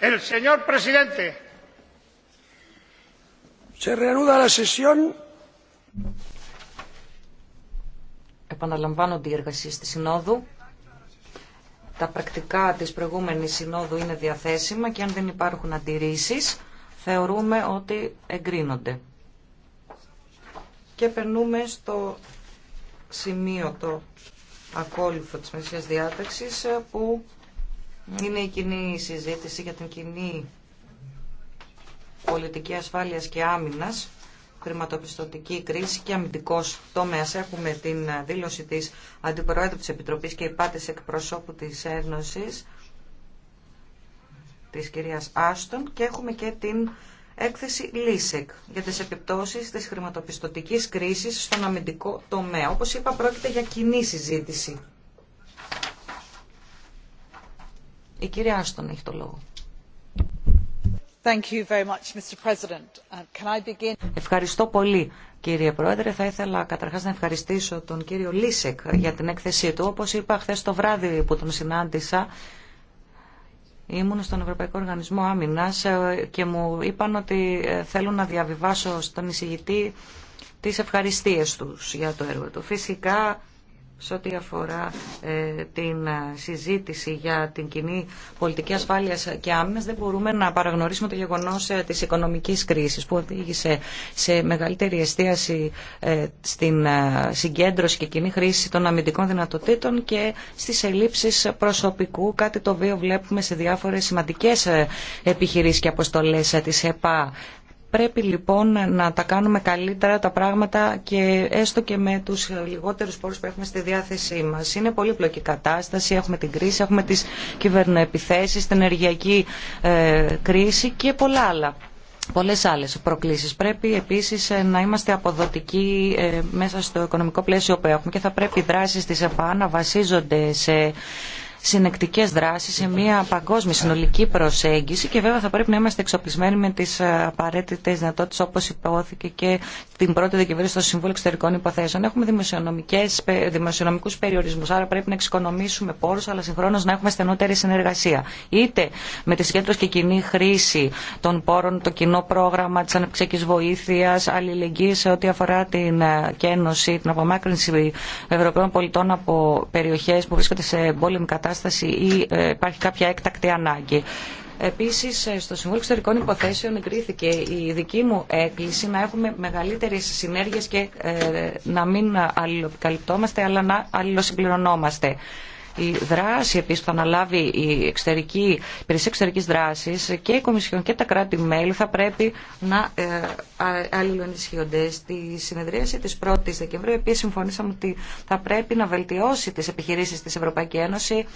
El señor Επαναλαμβάνονται οι εργασία τη Συνόδου. Τα πρακτικά της προηγούμενης Συνόδου είναι διαθέσιμα και αν δεν υπάρχουν αντιρρήσεις θεωρούμε ότι εγκρίνονται. Και περνούμε στο σημείο το ακόλουθο της διάταξης που είναι η κοινή συζήτηση για την κοινή πολιτική ασφάλειας και άμυνας, χρηματοπιστωτική κρίση και αμυντικός τομέας. Έχουμε την δήλωση της Αντιπροέδρου της Επιτροπής και υπάτης εκπροσώπου της Ένωσης, της κυρίας Άστον, και έχουμε και την έκθεση ΛΙΣΕΚ για τις επιπτώσεις της χρηματοπιστωτικής κρίσης στον αμυντικό τομέα. Όπως είπα, πρόκειται για κοινή συζήτηση. Η κυρία Άστον έχει το λόγο. Uh, Ευχαριστώ πολύ κύριε Πρόεδρε. Θα ήθελα καταρχάς να ευχαριστήσω τον κύριο Λίσεκ για την έκθεσή του. Όπως είπα χθε το βράδυ που τον συνάντησα, Ήμουν στον Ευρωπαϊκό Οργανισμό Άμυνας ε, και μου είπαν ότι ε, θέλουν να διαβιβάσω στον εισηγητή τι ευχαριστίες τους για το έργο του. Φυσικά σε ό,τι αφορά ε, την ε, συζήτηση για την κοινή πολιτική ασφάλειας και άμυνας δεν μπορούμε να παραγνωρίσουμε το γεγονός ε, της οικονομικής κρίσης που οδήγησε σε μεγαλύτερη εστίαση στην συγκέντρωση και κοινή χρήση των αμυντικών δυνατοτήτων και στις ελλείψεις προσωπικού, κάτι το οποίο βλέπουμε σε διάφορες σημαντικές επιχειρήσεις και αποστολές της ΕΠΑ. Πρέπει λοιπόν να τα κάνουμε καλύτερα τα πράγματα και έστω και με τους λιγότερους πόρους που έχουμε στη διάθεσή μας. Είναι πολύπλοκη κατάσταση, έχουμε την κρίση, έχουμε τις κυβερνοεπιθέσεις, την ενεργειακή ε, κρίση και πολλά άλλα. Πολλές άλλες προκλήσεις. Πρέπει επίσης ε, να είμαστε αποδοτικοί ε, μέσα στο οικονομικό πλαίσιο που έχουμε και θα πρέπει οι δράσεις της ΕΠΑ να βασίζονται σε Συνεκτικέ δράσει σε μια παγκόσμια συνολική προσέγγιση και βέβαια θα πρέπει να είμαστε εξοπλισμένοι με τι ε, απαραίτητε δυνατότητε, όπω υπόθηκε και την 1η Δεκεμβρίου στο Συμβούλιο Εξωτερικών Υποθέσεων. Έχουμε δημοσιονομικού περιορισμού, άρα πρέπει να εξοικονομήσουμε πόρου, αλλά συγχρόνω να έχουμε στενότερη συνεργασία. Είτε με τη συγκέντρωση και κοινή χρήση των πόρων, το κοινό πρόγραμμα τη αναπτυξιακή βοήθεια, αλληλεγγύη σε ό,τι αφορά την ε, κένωση, την απομάκρυνση Ευρωπαίων πολιτών από περιοχέ που βρίσκονται σε πόλεμη κατάσταση κατάσταση ή ε, υπάρχει κάποια έκτακτη ανάγκη. Επίση, ε, στο Συμβούλιο Εξωτερικών Υποθέσεων εγκρίθηκε η δική μου έκκληση να έχουμε μεγαλύτερε συνέργειε και ε, να μην αλληλοκαλυπτόμαστε αλλά να αλληλοσυμπληρωνόμαστε η δράση επίσης που θα αναλάβει η εξωτερική, υπηρεσία εξωτερικής δράσης και η Κομισιόν και τα κράτη-μέλη θα πρέπει να ε, αλληλοενισχύονται. Στη συνεδρίαση της 1 η Δεκεμβρίου επίσης συμφωνήσαμε ότι θα πρέπει να βελτιώσει τις επιχειρήσεις της Ευρωπαϊκή Ένωση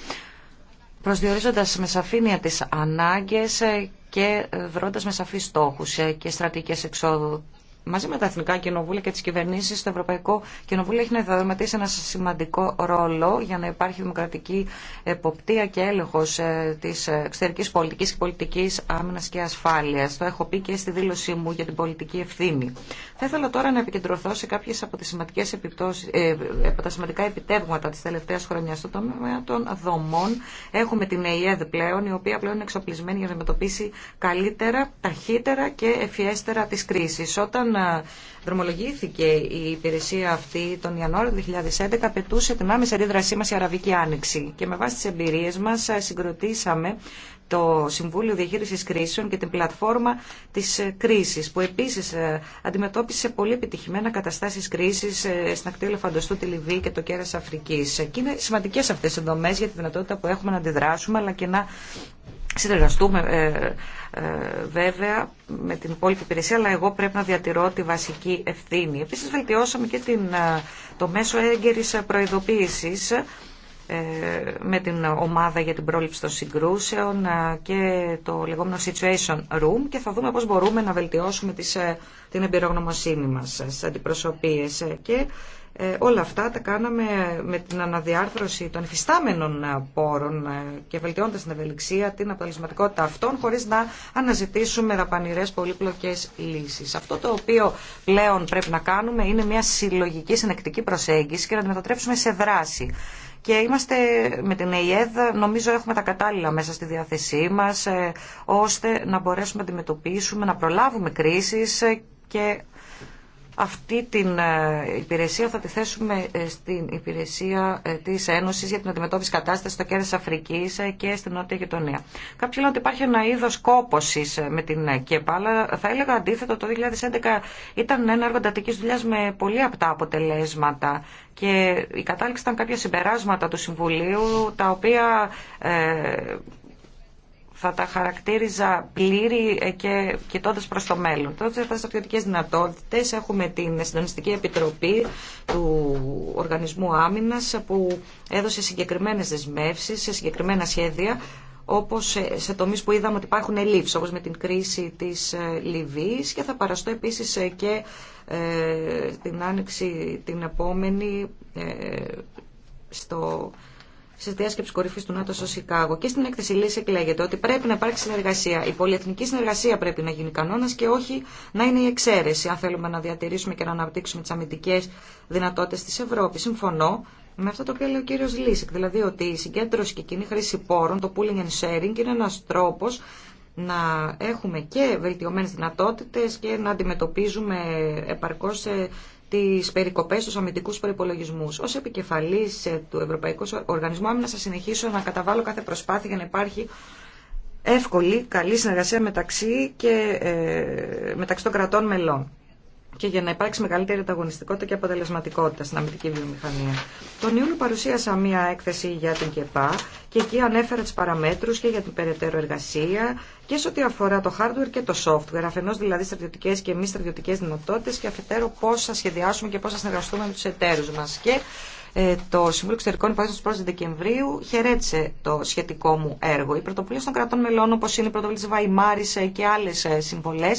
προσδιορίζοντας με σαφήνεια τις ανάγκες και ε, βρώντας με σαφή στόχους ε, και στρατηγικές εξόδου μαζί με τα Εθνικά Κοινοβούλια και τι κυβερνήσει, το Ευρωπαϊκό Κοινοβούλιο έχει να διαδραματίσει ένα σημαντικό ρόλο για να υπάρχει δημοκρατική εποπτεία και έλεγχος ε, τη εξωτερική πολιτική και πολιτική άμυνα και ασφάλεια. Το έχω πει και στη δήλωσή μου για την πολιτική ευθύνη. Θα ήθελα τώρα να επικεντρωθώ σε κάποιες από, ε, από τα σημαντικά επιτεύγματα τη τελευταία χρονιά στο τομέα των δομών. Έχουμε την ΕΙΕΔ πλέον, η οποία πλέον είναι εξοπλισμένη για να αντιμετωπίσει καλύτερα, ταχύτερα και ευφιέστερα τις κρίσεις. Όταν Λοιπόν, δρομολογήθηκε η υπηρεσία αυτή τον Ιανουάριο 2011, απαιτούσε την άμεση αντίδρασή μα η Αραβική Άνοιξη. Και με βάση τι εμπειρίε μα, συγκροτήσαμε το Συμβούλιο Διαχείριση Κρίσεων και την πλατφόρμα τη ε, κρίση, που επίση ε, αντιμετώπισε πολύ επιτυχημένα καταστάσει κρίση ε, στην ακτή Ελεφαντοστού, τη Λιβύη και το κέρα Αφρική. Και είναι σημαντικέ αυτέ οι δομέ για τη δυνατότητα που έχουμε να αντιδράσουμε, αλλά και να συνεργαστούμε ε, ε, βέβαια με την υπόλοιπη υπηρεσία, αλλά εγώ πρέπει να διατηρώ τη βασική ευθύνη. Επίσης βελτιώσαμε και την, ε, το μέσο έγκαιρης προειδοποίησης ε, με την ομάδα για την πρόληψη των συγκρούσεων και το λεγόμενο Situation Room και θα δούμε πώς μπορούμε να βελτιώσουμε τις, την εμπειρογνωμοσύνη μας στις αντιπροσωπείες και ε, όλα αυτά τα κάναμε με την αναδιάρθρωση των υφιστάμενων ε, πόρων ε, και βελτιώντα την ευελιξία, την αποτελεσματικότητα αυτών, χωρί να αναζητήσουμε δαπανηρέ πολύπλοκε λύσει. Αυτό το οποίο πλέον πρέπει να κάνουμε είναι μια συλλογική συνεκτική προσέγγιση και να την μετατρέψουμε σε δράση. Και είμαστε με την ΕΙΕΔ, νομίζω έχουμε τα κατάλληλα μέσα στη διάθεσή μας, ώστε να μπορέσουμε να αντιμετωπίσουμε, να προλάβουμε κρίσεις και αυτή την ε, υπηρεσία θα τη θέσουμε ε, στην υπηρεσία ε, της Ένωσης για την αντιμετώπιση κατάστασης στο τη Αφρικής και στην Νότια Γειτονία. Κάποιοι λένε ότι υπάρχει ένα είδος κόπωσης με την ΚΕΠΑ, αλλά θα έλεγα αντίθετο το 2011 ήταν ένα έργο εντατικής δουλειάς με πολύ απτά αποτελέσματα και η κατάληξη ήταν κάποια συμπεράσματα του Συμβουλίου τα οποία θα τα χαρακτήριζα πλήρη ε, και κοιτώντα προ το μέλλον. Τότε θα στρατιωτικέ δυνατότητε. Έχουμε την Συντονιστική Επιτροπή του Οργανισμού Άμυνα που έδωσε συγκεκριμένε δεσμεύσει σε συγκεκριμένα σχέδια όπω σε τομεί που είδαμε ότι υπάρχουν ελλείψει, όπω με την κρίση τη ε, Λιβύη και θα παραστώ επίση ε, και την άνοιξη την επόμενη στο σε διάσκεψη κορυφή του ΝΑΤΟ στο Σικάγο. Και στην έκθεση λύση εκλέγεται ότι πρέπει να υπάρξει συνεργασία. Η πολυεθνική συνεργασία πρέπει να γίνει κανόνα και όχι να είναι η εξαίρεση, αν θέλουμε να διατηρήσουμε και να αναπτύξουμε τι αμυντικέ δυνατότητε τη Ευρώπη. Συμφωνώ με αυτό το οποίο λέει ο κύριο Λίσικ, δηλαδή ότι η συγκέντρωση και κοινή χρήση πόρων, το pooling and sharing, είναι ένα τρόπο να έχουμε και βελτιωμένε δυνατότητε και να αντιμετωπίζουμε επαρκώ. Ε, τι περικοπές στου αμυντικού προπολογισμού. Ως επικεφαλής ε, του Ευρωπαϊκού Οργανισμού Άμυνα, θα συνεχίσω να καταβάλω κάθε προσπάθεια για να υπάρχει εύκολη, καλή συνεργασία μεταξύ, και, ε, μεταξύ των κρατών μελών και για να υπάρξει μεγαλύτερη ανταγωνιστικότητα και αποτελεσματικότητα στην αμυντική βιομηχανία. Τον Ιούλιο παρουσίασα μία έκθεση για την ΚΕΠΑ και εκεί ανέφερα τι παραμέτρου και για την περαιτέρω εργασία και σε ό,τι αφορά το hardware και το software, αφενό δηλαδή στρατιωτικέ και μη στρατιωτικέ δυνατότητε και αφετέρου πώ θα σχεδιάσουμε και πώ θα συνεργαστούμε με του εταίρου μα. Και ε, το Συμβούλιο Εξωτερικών Υποθέσεων τη 1η Δεκεμβρίου χαιρέτησε το σχετικό μου έργο. Οι πρωτοβουλίε των κρατών μελών, όπω είναι η πρωτοβουλία τη Βαϊμάρη ε, και άλλε συμβολέ,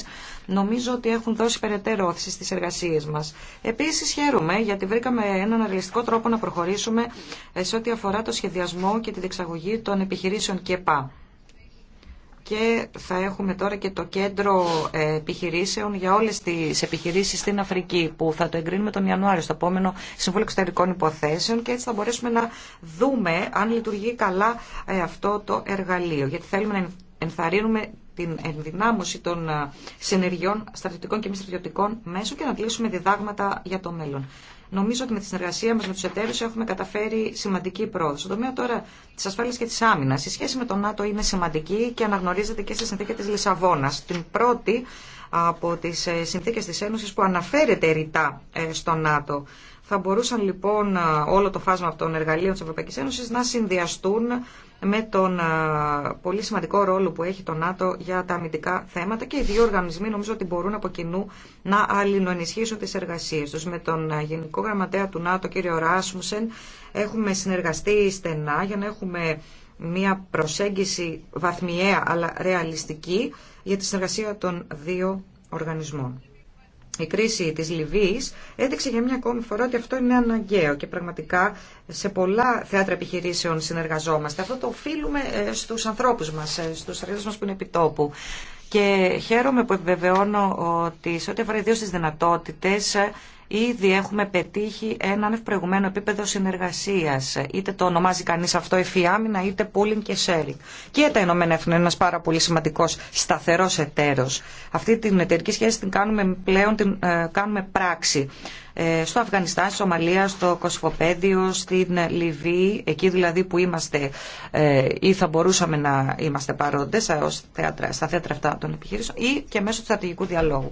νομίζω ότι έχουν δώσει περαιτέρω όθηση στι εργασίε μα. Επίση, χαίρομαι γιατί βρήκαμε έναν αρελιστικό τρόπο να προχωρήσουμε ε, σε ό,τι αφορά το σχεδιασμό και τη διεξαγωγή των επιχειρήσεων ΚΕΠΑ και θα έχουμε τώρα και το κέντρο ε, επιχειρήσεων για όλες τις επιχειρήσεις στην Αφρική που θα το εγκρίνουμε τον Ιανουάριο στο επόμενο Συμβούλιο Εξωτερικών Υποθέσεων και έτσι θα μπορέσουμε να δούμε αν λειτουργεί καλά ε, αυτό το εργαλείο γιατί θέλουμε να ενθαρρύνουμε την ενδυνάμωση των ε, συνεργειών στρατιωτικών και μη στρατιωτικών μέσων και να κλείσουμε διδάγματα για το μέλλον. Νομίζω ότι με τη συνεργασία μα με του εταίρου έχουμε καταφέρει σημαντική πρόοδο. Στον τομέα τώρα τη ασφάλεια και τη άμυνα, η σχέση με τον ΝΑΤΟ είναι σημαντική και αναγνωρίζεται και στη συνθήκη τη Λισαβόνα. Την πρώτη από τι ε, συνθήκε τη Ένωση που αναφέρεται ρητά ε, στο ΝΑΤΟ. Θα μπορούσαν λοιπόν όλο το φάσμα από των εργαλείων της Ευρωπαϊκής Ένωσης να συνδυαστούν με τον πολύ σημαντικό ρόλο που έχει το ΝΑΤΟ για τα αμυντικά θέματα και οι δύο οργανισμοί νομίζω ότι μπορούν από κοινού να αλληλοενισχύσουν τις εργασίες τους. Με τον Γενικό Γραμματέα του ΝΑΤΟ, κύριο Ράσμουσεν, έχουμε συνεργαστεί στενά για να έχουμε μια προσέγγιση βαθμιαία αλλά ρεαλιστική για τη συνεργασία των δύο οργανισμών η κρίση της Λιβύης έδειξε για μια ακόμη φορά ότι αυτό είναι αναγκαίο και πραγματικά σε πολλά θέατρα επιχειρήσεων συνεργαζόμαστε. Αυτό το οφείλουμε ε, στους ανθρώπους μας, ε, στους αριθμούς μας που είναι επιτόπου. Και χαίρομαι που επιβεβαιώνω ότι σε ό,τι αφορά ιδίως τις δυνατότητες ε, Ήδη έχουμε πετύχει έναν ευπροηγουμένο επίπεδο συνεργασία. Είτε το ονομάζει κανεί αυτό εφιάμινα, είτε pooling και sharing. Και τα Ηνωμένα είναι ένα πάρα πολύ σημαντικό σταθερό εταίρο. Αυτή την εταιρική σχέση την κάνουμε πλέον την ε, κάνουμε πράξη. Ε, στο Αφγανιστάν, στη Σομαλία, στο Κοσφοπέδιο, στην Λιβύη, εκεί δηλαδή που είμαστε ε, ή θα μπορούσαμε να είμαστε παρόντε ε, στα θέατρα αυτά των επιχειρήσεων ή και μέσω του στρατηγικού διαλόγου.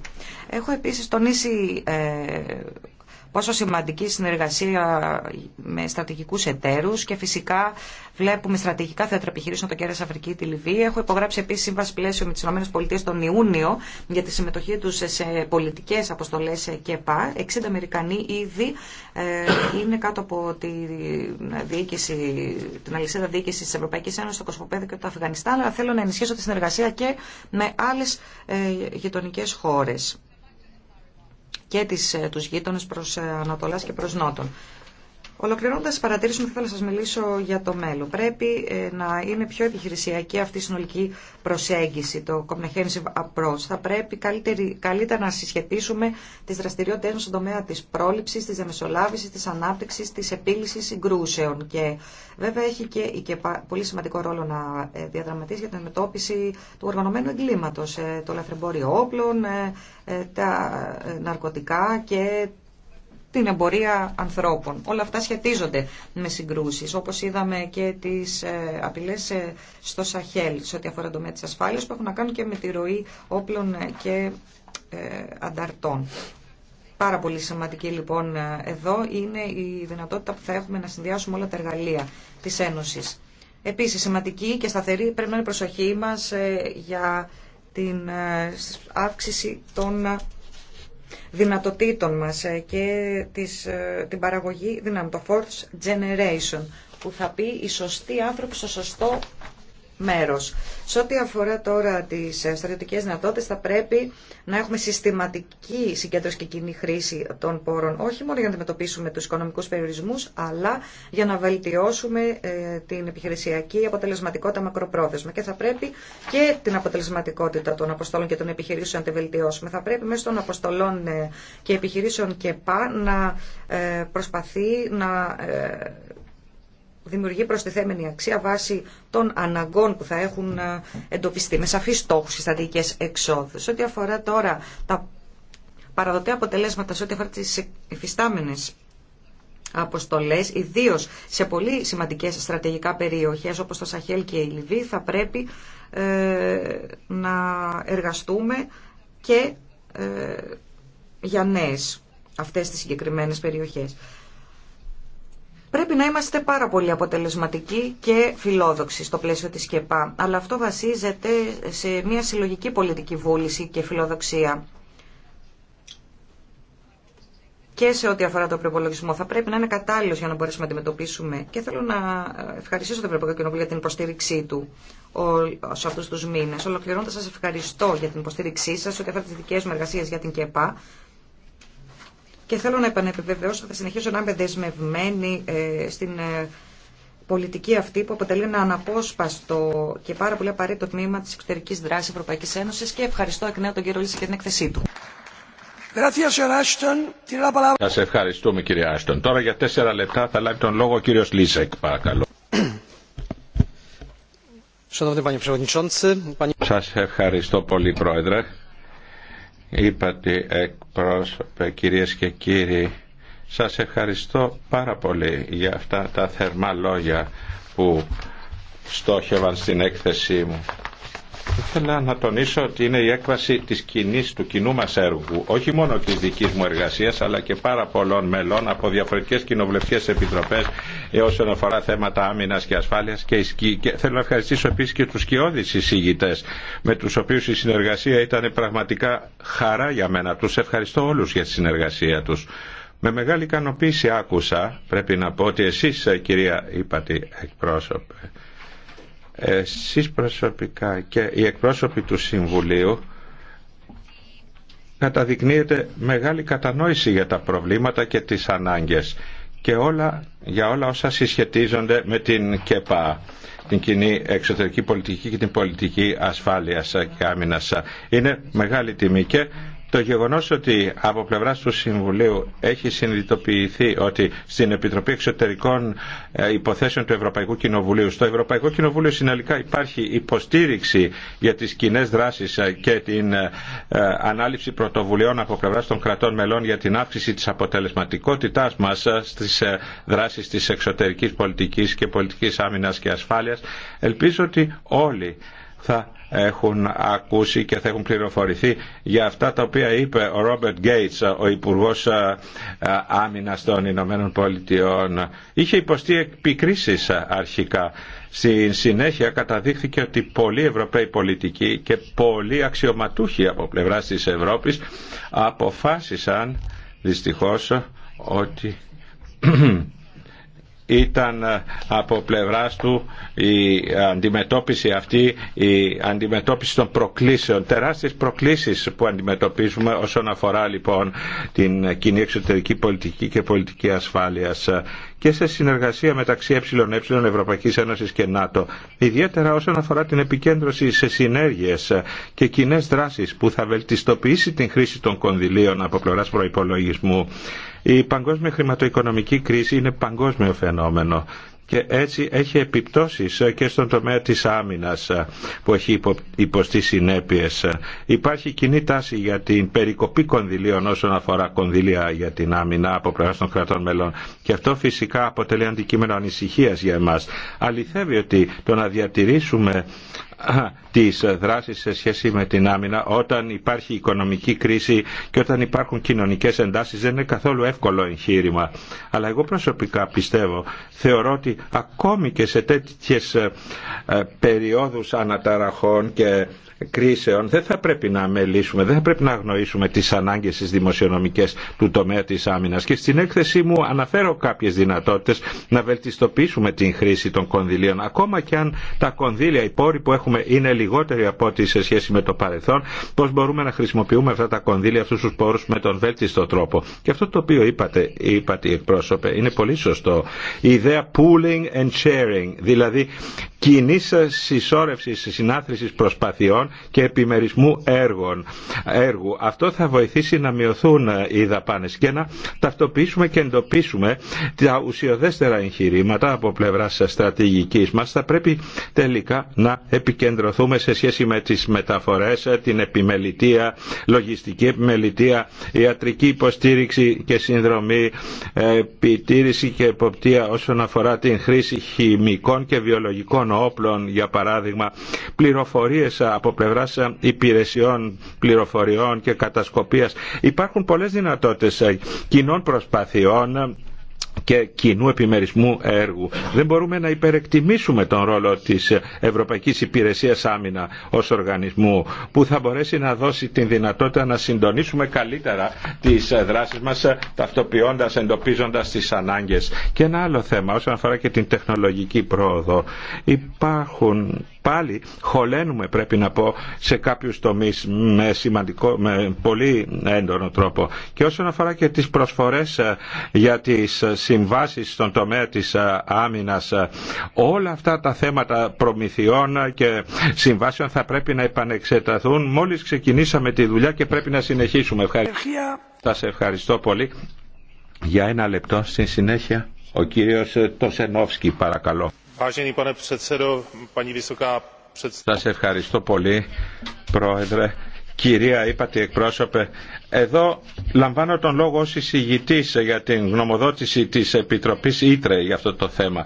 Έχω επίση τονίσει πόσο σημαντική συνεργασία με στρατηγικούς εταίρους και φυσικά βλέπουμε στρατηγικά θέατρα επιχειρήσεων το κέρας Αφρική και τη Λιβύη. Έχω υπογράψει επίσης σύμβαση πλαίσιο με τις ΗΠΑ τον Ιούνιο για τη συμμετοχή τους σε πολιτικές αποστολές και ΕΠΑ. 60 Αμερικανοί ήδη ε, είναι κάτω από τη διοίκηση, την αλυσίδα διοίκηση της Ευρωπαϊκής Ένωσης, το Κοσμοπέδιο και το Αφγανιστάν, αλλά θέλω να ενισχύσω τη συνεργασία και με άλλες ε, γειτονικέ χώρες και τις, ε, τους γείτονες προς ε, Ανατολάς και προς Νότον. Ολοκληρώνοντα παρατήρησουμε παρατηρήσει μου, θα να σα μιλήσω για το μέλλον. Πρέπει ε, να είναι πιο επιχειρησιακή αυτή η συνολική προσέγγιση, το comprehensive approach. Θα πρέπει καλύτερα να συσχετίσουμε τι δραστηριότητέ μα στον τομέα τη πρόληψη, τη διαμεσολάβηση, τη ανάπτυξη, τη επίλυση συγκρούσεων. Και βέβαια έχει και, και πολύ σημαντικό ρόλο να ε, διαδραματίσει για την αντιμετώπιση του οργανωμένου εγκλήματο, ε, το λαθρεμπόριο όπλων, τα ναρκωτικά και την εμπορία ανθρώπων. Όλα αυτά σχετίζονται με συγκρούσεις, όπως είδαμε και τις ε, απειλές ε, στο Σαχέλ, σε ό,τι αφορά το της ασφάλειας, που έχουν να κάνουν και με τη ροή όπλων και ε, ανταρτών. Πάρα πολύ σημαντική λοιπόν εδώ είναι η δυνατότητα που θα έχουμε να συνδυάσουμε όλα τα εργαλεία της Ένωσης. Επίσης σημαντική και σταθερή πρέπει να είναι η προσοχή μας για την αύξηση των δυνατοτήτων μας ε, και της, ε, την παραγωγή δυνατοφόρτς generation που θα πει οι σωστοί άνθρωποι στο σωστό μέρος. Σε ό,τι αφορά τώρα τις ε, στρατιωτικές δυνατότητες θα πρέπει να έχουμε συστηματική συγκέντρωση και κοινή χρήση των πόρων όχι μόνο για να αντιμετωπίσουμε τους οικονομικούς περιορισμούς αλλά για να βελτιώσουμε ε, την επιχειρησιακή αποτελεσματικότητα μακροπρόθεσμα και θα πρέπει και την αποτελεσματικότητα των αποστολών και των επιχειρήσεων να τη βελτιώσουμε. Θα πρέπει μέσω των αποστολών ε, και επιχειρήσεων και ΠΑ να προσπαθεί να δημιουργεί προστιθέμενη αξία βάσει των αναγκών που θα έχουν ε, εντοπιστεί με σαφείς στόχου και στατικές εξόδους. Ό,τι αφορά τώρα τα παραδοτέα αποτελέσματα σε ό,τι αφορά τις εφιστάμενες αποστολές, ιδίως σε πολύ σημαντικές στρατηγικά περιοχές όπως το Σαχέλ και η Λιβύη, θα πρέπει ε, να εργαστούμε και ε, για νέες αυτές τις συγκεκριμένες περιοχές. Πρέπει να είμαστε πάρα πολύ αποτελεσματικοί και φιλόδοξοι στο πλαίσιο της ΚΕΠΑ, αλλά αυτό βασίζεται σε μια συλλογική πολιτική βούληση και φιλοδοξία. Και σε ό,τι αφορά το προπολογισμό θα πρέπει να είναι κατάλληλο για να μπορέσουμε να αντιμετωπίσουμε. Και θέλω να ευχαριστήσω το Ευρωπαϊκό Κοινοβούλιο για την υποστήριξή του σε αυτού του μήνε. Ολοκληρώνοντα, σα ευχαριστώ για την υποστήριξή σα, ό,τι αφορά τι δικέ μου εργασίε για την ΚΕΠΑ. Και θέλω να επανεπιβεβαιώσω, θα συνεχίσω να είμαι δεσμευμένη ε, στην ε, πολιτική αυτή που αποτελεί ένα αναπόσπαστο και πάρα πολύ απαραίτητο τμήμα τη εξωτερική δράση Ευρωπαϊκή Ένωση και ευχαριστώ εκ νέου τον κύριο Λίση για την έκθεσή του. Σα ευχαριστούμε κύριε Άστον. Τώρα για τέσσερα λεπτά θα λάβει τον λόγο ο κύριο Λίσεκ. παρακαλώ. Σα ευχαριστώ πολύ πρόεδρε είπατε εκπρόσωπε κυρίες και κύριοι σας ευχαριστώ πάρα πολύ για αυτά τα θερμά λόγια που στόχευαν στην έκθεσή μου. Ήθελα να τονίσω ότι είναι η έκβαση της κοινής, του κοινού μας έργου, όχι μόνο της δικής μου εργασίας, αλλά και πάρα πολλών μελών από διαφορετικές κοινοβουλευτικές επιτροπές ε, όσον αφορά θέματα άμυνας και ασφάλειας και, θέλω να ευχαριστήσω επίσης και τους σκιώδεις εισηγητές με τους οποίους η συνεργασία ήταν πραγματικά χαρά για μένα. Τους ευχαριστώ όλους για τη συνεργασία τους. Με μεγάλη ικανοποίηση άκουσα, πρέπει να πω ότι εσείς ε, κυρία είπατε εκπρόσωπε, εσείς προσωπικά και οι εκπρόσωποι του Συμβουλίου καταδεικνύεται μεγάλη κατανόηση για τα προβλήματα και τις ανάγκες και όλα, για όλα όσα συσχετίζονται με την ΚΕΠΑ την κοινή εξωτερική πολιτική και την πολιτική ασφάλειας και άμυνας. Είναι μεγάλη τιμή και το γεγονός ότι από πλευρά του Συμβουλίου έχει συνειδητοποιηθεί ότι στην Επιτροπή Εξωτερικών ε, Υποθέσεων του Ευρωπαϊκού Κοινοβουλίου, στο Ευρωπαϊκό Κοινοβούλιο συνολικά υπάρχει υποστήριξη για τις κοινέ δράσεις ε, και την ε, ανάληψη πρωτοβουλειών από πλευρά των κρατών μελών για την αύξηση της αποτελεσματικότητάς μας στις δράσεις της εξωτερικής πολιτικής και πολιτικής άμυνας και ασφάλειας, ελπίζω ότι όλοι θα έχουν ακούσει και θα έχουν πληροφορηθεί για αυτά τα οποία είπε ο Ρόμπερτ Γκέιτς, ο Υπουργός ε, ε, Άμυνας των Ηνωμένων Πολιτειών. Είχε υποστεί επικρίσεις αρχικά. Στη συνέχεια καταδείχθηκε ότι πολλοί Ευρωπαίοι πολιτικοί και πολλοί αξιωματούχοι από πλευράς της Ευρώπης αποφάσισαν δυστυχώς ότι ήταν ε, από πλευράς του η αντιμετώπιση αυτή, η αντιμετώπιση των προκλήσεων, τεράστιες προκλήσεις που αντιμετωπίζουμε όσον αφορά λοιπόν την κοινή εξωτερική πολιτική και πολιτική ασφάλειας ε, και σε συνεργασία μεταξύ ΕΕ, Ευρωπαϊκής Ένωσης και ΝΑΤΟ, ιδιαίτερα όσον αφορά την επικέντρωση σε συνέργειες ε, και κοινέ δράσεις που θα βελτιστοποιήσει την χρήση των κονδυλίων από πλευράς προϋπολογισμού η παγκόσμια χρηματοοικονομική κρίση είναι παγκόσμιο φαινόμενο και έτσι έχει επιπτώσεις και στον τομέα της άμυνας που έχει υποστεί συνέπειες. Υπάρχει κοινή τάση για την περικοπή κονδυλίων όσον αφορά κονδυλία για την άμυνα από πλευρά των κρατών μελών και αυτό φυσικά αποτελεί αντικείμενο ανησυχίας για εμάς. Αληθεύει ότι το να διατηρήσουμε τις δράσεις σε σχέση με την άμυνα όταν υπάρχει οικονομική κρίση και όταν υπάρχουν κοινωνικές εντάσεις δεν είναι καθόλου εύκολο εγχείρημα. Αλλά εγώ προσωπικά πιστεύω, θεωρώ ότι ακόμη και σε τέτοιες ε, ε, περιόδους αναταραχών και κρίσεων δεν θα πρέπει να μελήσουμε, δεν θα πρέπει να αγνοήσουμε τις ανάγκες τις δημοσιονομικές του τομέα της άμυνας και στην έκθεσή μου αναφέρω κάποιες δυνατότητες να βελτιστοποιήσουμε την χρήση των κονδυλίων ακόμα και αν τα κονδύλια, οι πόροι που έχουμε είναι λιγότεροι από ό,τι σε σχέση με το παρελθόν πώς μπορούμε να χρησιμοποιούμε αυτά τα κονδύλια, αυτούς τους πόρους με τον βέλτιστο τρόπο και αυτό το οποίο είπατε, είπατε οι εκπρόσωπε είναι πολύ σωστό η ιδέα pooling and sharing δηλαδή κοινή συσσόρευση, συνάθρηση προσπαθειών και επιμερισμού έργων, έργου. Αυτό θα βοηθήσει να μειωθούν ε, οι δαπάνε και να ταυτοποιήσουμε και εντοπίσουμε τα ουσιοδέστερα εγχειρήματα από πλευρά στρατηγική μα. Θα πρέπει τελικά να επικεντρωθούμε σε σχέση με τι μεταφορέ, ε, την επιμελητία, λογιστική επιμελητία, ιατρική υποστήριξη και συνδρομή, ε, επιτήρηση και εποπτεία όσον αφορά την χρήση χημικών και βιολογικών όπλων για παράδειγμα, πληροφορίες από πλευράς υπηρεσιών πληροφοριών και κατασκοπίας. Υπάρχουν πολλές δυνατότητες ε, κοινών προσπαθειών και κοινού επιμερισμού έργου. Δεν μπορούμε να υπερεκτιμήσουμε τον ρόλο της Ευρωπαϊκής Υπηρεσίας Άμυνα ως οργανισμού που θα μπορέσει να δώσει την δυνατότητα να συντονίσουμε καλύτερα τις δράσεις μας ταυτοποιώντας, εντοπίζοντας τις ανάγκες. Και ένα άλλο θέμα όσον αφορά και την τεχνολογική πρόοδο. Υπάρχουν πάλι χωλένουμε πρέπει να πω σε κάποιους τομείς με, σημαντικό, με πολύ έντονο τρόπο. Και όσον αφορά και τις προσφορές ε, για τις ε, συμβάσεις στον τομέα της ε, άμυνας, όλα αυτά τα θέματα προμηθειών και συμβάσεων θα πρέπει να επανεξεταθούν. Μόλις ξεκινήσαμε τη δουλειά και πρέπει να συνεχίσουμε. Ευχαριστώ. Θα σε ευχαριστώ πολύ. Για ένα λεπτό στη συνέχεια ο κύριος Τοσενόφσκι παρακαλώ. Σας ευχαριστώ πολύ, Πρόεδρε. Κυρία, είπατε εκπρόσωπε, εδώ λαμβάνω τον λόγο ως εισηγητής για την γνωμοδότηση της Επιτροπής Ήτρε για αυτό το θέμα.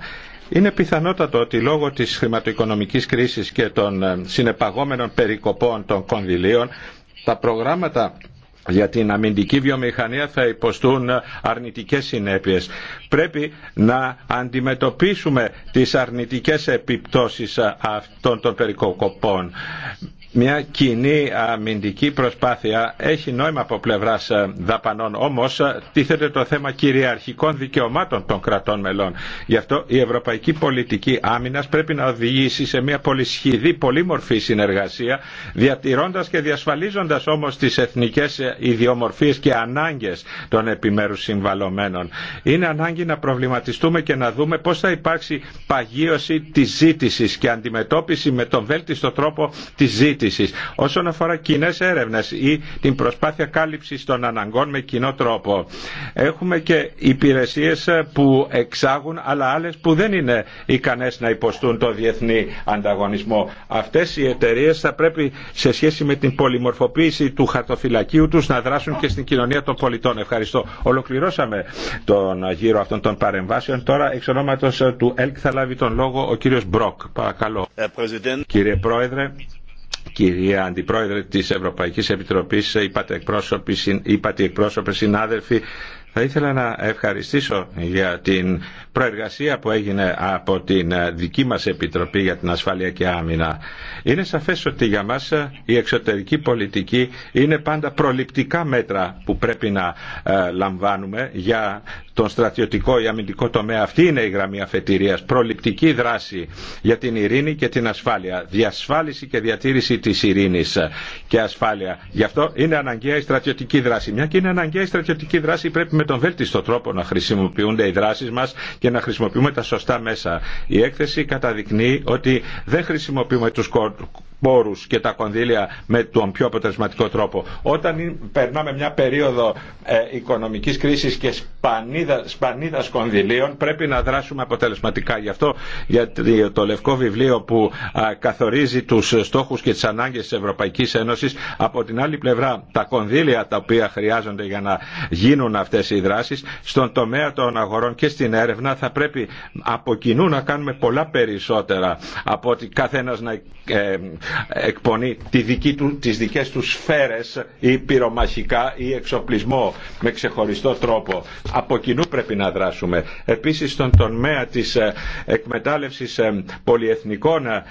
Είναι πιθανότατο ότι λόγω της χρηματοοικονομικής κρίσης και των συνεπαγόμενων περικοπών των κονδυλίων, τα προγράμματα για την αμυντική βιομηχανία θα υποστούν αρνητικές συνέπειες. Πρέπει να αντιμετωπίσουμε τις αρνητικές επιπτώσεις αυτών των περικοπών μια κοινή αμυντική προσπάθεια έχει νόημα από πλευρά ε, δαπανών. Όμω ε, τίθεται το θέμα κυριαρχικών δικαιωμάτων των κρατών μελών. Γι' αυτό η ευρωπαϊκή πολιτική άμυνα πρέπει να οδηγήσει σε μια πολυσχηδή, πολύμορφη συνεργασία, διατηρώντα και διασφαλίζοντα όμω τι εθνικέ ε, ιδιομορφίε και ανάγκε των επιμέρου συμβαλωμένων. Είναι ανάγκη να προβληματιστούμε και να δούμε πώ θα υπάρξει παγίωση τη ζήτηση και αντιμετώπιση με τον βέλτιστο τρόπο τη ζήτηση όσον αφορά κοινέ έρευνε ή την προσπάθεια κάλυψης των αναγκών με κοινό τρόπο. Έχουμε και υπηρεσίε που εξάγουν αλλά άλλε που δεν είναι ικανέ να υποστούν το διεθνή ανταγωνισμό. Αυτέ οι εταιρείε θα πρέπει σε σχέση με την πολυμορφοποίηση του χαρτοφυλακίου του να δράσουν και στην κοινωνία των πολιτών. Ευχαριστώ. Ολοκληρώσαμε τον γύρο αυτών των παρεμβάσεων. Τώρα εξ του ΕΛΚ θα λάβει τον λόγο ο κύριο Μπροκ. Παρακαλώ. Κύριε Πρόεδρε, Κυρία Αντιπρόεδρε της Ευρωπαϊκής Επιτροπής, είπατε εκπρόσωπε συνάδελφοι, θα ήθελα να ευχαριστήσω για την προεργασία που έγινε από την δική μας Επιτροπή για την Ασφάλεια και Άμυνα. Είναι σαφές ότι για μας η εξωτερική πολιτική είναι πάντα προληπτικά μέτρα που πρέπει να ε, λαμβάνουμε για τον στρατιωτικό ή αμυντικό τομέα. Αυτή είναι η γραμμή αφετηρίας. Προληπτική δράση για την ειρήνη και την ασφάλεια. Διασφάλιση και διατήρηση της ειρήνης και ασφάλεια. Γι' αυτό είναι αναγκαία η στρατιωτική δράση. Μια και είναι αναγκαία η στρατιωτική δράση πρέπει με τον βέλτιστο τρόπο να χρησιμοποιούνται οι δράσεις μας και να χρησιμοποιούμε τα σωστά μέσα. Η έκθεση καταδεικνύει ότι δεν χρησιμοποιούμε τους πόρους και τα κονδύλια με τον πιο αποτελεσματικό τρόπο. Όταν περνάμε μια περίοδο ε, οικονομικής κρίσης και σπανή σπανίδα κονδυλίων πρέπει να δράσουμε αποτελεσματικά. Γι' αυτό για το λευκό βιβλίο που καθορίζει τους στόχους και τις ανάγκες της Ευρωπαϊκής Ένωσης. Από την άλλη πλευρά τα κονδύλια τα οποία χρειάζονται για να γίνουν αυτές οι δράσεις στον τομέα των αγορών και στην έρευνα θα πρέπει από κοινού να κάνουμε πολλά περισσότερα από ότι καθένας να ε, εκπονεί τη δική του, τις δικές του σφαίρες ή πυρομαχικά ή εξοπλισμό με ξεχωριστό τρόπο. Από κοινού πρέπει να δράσουμε. Επίσης στον τομέα της ε, εκμετάλλευσης ε, πολυεθνικών ε,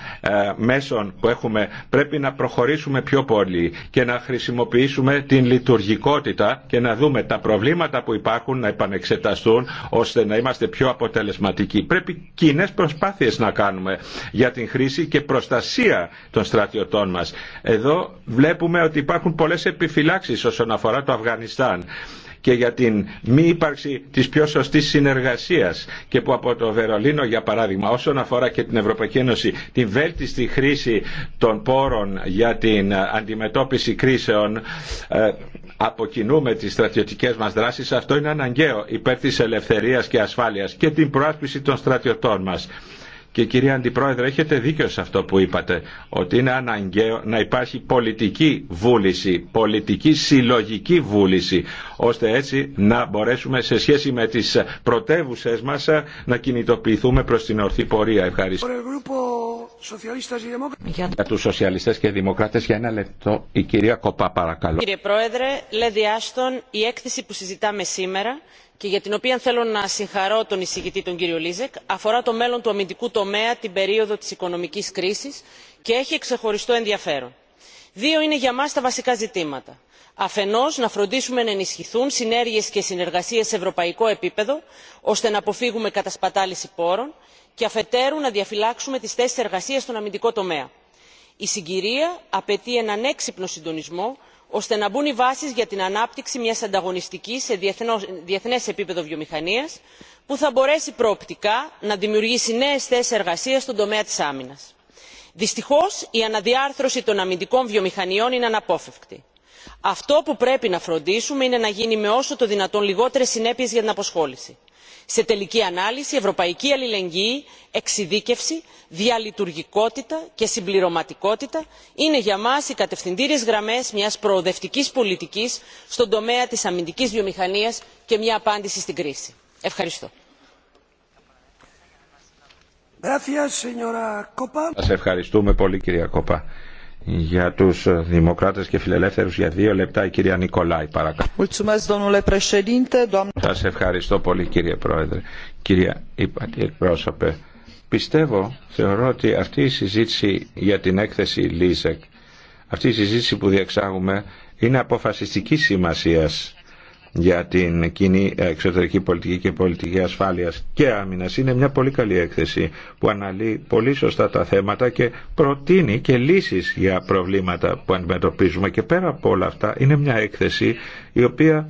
μέσων που έχουμε πρέπει να προχωρήσουμε πιο πολύ και να χρησιμοποιήσουμε την λειτουργικότητα και να δούμε τα προβλήματα που υπάρχουν να επανεξεταστούν ώστε να είμαστε πιο αποτελεσματικοί. Πρέπει κοινέ προσπάθειες να κάνουμε για την χρήση και προστασία των στρατιωτών μας. Εδώ βλέπουμε ότι υπάρχουν πολλές επιφυλάξεις όσον αφορά το Αφγανιστάν και για την μη ύπαρξη της πιο σωστής συνεργασίας και που από το Βερολίνο για παράδειγμα όσον αφορά και την Ευρωπαϊκή Ένωση την βέλτιστη χρήση των πόρων για την ε, αντιμετώπιση κρίσεων ε, τι τις στρατιωτικές μας δράσεις αυτό είναι αναγκαίο υπέρ της ελευθερίας και ασφάλειας και την προάσπιση των στρατιωτών μας. Και κυρία Αντιπρόεδρε, έχετε δίκιο σε αυτό που είπατε, ότι είναι αναγκαίο να υπάρχει πολιτική βούληση, πολιτική συλλογική βούληση, ώστε έτσι να μπορέσουμε σε σχέση με τις πρωτεύουσες μας να κινητοποιηθούμε προς την ορθή πορεία. Ευχαριστώ. Για τους σοσιαλιστές και δημοκράτες, για ένα λεπτό, η κυρία Κοπά παρακαλώ. Κύριε Πρόεδρε, λέει διάστον η έκθεση που συζητάμε σήμερα και για την οποία θέλω να συγχαρώ τον εισηγητή τον κύριο Λίζεκ αφορά το μέλλον του αμυντικού τομέα την περίοδο της οικονομικής κρίσης και έχει ξεχωριστό ενδιαφέρον. Δύο είναι για μας τα βασικά ζητήματα. Αφενός, να φροντίσουμε να ενισχυθούν συνέργειες και συνεργασίες σε ευρωπαϊκό επίπεδο, ώστε να αποφύγουμε κατασπατάληση πόρων και αφετέρου να διαφυλάξουμε τις θέσεις εργασίας στον αμυντικό τομέα. Η συγκυρία απαιτεί έναν έξυπνο συντονισμό ώστε να μπουν οι βάσει για την ανάπτυξη μια ανταγωνιστική σε διεθνέ επίπεδο βιομηχανία που θα μπορέσει προοπτικά να δημιουργήσει νέε θέσει εργασία στον τομέα τη άμυνα. δυστυχώ η αναδιάρθρωση των αμυντικών βιομηχανιών είναι αναπόφευκτη. αυτό που πρέπει να φροντίσουμε είναι να γίνει με όσο το δυνατόν λιγότερε συνέπειε για την αποσχόληση σε τελική ανάλυση ευρωπαϊκή αλληλεγγύη εξειδίκευση διαλειτουργικότητα και συμπληρωματικότητα είναι για μας οι κατευθυντήριες γραμμές μιας προοδευτικής πολιτικής στον τομέα της αμυντικής βιομηχανίας και μια απάντηση στην κρίση. ευχαριστώ. ευχαριστούμε Κόπα για τους ε, δημοκράτες και φιλελεύθερους για δύο λεπτά η κυρία Νικολάη παρακαλώ. Σας ευχαριστώ πολύ κύριε Πρόεδρε. Κυρία Υπατή εκπρόσωπε, πιστεύω, θεωρώ ότι αυτή η συζήτηση για την έκθεση ΛΙΖΕΚ, αυτή η συζήτηση που διεξάγουμε είναι αποφασιστική σημασίας για την κοινή εξωτερική πολιτική και πολιτική ασφάλειας και άμυνας. Είναι μια πολύ καλή έκθεση που αναλύει πολύ σωστά τα θέματα και προτείνει και λύσεις για προβλήματα που αντιμετωπίζουμε. Και πέρα από όλα αυτά είναι μια έκθεση η οποία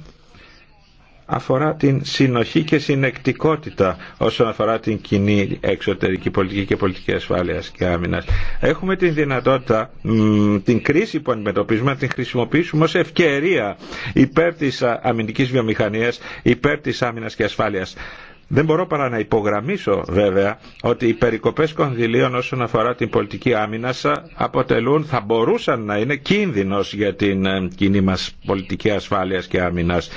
αφορά την συνοχή και συνεκτικότητα όσον αφορά την κοινή εξωτερική πολιτική και πολιτική ασφάλειας και άμυνας. Έχουμε την δυνατότητα την κρίση που αντιμετωπίζουμε να την χρησιμοποιήσουμε ως ευκαιρία υπέρ της αμυντικής βιομηχανίας, υπέρ της άμυνας και ασφάλειας. Δεν μπορώ παρά να υπογραμμίσω βέβαια ότι οι περικοπές κονδυλίων όσον αφορά την πολιτική άμυνα αποτελούν, θα μπορούσαν να είναι κίνδυνος για την ε, κοινή μας πολιτική ασφάλειας και άμυνας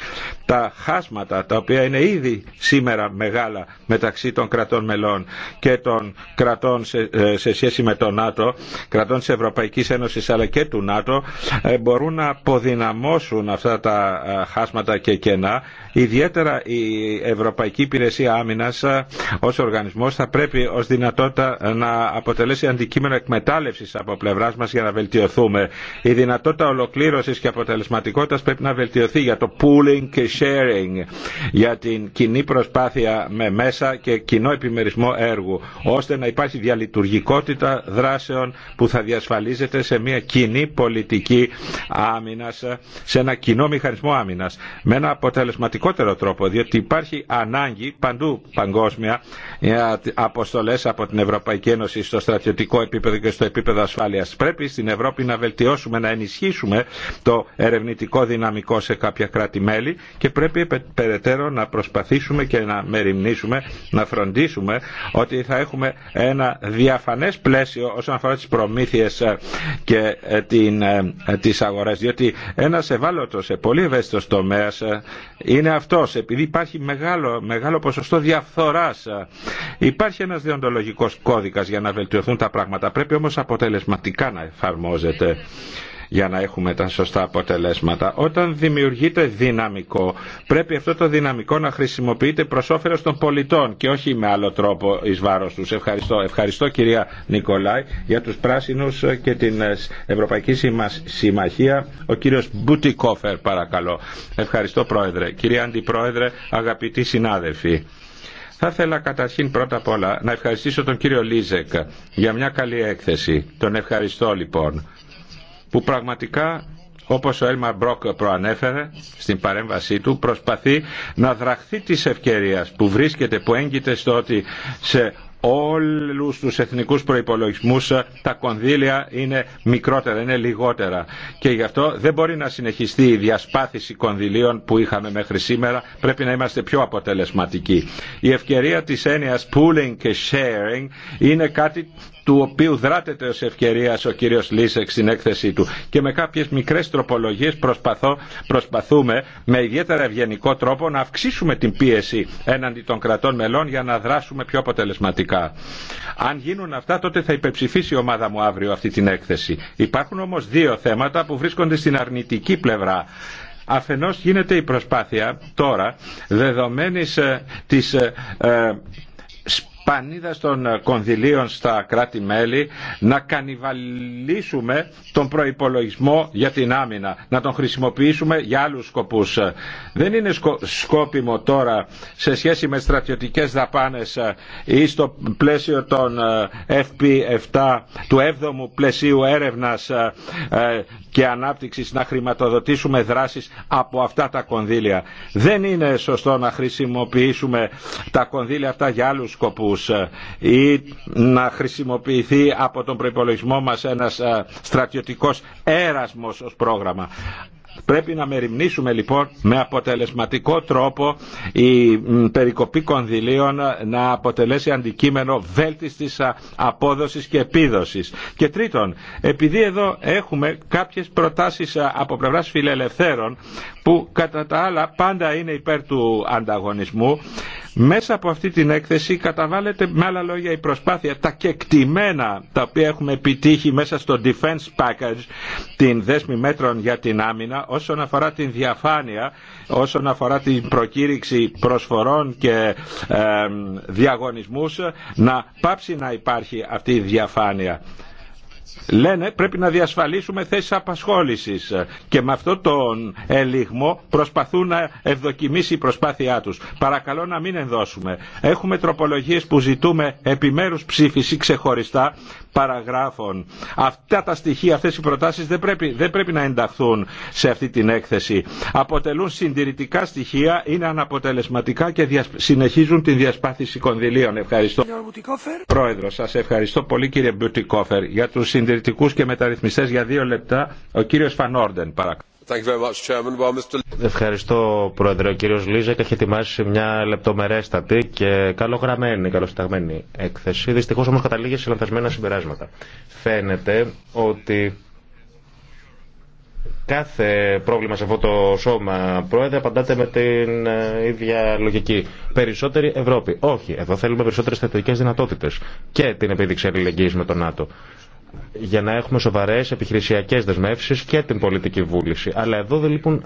τα χάσματα τα οποία είναι ήδη σήμερα μεγάλα μεταξύ των κρατών μελών και των κρατών σε, ε, σχέση με το ΝΑΤΟ, κρατών της Ευρωπαϊκής Ένωσης αλλά και του ΝΑΤΟ ε, μπορούν να αποδυναμώσουν αυτά τα ε, χάσματα και κενά. Ιδιαίτερα η Ευρωπαϊκή Υπηρεσία Άμυνας ως οργανισμός θα πρέπει ως δυνατότητα να αποτελέσει αντικείμενο εκμετάλλευσης από πλευρά μας για να βελτιωθούμε. Η δυνατότητα ολοκλήρωσης και αποτελεσματικότητας πρέπει να βελτιωθεί για το pooling και sharing, για την κοινή προσπάθεια με μέσα και κοινό επιμερισμό έργου, ώστε να υπάρχει διαλειτουργικότητα δράσεων που θα διασφαλίζεται σε μια κοινή πολιτική άμυνα, σε ένα κοινό μηχανισμό άμυνα, με ένα αποτελεσματικότερο τρόπο, διότι υπάρχει ανάγκη παντού παγκόσμια αποστολέ αποστολές από την Ευρωπαϊκή Ένωση στο στρατιωτικό επίπεδο και στο επίπεδο ασφάλειας. Πρέπει στην Ευρώπη να βελτιώσουμε, να ενισχύσουμε το ερευνητικό δυναμικό σε κάποια κράτη-μέλη και πρέπει περαιτέρω να προσπαθήσουμε και να μεριμνήσουμε, να φροντίσουμε ότι θα έχουμε ένα διαφανές πλαίσιο όσον αφορά τις προμήθειες ε, και ε, την, ε, τις αγορές διότι ένας ευάλωτος, πολύ ευαίσθητος τομέας είναι αυτός επειδή υπάρχει μεγάλο, μεγάλο ποσοστό διαφθοράς υπάρχει ένας διοντολογικός κώδικας για να βελτιωθούν τα πράγματα πρέπει όμως αποτελεσματικά να εφαρμόζεται για να έχουμε τα σωστά αποτελέσματα. Όταν δημιουργείται δυναμικό, πρέπει αυτό το δυναμικό να χρησιμοποιείται προ όφελο των πολιτών και όχι με άλλο τρόπο ει βάρο του. Ευχαριστώ. Ευχαριστώ κυρία Νικολάη για του πράσινου και την Ευρωπαϊκή Συμμαχία. Ο κύριο Μπουτικόφερ, παρακαλώ. Ευχαριστώ, Πρόεδρε. Κυρία Αντιπρόεδρε, αγαπητοί συνάδελφοι. Θα ήθελα καταρχήν πρώτα απ' όλα να ευχαριστήσω τον κύριο Λίζεκ για μια καλή έκθεση. Τον ευχαριστώ λοιπόν που πραγματικά όπως ο Έλμαρ Μπρόκ προανέφερε στην παρέμβασή του, προσπαθεί να δραχθεί της ευκαιρίας που βρίσκεται, που έγκυται στο ότι σε όλους τους εθνικούς προϋπολογισμούς τα κονδύλια είναι μικρότερα, είναι λιγότερα. Και γι' αυτό δεν μπορεί να συνεχιστεί η διασπάθηση κονδυλίων που είχαμε μέχρι σήμερα. Πρέπει να είμαστε πιο αποτελεσματικοί. Η ευκαιρία της έννοιας pooling και sharing είναι κάτι του οποίου δράτεται ως ευκαιρία ο κύριος Λίσεκ στην έκθεσή του. Και με κάποιες μικρές τροπολογίες προσπαθώ, προσπαθούμε με ιδιαίτερα ευγενικό τρόπο να αυξήσουμε την πίεση έναντι των κρατών μελών για να δράσουμε πιο αποτελεσματικά. Αν γίνουν αυτά τότε θα υπεψηφίσει η ομάδα μου αύριο αυτή την έκθεση. Υπάρχουν όμως δύο θέματα που βρίσκονται στην αρνητική πλευρά αφενός γίνεται η προσπάθεια τώρα δεδομένης ε, της ε, ε πανίδα των κονδυλίων στα κράτη-μέλη να κανιβαλίσουμε τον προϋπολογισμό για την άμυνα, να τον χρησιμοποιήσουμε για άλλους σκοπούς. Δεν είναι σκόπιμο τώρα σε σχέση με στρατιωτικές δαπάνες ε, ή στο πλαίσιο των ε, FP7 του 7ου πλαισίου έρευνας ε, και ανάπτυξης να χρηματοδοτήσουμε δράσεις από αυτά τα κονδύλια. Δεν είναι σωστό να χρησιμοποιήσουμε τα κονδύλια αυτά για άλλους σκοπούς ε, ή να χρησιμοποιηθεί από τον προϋπολογισμό μας ένας ε, στρατιωτικός έρασμος ως πρόγραμμα. Πρέπει να μεριμνήσουμε λοιπόν με αποτελεσματικό τρόπο η περικοπή κονδυλίων να αποτελέσει αντικείμενο βέλτιστης απόδοσης και επίδοσης. Και τρίτον, επειδή εδώ έχουμε κάποιες προτάσεις από πλευράς φιλελευθέρων που κατά τα άλλα πάντα είναι υπέρ του ανταγωνισμού, μέσα από αυτή την έκθεση καταβάλλεται με άλλα λόγια η προσπάθεια, τα κεκτημένα τα οποία έχουμε επιτύχει μέσα στο Defense Package, την δέσμη μέτρων για την άμυνα, όσον αφορά την διαφάνεια, όσον αφορά την προκήρυξη προσφορών και ε, διαγωνισμούς, να πάψει να υπάρχει αυτή η διαφάνεια λένε πρέπει να διασφαλίσουμε θέσεις απασχόλησης και με αυτό τον ελιγμό προσπαθούν να ευδοκιμήσει η προσπάθειά τους. Παρακαλώ να μην ενδώσουμε. Έχουμε τροπολογίες που ζητούμε επιμέρους ψήφιση ξεχωριστά παραγράφων. Αυτά τα στοιχεία, αυτές οι προτάσεις δεν πρέπει, δεν πρέπει να ενταχθούν σε αυτή την έκθεση. Αποτελούν συντηρητικά στοιχεία, είναι αναποτελεσματικά και συνεχίζουν την διασπάθηση κονδυλίων. Ευχαριστώ. Πρόεδρο, σας ευχαριστώ πολύ κύριε Μπιουτικόφερ για τους συντηρητικούς και μεταρρυθμιστές για δύο λεπτά. Ο κύριος Φανόρντεν παρακαλώ. Ευχαριστώ, Πρόεδρε. Ο κύριο Λίζεκ έχει ετοιμάσει μια λεπτομερέστατη και καλογραμμένη, καλοσταγμένη έκθεση. Δυστυχώ όμω καταλήγει σε λανθασμένα συμπεράσματα. Φαίνεται ότι κάθε πρόβλημα σε αυτό το σώμα, Πρόεδρε, απαντάτε με την ε, ίδια λογική. Περισσότερη Ευρώπη. Όχι, εδώ θέλουμε περισσότερε θετικέ δυνατότητε και την επίδειξη αλληλεγγύη με τον ΝΑΤΟ για να έχουμε σοβαρέ επιχειρησιακέ δεσμεύσει και την πολιτική βούληση. Αλλά εδώ δεν λείπουν.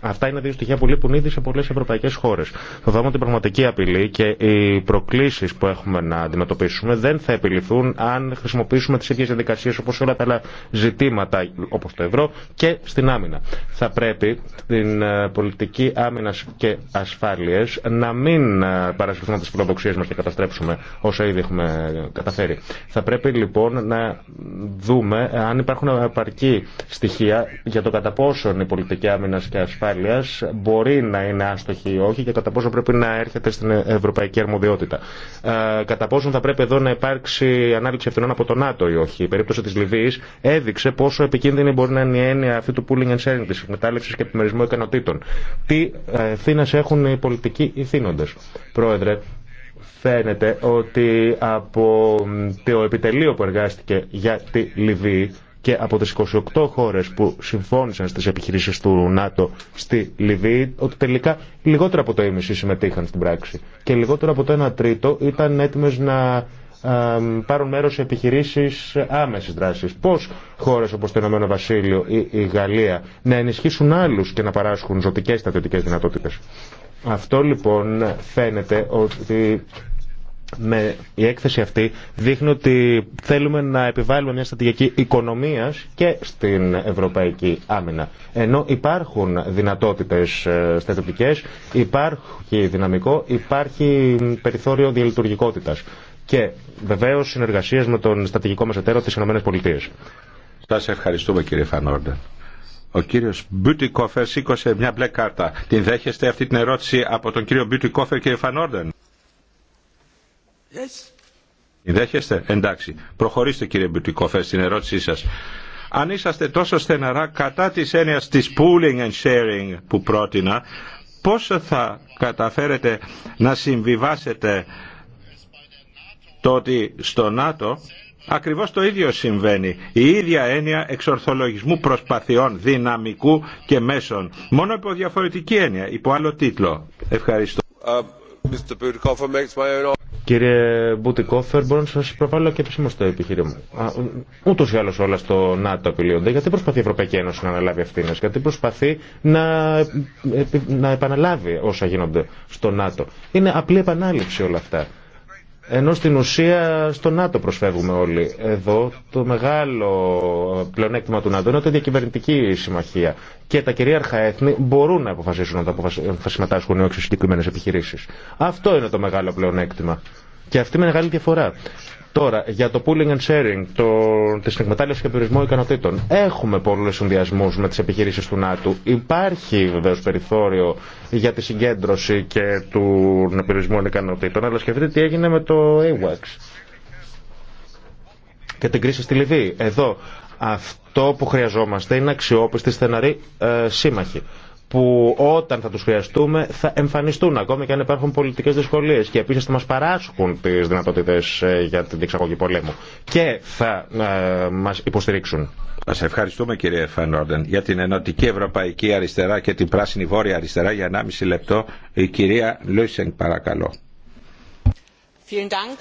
Αυτά είναι δύο στοιχεία που λείπουν ήδη σε πολλέ ευρωπαϊκέ χώρε. δούμε ότι η πραγματική απειλή και οι προκλήσει που έχουμε να αντιμετωπίσουμε δεν θα επιληθούν αν χρησιμοποιήσουμε τι ίδιε διαδικασίε όπω όλα τα άλλα ζητήματα, όπω το ευρώ, και στην άμυνα. Θα πρέπει την ε, πολιτική άμυνα και ασφάλειε να μην ε, παρασυρθούμε τι φιλοδοξίε μα και καταστρέψουμε όσα ήδη έχουμε καταφέρει. Θα πρέπει λοιπόν να δούμε αν υπάρχουν επαρκή στοιχεία για το κατά πόσον η πολιτική άμυνα και ασφάλεια μπορεί να είναι άστοχη ή όχι και κατά πόσο πρέπει να έρχεται στην ευρωπαϊκή αρμοδιότητα. Ε, κατά πόσον θα πρέπει εδώ να υπάρξει ανάληψη ευθυνών από το ΝΑΤΟ ή όχι. Η περίπτωση τη Λιβύη έδειξε πόσο επικίνδυνη μπορεί να είναι η έννοια αυτή του pooling and sharing, τη εκμετάλλευση και επιμερισμού ικανοτήτων. Τι ε, ευθύνε έχουν οι πολιτικοί ηθήνοντε. Πρόεδρε, φαίνεται ότι από το επιτελείο που εργάστηκε για τη Λιβύη και από τις 28 χώρες που συμφώνησαν στις επιχειρήσεις του ΝΑΤΟ στη Λιβύη ότι τελικά λιγότερο από το ίμιση συμμετείχαν στην πράξη και λιγότερο από το 1 τρίτο ήταν έτοιμες να πάρουν μέρος σε επιχειρήσεις άμεσης δράσης. Πώς χώρες όπως το Ηνωμένο Βασίλειο ή η Γαλλία να ενισχύσουν άλλους και να παράσχουν ζωτικές στρατιωτικές δυνατότητες. Αυτό λοιπόν φαίνεται ότι με η έκθεση αυτή δείχνει ότι θέλουμε να επιβάλλουμε μια στρατηγική οικονομίας και στην ευρωπαϊκή άμυνα. Ενώ υπάρχουν δυνατότητες ε, στρατιωτικές, υπάρχει δυναμικό, υπάρχει περιθώριο διαλειτουργικότητας και βεβαίως συνεργασίες με τον στρατηγικό μας εταίρο της ΗΠΑ. Σας ευχαριστούμε κύριε Φανόρντεν. Ο κύριος Μπιουτικόφερ σήκωσε μια μπλε κάρτα. Την δέχεστε αυτή την ερώτηση από τον κύριο Μπιουτικόφερ και Φανόρντεν. Δέχεστε. Εντάξει. Προχωρήστε κύριε Μπιουτικόφε στην ερώτησή σας. Αν είσαστε τόσο στεναρά κατά της έννοιας της pooling and sharing που πρότεινα, πώς θα καταφέρετε να συμβιβάσετε το ότι στο ΝΑΤΟ Ακριβώς το ίδιο συμβαίνει. Η ίδια έννοια εξορθολογισμού προσπαθειών δυναμικού και μέσων. Μόνο υπό διαφορετική έννοια, υπό άλλο τίτλο. Ευχαριστώ. Uh, Mr. Κύριε Μπουτικόφερ, μπορώ να σα προβάλλω και επισήμω το επιχείρημα. Ούτω ή άλλω όλα στο ΝΑΤΟ απειλούνται. Γιατί προσπαθεί η Ευρωπαϊκή Ένωση να αναλάβει ευθύνε, γιατί προσπαθεί να, να επαναλάβει όσα γίνονται στο ΝΑΤΟ. Είναι απλή επανάληψη όλα αυτά. Ενώ στην ουσία στο ΝΑΤΟ προσφεύγουμε όλοι. Εδώ το μεγάλο πλεονέκτημα του ΝΑΤΟ είναι ότι η διακυβερνητική συμμαχία και τα κυρίαρχα έθνη μπορούν να αποφασίσουν να τα συμμετάσχουν ή όχι σε συγκεκριμένε επιχειρήσει. Αυτό είναι το μεγάλο πλεονέκτημα. Και αυτή είναι μεγάλη διαφορά. Τώρα, για το pooling and sharing, το, τη συνεκμετάλλευση και περιορισμό ικανοτήτων. Έχουμε πολλούς συνδυασμού με τις επιχειρήσεις του ΝΑΤΟΥ. Υπάρχει βεβαίω περιθώριο για τη συγκέντρωση και του περιορισμού ικανοτήτων, αλλά σκεφτείτε τι έγινε με το AWACS και την κρίση στη Λιβύη. Εδώ αυτό που χρειαζόμαστε είναι αξιόπιστη στεναρή ε, σύμμαχη που όταν θα τους χρειαστούμε θα εμφανιστούν ακόμη και αν υπάρχουν πολιτικές δυσκολίες και επίσης θα μας παράσχουν τις δυνατότητες ε, για την διεξαγωγή πολέμου και θα ε, μας υποστηρίξουν. Σας ευχαριστούμε κύριε Φανόρντεν για την Ενωτική Ευρωπαϊκή Αριστερά και την Πράσινη Βόρεια Αριστερά για 1,5 λεπτό η κυρία Λούισεν παρακαλώ. Vielen Dank.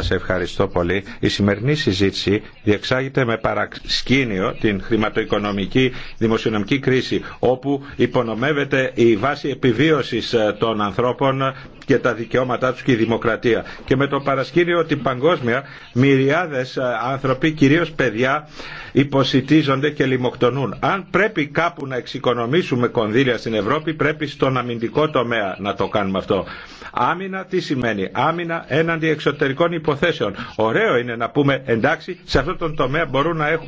Σα ευχαριστώ πολύ. Η σημερινή συζήτηση διεξάγεται με παρασκήνιο την χρηματοοικονομική δημοσιονομική κρίση όπου υπονομεύεται η βάση επιβίωσης ε, των ανθρώπων και τα δικαιώματά τους και η δημοκρατία. Και με το παρασκήνιο ότι παγκόσμια μυριάδες ε, άνθρωποι, κυρίως παιδιά, υποσυτίζονται και λιμοκτονούν. Αν πρέπει κάπου να εξοικονομήσουμε κονδύλια στην Ευρώπη, πρέπει στον αμυντικό τομέα να το κάνουμε αυτό. Άμυνα τι σημαίνει. Άμυνα έναντι εξωτερικών υποθέσεων. Ωραίο είναι να πούμε εντάξει, σε αυτό τον τομέα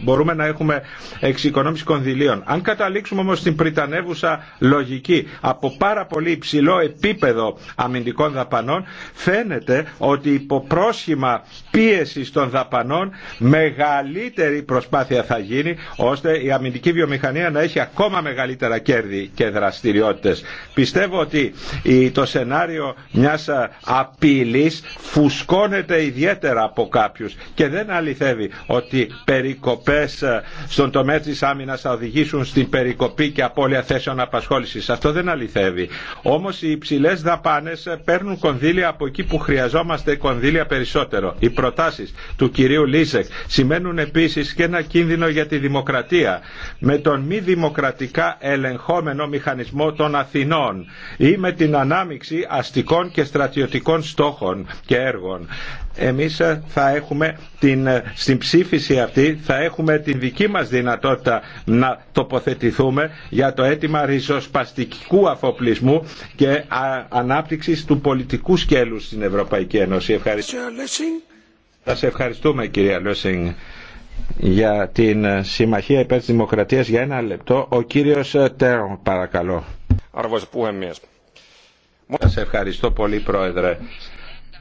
μπορούμε να έχουμε εξοικονόμηση κονδυλίων. Αν καταλήξουμε όμω στην πριτανεύουσα λογική από πάρα πολύ υψηλό επίπεδο αμυντικών δαπανών, φαίνεται ότι υπό πρόσχημα πίεση των δαπανών μεγαλύτερη προσπάθεια θα γίνει ώστε η αμυντική βιομηχανία να έχει ακόμα μεγαλύτερα κέρδη και δραστηριότητες. Πιστεύω ότι το σενάριο μιας απειλής φουσκώνεται ιδιαίτερα από κάποιους και δεν αληθεύει ότι περικοπές στον τομέα της άμυνας θα οδηγήσουν στην περικοπή και απώλεια θέσεων απασχόλησης. Αυτό δεν αληθεύει. Όμως οι υψηλέ δαπάνες παίρνουν κονδύλια από εκεί που χρειαζόμαστε κονδύλια περισσότερο. Οι προτάσεις του κυρίου Λίσεκ σημαίνουν επίσης και ένα κίνδυνο για τη δημοκρατία με τον μη δημοκρατικά ελεγχόμενο μηχανισμό των Αθηνών ή με την ανάμειξη αστικών και στρατιωτικών στόχων και έργων. Εμείς ε, θα έχουμε την, ε, στην ψήφιση αυτή θα έχουμε τη δική μας δυνατότητα να τοποθετηθούμε για το αίτημα ριζοσπαστικού αφοπλισμού και ανάπτυξης του πολιτικού σκέλου στην Ευρωπαϊκή Ένωση. Ευχαριστώ. Θα ευχαριστούμε κυρία Λόσινγκ για την ε, Συμμαχία υπέρ της Δημοκρατίας για ένα λεπτό. Ο κύριος Τέρον παρακαλώ. Arvoisa puhemies. Σας ευχαριστώ πολύ Πρόεδρε.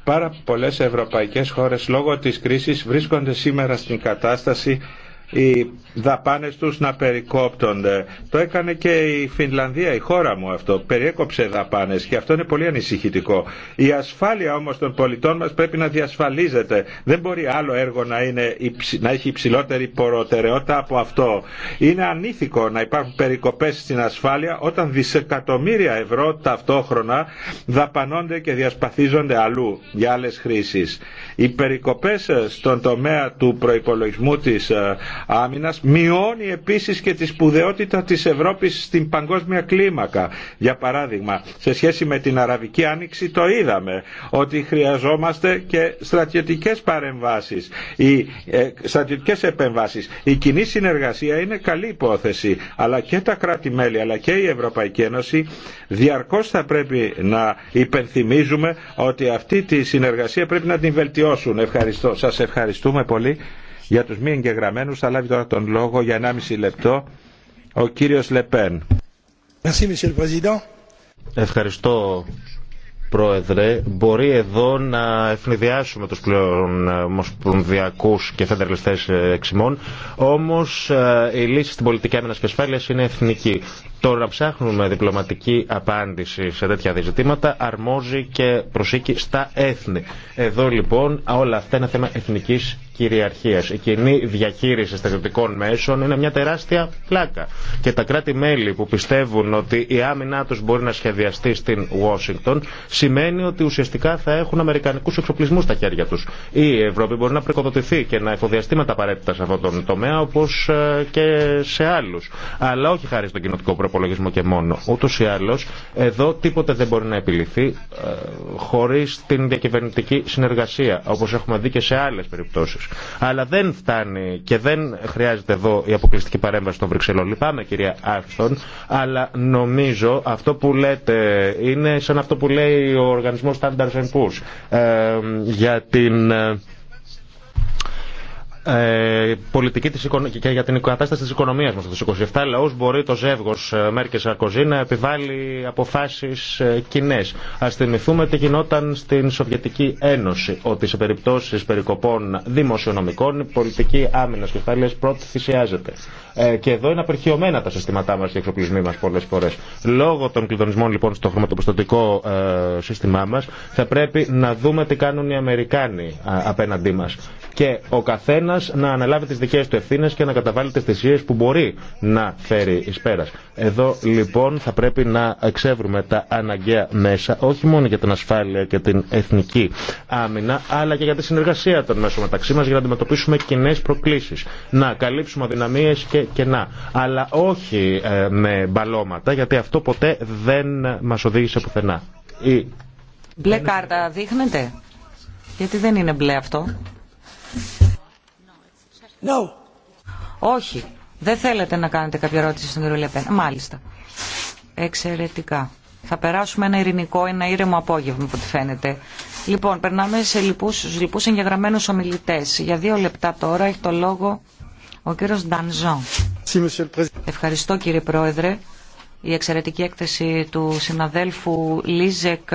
Πάρα πολλέ ευρωπαϊκέ χώρε λόγω τη κρίσης βρίσκονται σήμερα στην κατάσταση οι δαπάνες τους να περικόπτονται. Το έκανε και η Φινλανδία, η χώρα μου αυτό. Περιέκοψε δαπάνες και αυτό είναι πολύ ανησυχητικό. Η ασφάλεια όμως των πολιτών μας πρέπει να διασφαλίζεται. Δεν μπορεί άλλο έργο να, είναι, να έχει υψηλότερη προτεραιότητα από αυτό. Είναι ανήθικο να υπάρχουν περικοπές στην ασφάλεια όταν δισεκατομμύρια ευρώ ταυτόχρονα δαπανώνται και διασπαθίζονται αλλού για άλλες χρήσεις. Οι περικοπές στον τομέα του προϋπολογισμού της ε, Άμυνας μειώνει επίσης και τη σπουδαιότητα της Ευρώπης στην παγκόσμια κλίμακα. Για παράδειγμα, σε σχέση με την Αραβική Άνοιξη το είδαμε ότι χρειαζόμαστε και στρατιωτικές παρεμβάσεις, οι ε, στρατιωτικές επεμβάσεις. Η κοινή συνεργασία είναι καλή υπόθεση, αλλά και τα κράτη-μέλη, αλλά και η Ευρωπαϊκή Ένωση διαρκώς θα πρέπει να υπενθυμίζουμε ότι αυτή τη συνεργασία πρέπει να την βελτιώσουν. Ευχαριστώ. Σας ευχαριστούμε πολύ. Για τους μη εγγεγραμμένους θα λάβει τώρα τον λόγο για 1,5 λεπτό ο κύριος Λεπέν. Ευχαριστώ Πρόεδρε, μπορεί εδώ να ευνηδιάσουμε τους πλέον ομοσπονδιακούς και φεντερλιστές ε, εξημών, όμως ε, η λύση στην πολιτική άμυνας και ασφάλειας είναι εθνική. Τώρα να ψάχνουμε διπλωματική απάντηση σε τέτοια διζητήματα αρμόζει και προσήκει στα έθνη. Εδώ λοιπόν όλα αυτά είναι θέμα εθνικής κυριαρχίας. Η κοινή διαχείριση στρατιωτικών μέσων είναι μια τεράστια πλάκα. Και τα κράτη-μέλη που πιστεύουν ότι η άμυνά τους μπορεί να σχεδιαστεί στην Ουάσιγκτον σημαίνει ότι ουσιαστικά θα έχουν αμερικανικού εξοπλισμού στα χέρια του. Η Ευρώπη μπορεί να πρικοδοτηθεί και να εφοδιαστεί με τα απαραίτητα σε αυτόν τον τομέα όπω ε, και σε άλλου. Αλλά όχι χάρη στον κοινοτικό προπολογισμό και μόνο. Ούτω ή άλλω, εδώ τίποτε δεν μπορεί να επιληθεί ε, χωρί την διακυβερνητική συνεργασία, όπω έχουμε δει και σε άλλε περιπτώσει. Αλλά δεν φτάνει και δεν χρειάζεται εδώ η αποκλειστική παρέμβαση των Βρυξελών. Λυπάμαι, κυρία Άρθον, αλλά νομίζω αυτό που λέτε είναι σαν αυτό που λέει ο οργανισμός Standard Poor's ε, για την ε, ε, πολιτική της, και για την κατάσταση της οικονομίας μας στους 27 λαούς μπορεί το ζεύγος ε, Μέρκε Σαρκοζή να επιβάλλει αποφάσεις ε, κοινέ. Ας θυμηθούμε τι γινόταν στην Σοβιετική Ένωση ότι σε περιπτώσεις περικοπών δημοσιονομικών η πολιτική άμυνας και πρώτη θυσιάζεται. Ε, και εδώ είναι απερχιωμένα τα συστήματά μας και οι εξοπλισμοί μας πολλές φορές. Λόγω των κλειδονισμών λοιπόν στο χρηματοπιστωτικό ε, σύστημά μας θα πρέπει να δούμε τι κάνουν οι Αμερικάνοι ε, απέναντί μα. Και ο καθένα να αναλάβει τι δικέ του ευθύνε και να καταβάλει τι θυσίε που μπορεί να φέρει ει πέρα. Εδώ λοιπόν θα πρέπει να εξεύρουμε τα αναγκαία μέσα, όχι μόνο για την ασφάλεια και την εθνική άμυνα, αλλά και για τη συνεργασία των μέσων μεταξύ μα για να αντιμετωπίσουμε κοινέ προκλήσει. Να καλύψουμε αδυναμίε και κενά. Αλλά όχι ε, με μπαλώματα, γιατί αυτό ποτέ δεν μα οδήγησε πουθενά. Η... Μπλε κάρτα δείχνετε. Γιατί δεν είναι μπλε αυτό. No. Όχι. Δεν θέλετε να κάνετε κάποια ερώτηση στον κύριο Λεπέν. Μάλιστα. Εξαιρετικά. Θα περάσουμε ένα ειρηνικό, ένα ήρεμο απόγευμα από ό,τι φαίνεται. Λοιπόν, περνάμε σε λοιπούς, στους λοιπούς εγγεγραμμένους ομιλητές. Για δύο λεπτά τώρα έχει το λόγο ο κύριος Ντανζόν. Ευχαριστώ κύριε Πρόεδρε. Η εξαιρετική έκθεση του συναδέλφου Λίζεκ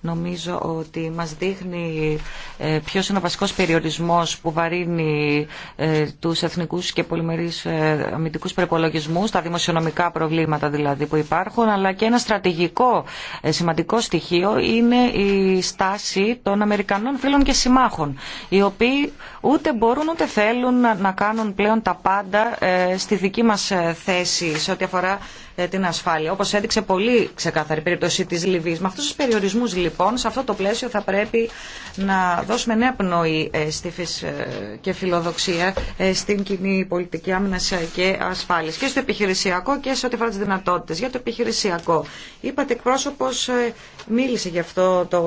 νομίζω ότι μας δείχνει ε, ποιος είναι ο βασικός περιορισμός που βαρύνει ε, τους εθνικούς και πολυμερείς ε, αμυντικούς προπολογισμού, τα δημοσιονομικά προβλήματα δηλαδή που υπάρχουν, αλλά και ένα στρατηγικό σημαντικό στοιχείο είναι η στάση των Αμερικανών φίλων και συμμάχων, οι οποίοι ούτε μπορούν ούτε θέλουν να κάνουν πλέον τα πάντα στη δική μας θέση σε ό,τι αφορά ε, την ασφάλεια, όπως έδειξε πολύ ξεκάθαρη περίπτωση της Λιβύης. Με αυτούς τους περιορισμούς λοιπόν, σε αυτό το πλαίσιο θα πρέπει να δώσουμε νέα πνοή ε, ε και φιλοδοξία ε, στην κοινή πολιτική άμυνα και ασφάλεια και στο επιχειρησιακό και σε ό,τι αφορά τι δυνατότητες. Για το επιχειρησιακό, είπατε εκπρόσωπος μίλησε γι' αυτό το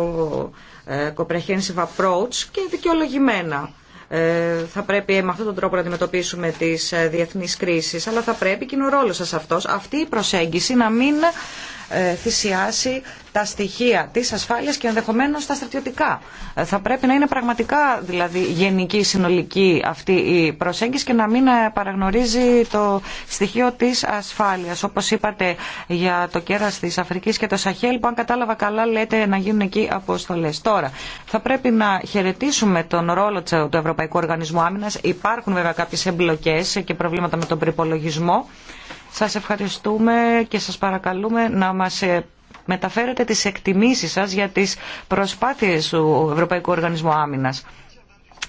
comprehensive approach και δικαιολογημένα ε, θα πρέπει με αυτόν τον τρόπο να αντιμετωπίσουμε τις ε, διεθνείς κρίσεις, αλλά θα πρέπει και είναι ο ρόλος σας αυτός, αυτή η προσέγγιση να μην ε, θυσιάσει τα στοιχεία της ασφάλειας και ενδεχομένως τα στρατιωτικά. Ε, θα πρέπει να είναι πραγματικά δηλαδή γενική, συνολική αυτή η προσέγγιση και να μην ε, παραγνωρίζει το στοιχείο της ασφάλειας. Όπως είπατε για το κέρας της Αφρικής και το Σαχέλ που αν κατάλαβα καλά λέτε να γίνουν εκεί αποστολές. Τώρα θα πρέπει να χαιρετήσουμε τον ρόλο του Ευρωπαϊκού Οργανισμού Άμυνας. Υπάρχουν βέβαια κάποιες εμπλοκές και προβλήματα με τον προπολογισμό. Σας ευχαριστούμε και σας παρακαλούμε να μας ε, μεταφέρετε τις εκτιμήσεις σας για τις προσπάθειες του Ευρωπαϊκού Οργανισμού Άμυνας.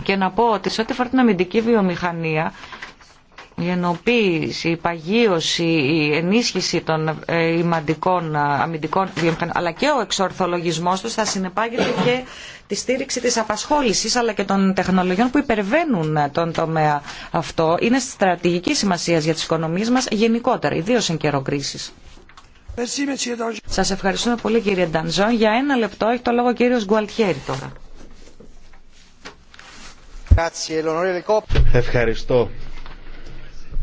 Και να πω ότι σε ό,τι αφορά την αμυντική βιομηχανία η ενοποίηση, η παγίωση, η ενίσχυση των ε, ημαντικών ε, αμυντικών βιομηχανιών, αλλά και ο εξορθολογισμός τους θα συνεπάγεται και τη στήριξη της απασχόλησης αλλά και των τεχνολογιών που υπερβαίνουν τον τομέα αυτό. Είναι στρατηγική σημασία για τις οικονομίες μας γενικότερα, ιδίω εν καιρό κρίσης. Σας ευχαριστούμε πολύ κύριε Ντανζόν. Για ένα λεπτό έχει το λόγο ο κύριος Γκουαλτιέρη τώρα. Ευχαριστώ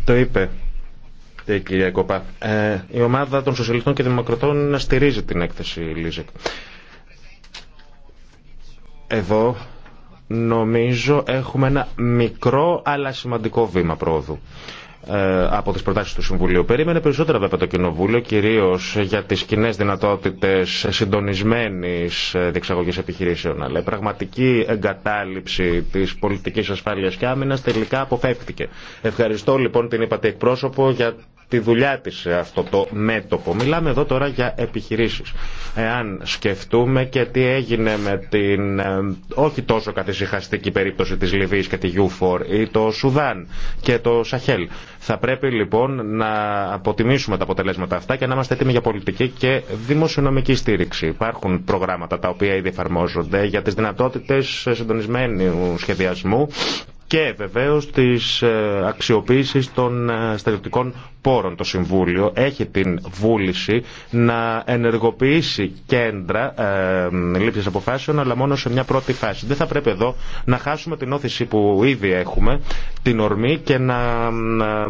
το είπε η κυρία Κοπά. Ε, η ομάδα των Σοσιαλιστών και Δημοκρατών στηρίζει την έκθεση Λίζεκ. Εδώ νομίζω έχουμε ένα μικρό αλλά σημαντικό βήμα πρόοδου. Ε, από τις προτάσεις του Συμβουλίου. Περίμενε περισσότερα βέβαια το Κοινοβούλιο, κυρίως για τις κοινέ δυνατότητες συντονισμένης ε, διεξαγωγής επιχειρήσεων. Αλλά η πραγματική εγκατάλειψη της πολιτικής ασφάλειας και άμυνας τελικά αποφεύχθηκε. Ευχαριστώ λοιπόν την είπατε εκπρόσωπο για τη δουλειά της σε αυτό το μέτωπο. Μιλάμε εδώ τώρα για επιχειρήσεις. Εάν σκεφτούμε και τι έγινε με την ε, όχι τόσο κατησυχαστική περίπτωση της Λιβύης και τη U4 ή το Σουδάν και το Σαχέλ. Θα πρέπει λοιπόν να αποτιμήσουμε τα αποτελέσματα αυτά και να είμαστε έτοιμοι για πολιτική και δημοσιονομική στήριξη. Υπάρχουν προγράμματα τα οποία ήδη εφαρμόζονται για τις δυνατότητες συντονισμένου σχεδιασμού και βεβαίω τη ε, αξιοποίηση των ε, στρατιωτικών πόρων. Το Συμβούλιο έχει την βούληση να ενεργοποιήσει κέντρα ε, λήψη αποφάσεων, αλλά μόνο σε μια πρώτη φάση. Δεν θα πρέπει εδώ να χάσουμε την όθηση που ήδη έχουμε, την ορμή και να, μας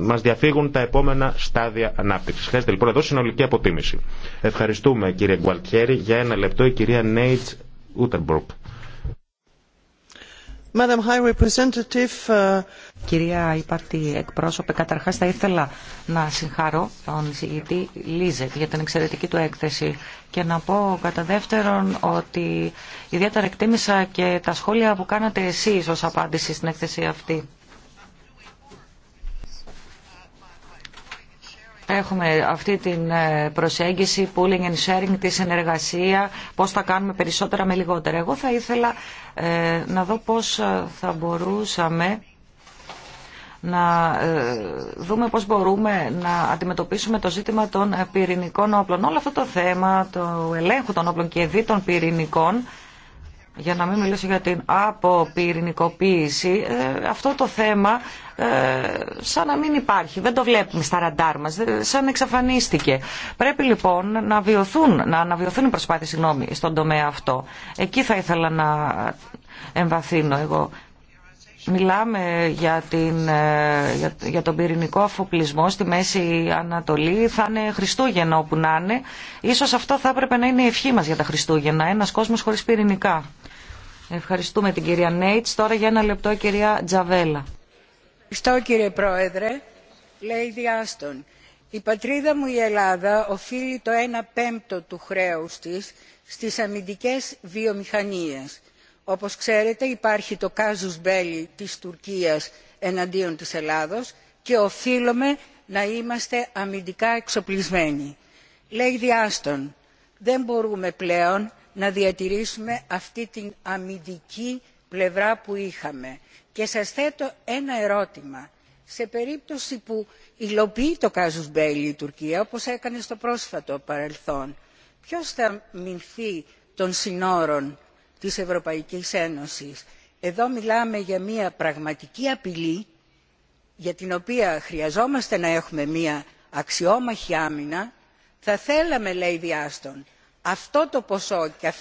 μα διαφύγουν τα επόμενα στάδια ανάπτυξη. Χρειάζεται λοιπόν εδώ συνολική αποτίμηση. Ευχαριστούμε κύριε Γκουαλτιέρη. Για ένα λεπτό η κυρία Νέιτ Ούτεμπουργκ. Uh, Κυρία Υπάρτη εκπρόσωπε, καταρχάς θα ήθελα να συγχαρώ τον εισηγητή Λίζεκ για την εξαιρετική του έκθεση και να πω κατά δεύτερον ότι ιδιαίτερα εκτίμησα και τα σχόλια που κάνατε εσείς ως απάντηση στην έκθεση αυτή. Έχουμε αυτή την ε, προσέγγιση, pooling and sharing, τη συνεργασία, πώς θα κάνουμε περισσότερα με λιγότερα. Εγώ θα ήθελα ε, να δω πώς ε, θα μπορούσαμε να δούμε πώς μπορούμε να αντιμετωπίσουμε το ζήτημα των πυρηνικών όπλων. Όλο αυτό το θέμα το ελέγχου των όπλων και δι των πυρηνικών για να μην μιλήσω για την αποπυρηνικοποίηση, ε, αυτό το θέμα ε, σαν να μην υπάρχει. Δεν το βλέπουμε στα ραντάρ μας, σαν εξαφανίστηκε. Πρέπει λοιπόν να, βιωθούν, να αναβιωθούν οι προσπάθειες συγγνώμη, στον τομέα αυτό. Εκεί θα ήθελα να εμβαθύνω εγώ. Μιλάμε για, την, ε, για, τον πυρηνικό αφοπλισμό στη Μέση Ανατολή. Θα είναι Χριστούγεννα όπου να είναι. Ίσως αυτό θα έπρεπε να είναι η ευχή μας για τα Χριστούγεννα. Ένας κόσμος χωρίς πυρηνικά. Ευχαριστούμε την κυρία Νέιτς. Τώρα για ένα λεπτό η κυρία Τζαβέλα. Ευχαριστώ κύριε Πρόεδρε. Λέει διάστον, Η πατρίδα μου η Ελλάδα οφείλει το 1 πέμπτο του χρέους της στις αμυντικές βιομηχανίες. Όπως ξέρετε υπάρχει το κάζους μπέλι της Τουρκίας εναντίον της Ελλάδος και οφείλουμε να είμαστε αμυντικά εξοπλισμένοι. Λέει διάστον, δεν μπορούμε πλέον να διατηρήσουμε αυτή την αμυντική πλευρά που είχαμε. Και σας θέτω ένα ερώτημα. Σε περίπτωση που υλοποιεί το κάζους Μπέιλι η Τουρκία, όπως έκανε στο πρόσφατο παρελθόν, ποιος θα μηνθεί των συνόρων της Ευρωπαϊκής Ένωσης. Εδώ μιλάμε για μια πραγματική απειλή, για την οποία χρειαζόμαστε να έχουμε μια αξιόμαχη άμυνα. Θα θέλαμε, λέει Διάστον, αυτό το ποσό και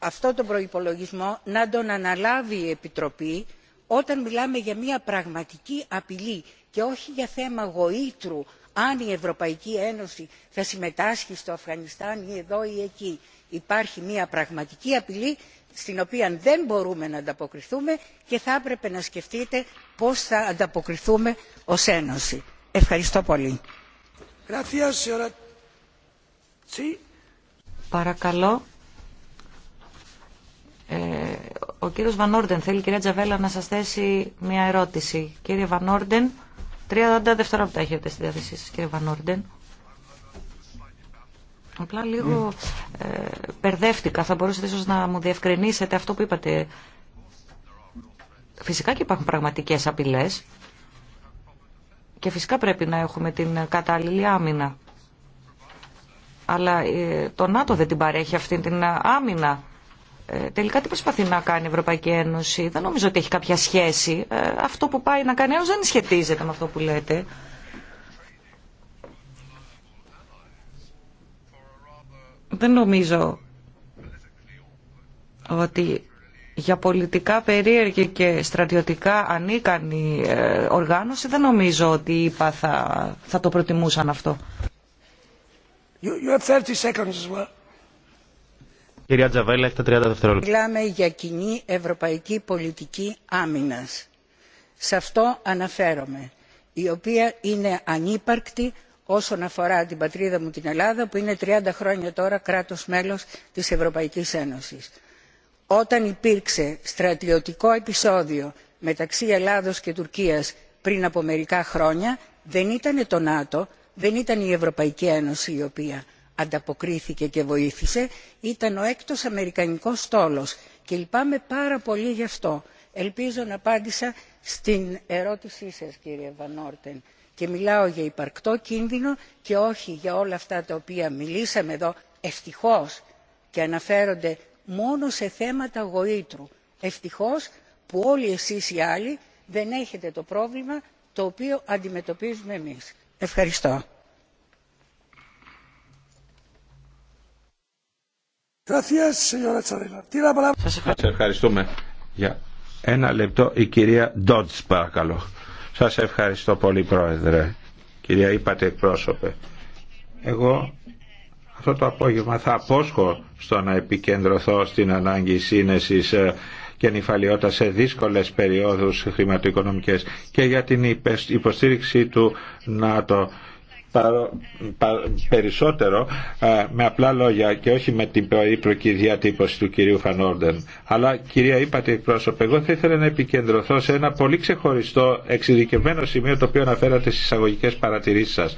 αυτό το προϋπολογισμό να τον αναλάβει η Επιτροπή όταν μιλάμε για μια πραγματική απειλή και όχι για θέμα γοήτρου αν η Ευρωπαϊκή Ένωση θα συμμετάσχει στο Αφγανιστάν ή εδώ ή εκεί. Υπάρχει μια πραγματική απειλή στην οποία δεν μπορούμε να ανταποκριθούμε και θα έπρεπε να σκεφτείτε πώς θα ανταποκριθούμε ως Ένωση. Ευχαριστώ πολύ. Παρακαλώ. Ε, ο κύριος Βανόρντεν θέλει κυρία Τζαβέλα να σας θέσει μια ερώτηση. Κύριε Βανόρντεν, 30 δευτερόλεπτα έχετε στη διάθεσή σας κύριε Βανόρντεν. Απλά λίγο ναι. ε, περδεύτηκα. Θα μπορούσατε ίσως να μου διευκρινίσετε αυτό που είπατε. Φυσικά και υπάρχουν πραγματικές απειλές και φυσικά πρέπει να έχουμε την κατάλληλη άμυνα. Αλλά ε, το ΝΑΤΟ δεν την παρέχει αυτή την ε, άμυνα. Ε, τελικά τι προσπαθεί να κάνει η Ευρωπαϊκή Ένωση. Δεν νομίζω ότι έχει κάποια σχέση. Αυτό που πάει να κάνει δεν σχετίζεται με αυτό που λέτε. Δεν νομίζω ότι για πολιτικά περίεργη και στρατιωτικά ανίκανη οργάνωση δεν νομίζω ότι είπα θα, θα το προτιμούσαν αυτό. Μιλάμε για κοινή ευρωπαϊκή πολιτική άμυνας. Σε αυτό αναφέρομαι, η οποία είναι ανύπαρκτη όσον αφορά την πατρίδα μου την Ελλάδα, που είναι 30 χρόνια τώρα κράτος μέλος της Ευρωπαϊκής Ένωσης. Όταν υπήρξε στρατιωτικό επεισόδιο μεταξύ Ελλάδος και Τουρκίας πριν από μερικά χρόνια, δεν ήταν το ΝΑΤΟ, δεν ήταν η ευρωπαϊκή ένωση η οποία ανταποκρίθηκε και βοήθησε ήταν ο έκτος αμερικανικός στόλος και λυπάμαι πάρα πολύ γι' αυτό. ελπίζω να απάντησα στην ερώτησή σας κύριε van και μιλάω για υπαρκτό κίνδυνο και όχι για όλα αυτά τα οποία μιλήσαμε εδώ ευτυχώς και αναφέρονται μόνο σε θέματα γοήτρου. ευτυχώς που όλοι εσείς οι άλλοι δεν έχετε το πρόβλημα το οποίο αντιμετωπίζουμε εμείς. Ευχαριστώ. Σα ευχαριστούμε. Για ένα λεπτό η κυρία Ντότς παρακαλώ. Σας ευχαριστώ πολύ πρόεδρε. Κυρία είπατε εκπρόσωπε. Εγώ αυτό το απόγευμα θα απόσχω στο να επικεντρωθώ στην ανάγκη σύνεσης ε, και νυφαλιότητα σε δύσκολες περιόδους χρηματοοικονομικές και για την υποστήριξη του ΝΑΤΟ περισσότερο με απλά λόγια και όχι με την περίπλοκη διατύπωση του κυρίου Φανόρντεν. Αλλά κυρία είπατε εκπρόσωπε, εγώ θα ήθελα να επικεντρωθώ σε ένα πολύ ξεχωριστό εξειδικευμένο σημείο το οποίο αναφέρατε στις εισαγωγικέ παρατηρήσεις σας.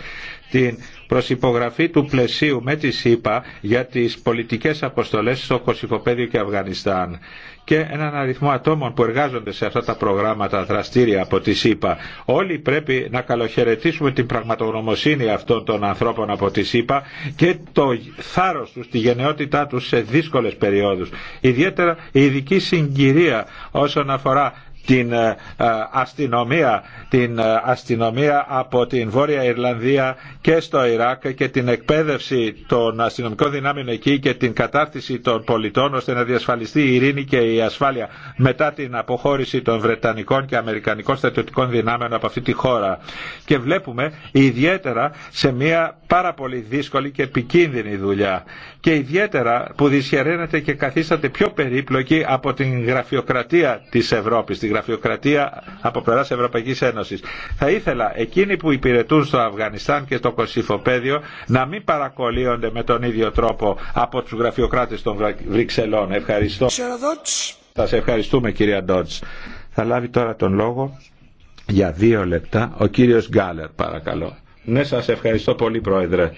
Την προσυπογραφή του πλαισίου με τη ΣΥΠΑ για τις πολιτικές αποστολές στο Κωσικοπέδιο και Αφγανιστάν και έναν αριθμό ατόμων που εργάζονται σε αυτά τα προγράμματα δραστήρια από τη ΣΥΠΑ. Όλοι πρέπει να καλοχαιρετήσουμε την πραγματογνωμοσύνη αυτών των ανθρώπων από τη ΣΥΠΑ και το θάρρος τους, τη γενναιότητά του σε δύσκολες περιόδους. Ιδιαίτερα η ειδική συγκυρία όσον αφορά την ε, ε, αστυνομία, την ε, αστυνομία από την Βόρεια Ιρλανδία και στο Ιράκ και την εκπαίδευση των αστυνομικών δυνάμεων εκεί και την κατάρτιση των πολιτών ώστε να διασφαλιστεί η ειρήνη και η ασφάλεια μετά την αποχώρηση των Βρετανικών και Αμερικανικών στρατιωτικών δυνάμεων από αυτή τη χώρα. Και βλέπουμε ιδιαίτερα σε μια πάρα πολύ δύσκολη και επικίνδυνη δουλειά και ιδιαίτερα που δυσχεραίνεται και καθίσταται πιο περίπλοκη από την γραφειοκρατία της Ευρώπης, τη γραφειοκρατία από πλευράς Ευρωπαϊκής Ένωσης. Θα ήθελα εκείνοι που υπηρετούν στο Αφγανιστάν και το Κωσυφοπαίδιο να μην παρακολύονται με τον ίδιο τρόπο από τους γραφειοκράτες των Βρυξελών. Ευχαριστώ. Θα σε ευχαριστούμε κυρία Ντότς. Θα λάβει τώρα τον λόγο για δύο λεπτά ο κύριος Γκάλερ παρακαλώ. Ναι σας ευχαριστώ πολύ πρόεδρε.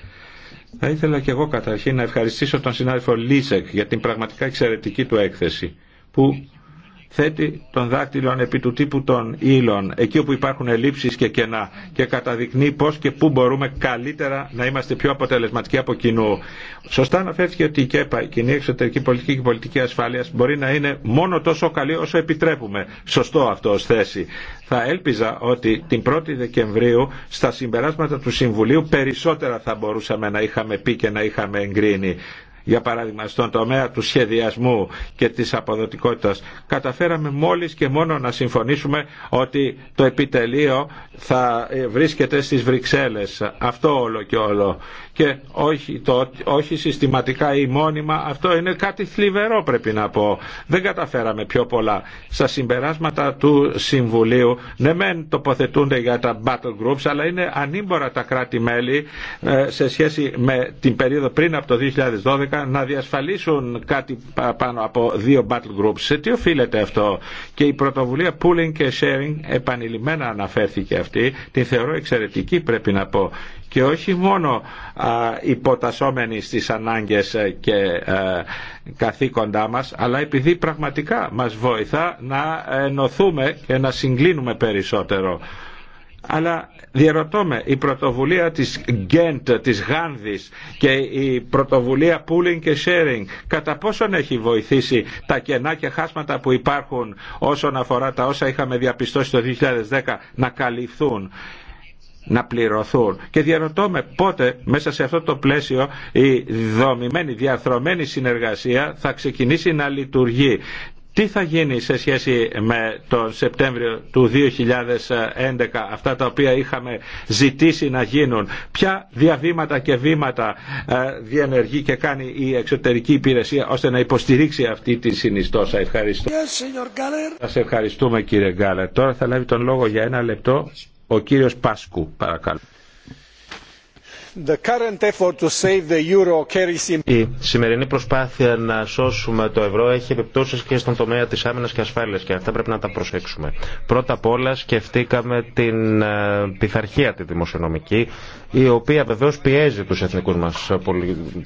Θα ήθελα και εγώ καταρχήν να ευχαριστήσω τον συνάδελφο Λίσεκ για την πραγματικά εξαιρετική του έκθεση που θέτει τον δάκτυλο επί του τύπου των ύλων, εκεί όπου υπάρχουν ελλείψεις και κενά και καταδεικνύει πώς και πού μπορούμε καλύτερα να είμαστε πιο αποτελεσματικοί από κοινού. Σωστά αναφέρθηκε ότι η ΚΕΠΑ, η Κοινή Εξωτερική Πολιτική και Πολιτική Ασφάλειας, μπορεί να είναι μόνο τόσο καλή όσο επιτρέπουμε. Σωστό αυτό ως θέση. Θα έλπιζα ότι την 1η Δεκεμβρίου στα συμπεράσματα του Συμβουλίου περισσότερα θα μπορούσαμε να είχαμε πει και να είχαμε εγκρίνει για παράδειγμα στον τομέα του σχεδιασμού και της αποδοτικότητας καταφέραμε μόλις και μόνο να συμφωνήσουμε ότι το επιτελείο θα ε, βρίσκεται στις Βρυξέλλες αυτό όλο και όλο και όχι, το, όχι συστηματικά ή μόνιμα, αυτό είναι κάτι θλιβερό πρέπει να πω. Δεν καταφέραμε πιο πολλά. Στα συμπεράσματα του Συμβουλίου, ναι μεν τοποθετούνται για τα battle groups, αλλά είναι ανήμπορα τα κράτη-μέλη ε, σε σχέση με την περίοδο πριν από το 2012 να διασφαλίσουν κάτι πάνω από δύο battle groups. Σε τι οφείλεται αυτό. Και η πρωτοβουλία pooling και sharing επανειλημμένα αναφέρθηκε αυτή. Την θεωρώ εξαιρετική πρέπει να πω και όχι μόνο υποτασσόμενοι στις ανάγκες ε, και ε, καθήκοντά μας αλλά επειδή πραγματικά μας βοηθά να ενωθούμε και να συγκλίνουμε περισσότερο. Αλλά διαρωτώ η πρωτοβουλία της Γκέντ, της Γάνδης και η πρωτοβουλία pooling και sharing κατά πόσον έχει βοηθήσει τα κενά και χάσματα που υπάρχουν όσον αφορά τα όσα είχαμε διαπιστώσει το 2010 να καλυφθούν να πληρωθούν. Και διαρωτώ με πότε μέσα σε αυτό το πλαίσιο η δομημένη, διαρθρωμένη συνεργασία θα ξεκινήσει να λειτουργεί. Τι θα γίνει σε σχέση με τον Σεπτέμβριο του 2011, αυτά τα οποία είχαμε ζητήσει να γίνουν. Ποια διαβήματα και βήματα ε, διενεργεί και κάνει η εξωτερική υπηρεσία ώστε να υποστηρίξει αυτή τη συνιστόσα. Ευχαριστώ. Σας ευχαριστούμε κύριε Γκάλερ. Τώρα θα λάβει τον λόγο για ένα λεπτό ο κύριος Πάσκου, παρακαλώ. Η σημερινή προσπάθεια να σώσουμε το ευρώ έχει επιπτώσεις και στον τομέα της άμυνας και ασφάλειας και αυτά πρέπει να τα προσέξουμε. Πρώτα απ' όλα σκεφτήκαμε την ε, πειθαρχία τη δημοσιονομική η οποία βεβαίως πιέζει τους εθνικούς μας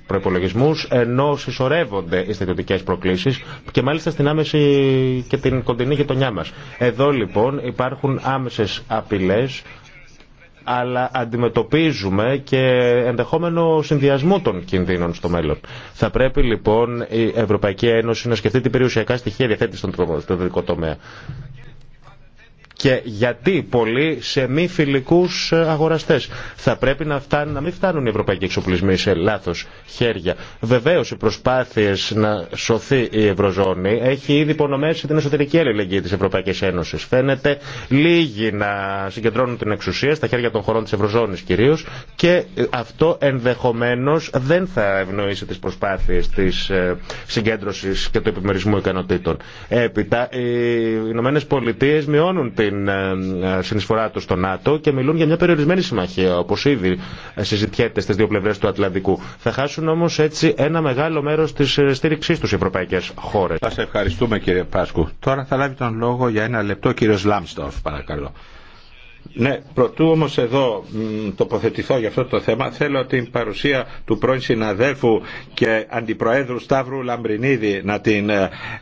προϋπολογισμούς ενώ συσσωρεύονται οι στρατιωτικές προκλήσεις και μάλιστα στην άμεση και την κοντινή γειτονιά μας. Εδώ λοιπόν υπάρχουν άμεσες απειλές αλλά αντιμετωπίζουμε και ενδεχόμενο συνδυασμό των κινδύνων στο μέλλον. Θα πρέπει λοιπόν η Ευρωπαϊκή Ένωση να σκεφτεί την περιουσιακά στοιχεία διαθέτηση στον δικό τομέα και γιατί πολλοί σε μη φιλικού ε, αγοραστέ. Θα πρέπει να, φτάνουν, να μην φτάνουν οι ευρωπαϊκοί εξοπλισμοί σε λάθο χέρια. Βεβαίω, οι προσπάθειε να σωθεί η Ευρωζώνη έχει ήδη υπονομεύσει την εσωτερική αλληλεγγύη τη Ευρωπαϊκή Ένωση. Φαίνεται λίγοι να συγκεντρώνουν την εξουσία στα χέρια των χωρών τη Ευρωζώνη κυρίω και αυτό ενδεχομένω δεν θα ευνοήσει τι προσπάθειε τη ε, συγκέντρωση και του επιμερισμού ικανοτήτων. Έπειτα, οι Ηνωμένε Πολιτείε μειώνουν την την ε, ε, συνεισφορά του στο ΝΑΤΟ και μιλούν για μια περιορισμένη συμμαχία, όπω ήδη συζητιέται στι δύο πλευρέ του Ατλαντικού. Θα χάσουν όμω έτσι ένα μεγάλο μέρο τη ε, στήριξή του οι ευρωπαϊκέ χώρε. Σα ευχαριστούμε κύριε Πάσκου. Τώρα θα λάβει τον λόγο για ένα λεπτό κύριο Λάμστορφ, παρακαλώ. Ναι, προτού όμω εδώ τοποθετηθώ για αυτό το θέμα, θέλω την παρουσία του πρώην συναδέλφου και αντιπροέδρου Σταύρου Λαμπρινίδη να την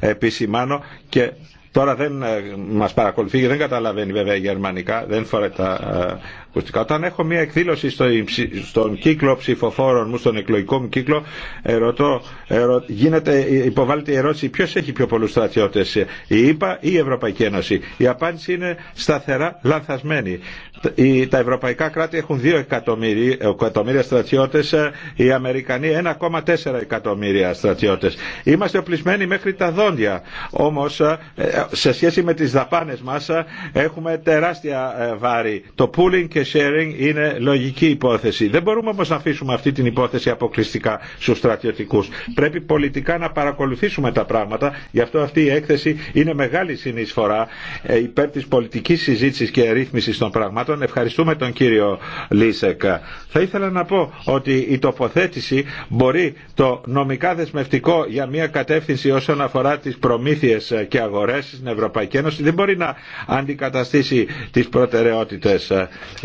επισημάνω και Τώρα δεν ε, μας παρακολουθεί, και δεν καταλαβαίνει βέβαια γερμανικά, δεν φορέ τα ε, ακουστικά. Όταν έχω μια εκδήλωση στο, στον κύκλο ψηφοφόρων μου, στον εκλογικό μου κύκλο, ερωτώ, ερω, γίνεται, υποβάλλεται η ερώτηση ποιο έχει πιο πολλού στρατιώτε, η ΕΠΑ ή η Ευρωπαϊκή Ένωση. Η απάντηση είναι σταθερά λανθασμένη. Τα ευρωπαϊκά κράτη έχουν 2 εκατομμύρια στρατιώτε, οι Αμερικανοί 1,4 εκατομμύρια στρατιώτε. Είμαστε οπλισμένοι μέχρι τα δόντια. Όμω ε, σε σχέση με τι δαπάνε μα έχουμε τεράστια ε, βάρη. Το pooling sharing είναι λογική υπόθεση. Δεν μπορούμε όμως να αφήσουμε αυτή την υπόθεση αποκλειστικά στους στρατιωτικούς. Πρέπει πολιτικά να παρακολουθήσουμε τα πράγματα. Γι' αυτό αυτή η έκθεση είναι μεγάλη συνεισφορά ε, υπέρ της πολιτικής συζήτησης και ρύθμισης των πραγμάτων. Ευχαριστούμε τον κύριο Λίσεκ. Θα ήθελα να πω ότι η τοποθέτηση μπορεί το νομικά δεσμευτικό για μια κατεύθυνση όσον αφορά τις προμήθειες και αγορές στην Ευρωπαϊκή Ένωση δεν μπορεί να αντικαταστήσει τις προτεραιότητες.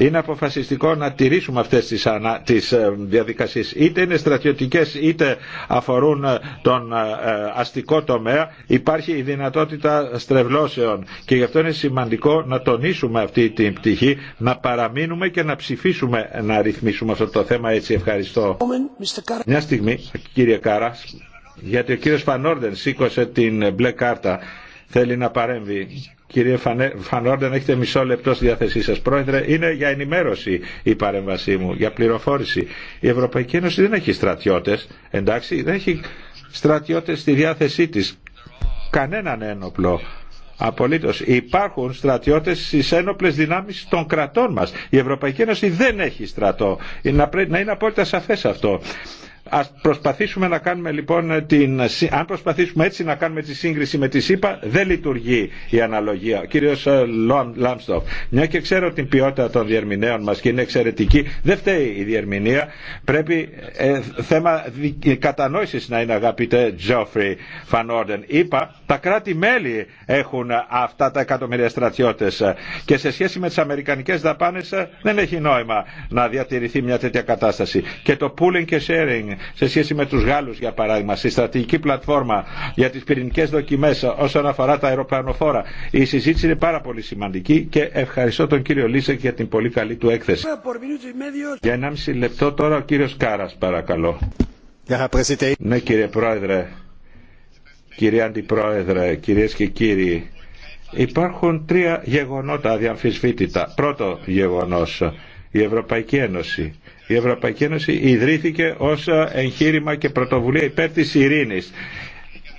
Είναι αποφασιστικό να τηρήσουμε αυτές τις, ανα... Ε, διαδικασίες. Είτε είναι στρατιωτικές είτε αφορούν ε, τον ε, αστικό τομέα υπάρχει η δυνατότητα στρεβλώσεων και γι' αυτό είναι σημαντικό να τονίσουμε αυτή την πτυχή, να παραμείνουμε και να ψηφίσουμε να ρυθμίσουμε αυτό το θέμα έτσι. Ευχαριστώ. Μια στιγμή κύριε Κάρα γιατί ο κύριος Φανόρντεν σήκωσε την μπλε κάρτα θέλει να παρέμβει. Κύριε Φανόρντεν, έχετε μισό λεπτό στη διάθεσή σα. Πρόεδρε, είναι για ενημέρωση η παρέμβασή μου, για πληροφόρηση. Η Ευρωπαϊκή Ένωση δεν έχει στρατιώτε, εντάξει, δεν έχει στρατιώτε στη διάθεσή της. Κανέναν ένοπλο. Απολύτως. Υπάρχουν στρατιώτε στις ένοπλες δυνάμεις των κρατών μας. Η Ευρωπαϊκή Ένωση δεν έχει στρατό. Να, να είναι απόλυτα σαφέ αυτό. Ας προσπαθήσουμε να κάνουμε λοιπόν την... Αν προσπαθήσουμε έτσι να κάνουμε τη σύγκριση με τη ΣΥΠΑ, δεν λειτουργεί η αναλογία. Ο κύριος ε, Λάμστοφ, μια και ξέρω την ποιότητα των διερμηνέων μας και είναι εξαιρετική, δεν φταίει η διερμηνία. Πρέπει ε, θέμα κατανόησης να είναι αγαπητέ Τζόφρι Φανόρντεν. Είπα, τα κράτη-μέλη έχουν ε, αυτά τα εκατομμύρια στρατιώτες ε, και σε σχέση με τις αμερικανικές δαπάνες δεν έχει νόημα να διατηρηθεί μια τέτοια κατάσταση. Και το pooling και sharing σε σχέση με τους Γάλλους για παράδειγμα, στη στρατηγική πλατφόρμα για τις πυρηνικές δοκιμές όσον αφορά τα αεροπλανοφόρα. Η συζήτηση είναι πάρα πολύ σημαντική και ευχαριστώ τον κύριο Λίσεκ για την πολύ καλή του έκθεση. Για 1,5 λεπτό τώρα ο κύριος Κάρας παρακαλώ. Ναι κύριε Πρόεδρε, κύριε Αντιπρόεδρε, κυρίες και κύριοι, υπάρχουν τρία γεγονότα αδιαμφισβήτητα. Πρώτο γεγονός, η Ευρωπαϊκή Ένωση η Ευρωπαϊκή Ένωση ιδρύθηκε ως εγχείρημα και πρωτοβουλία υπέρ της ειρήνης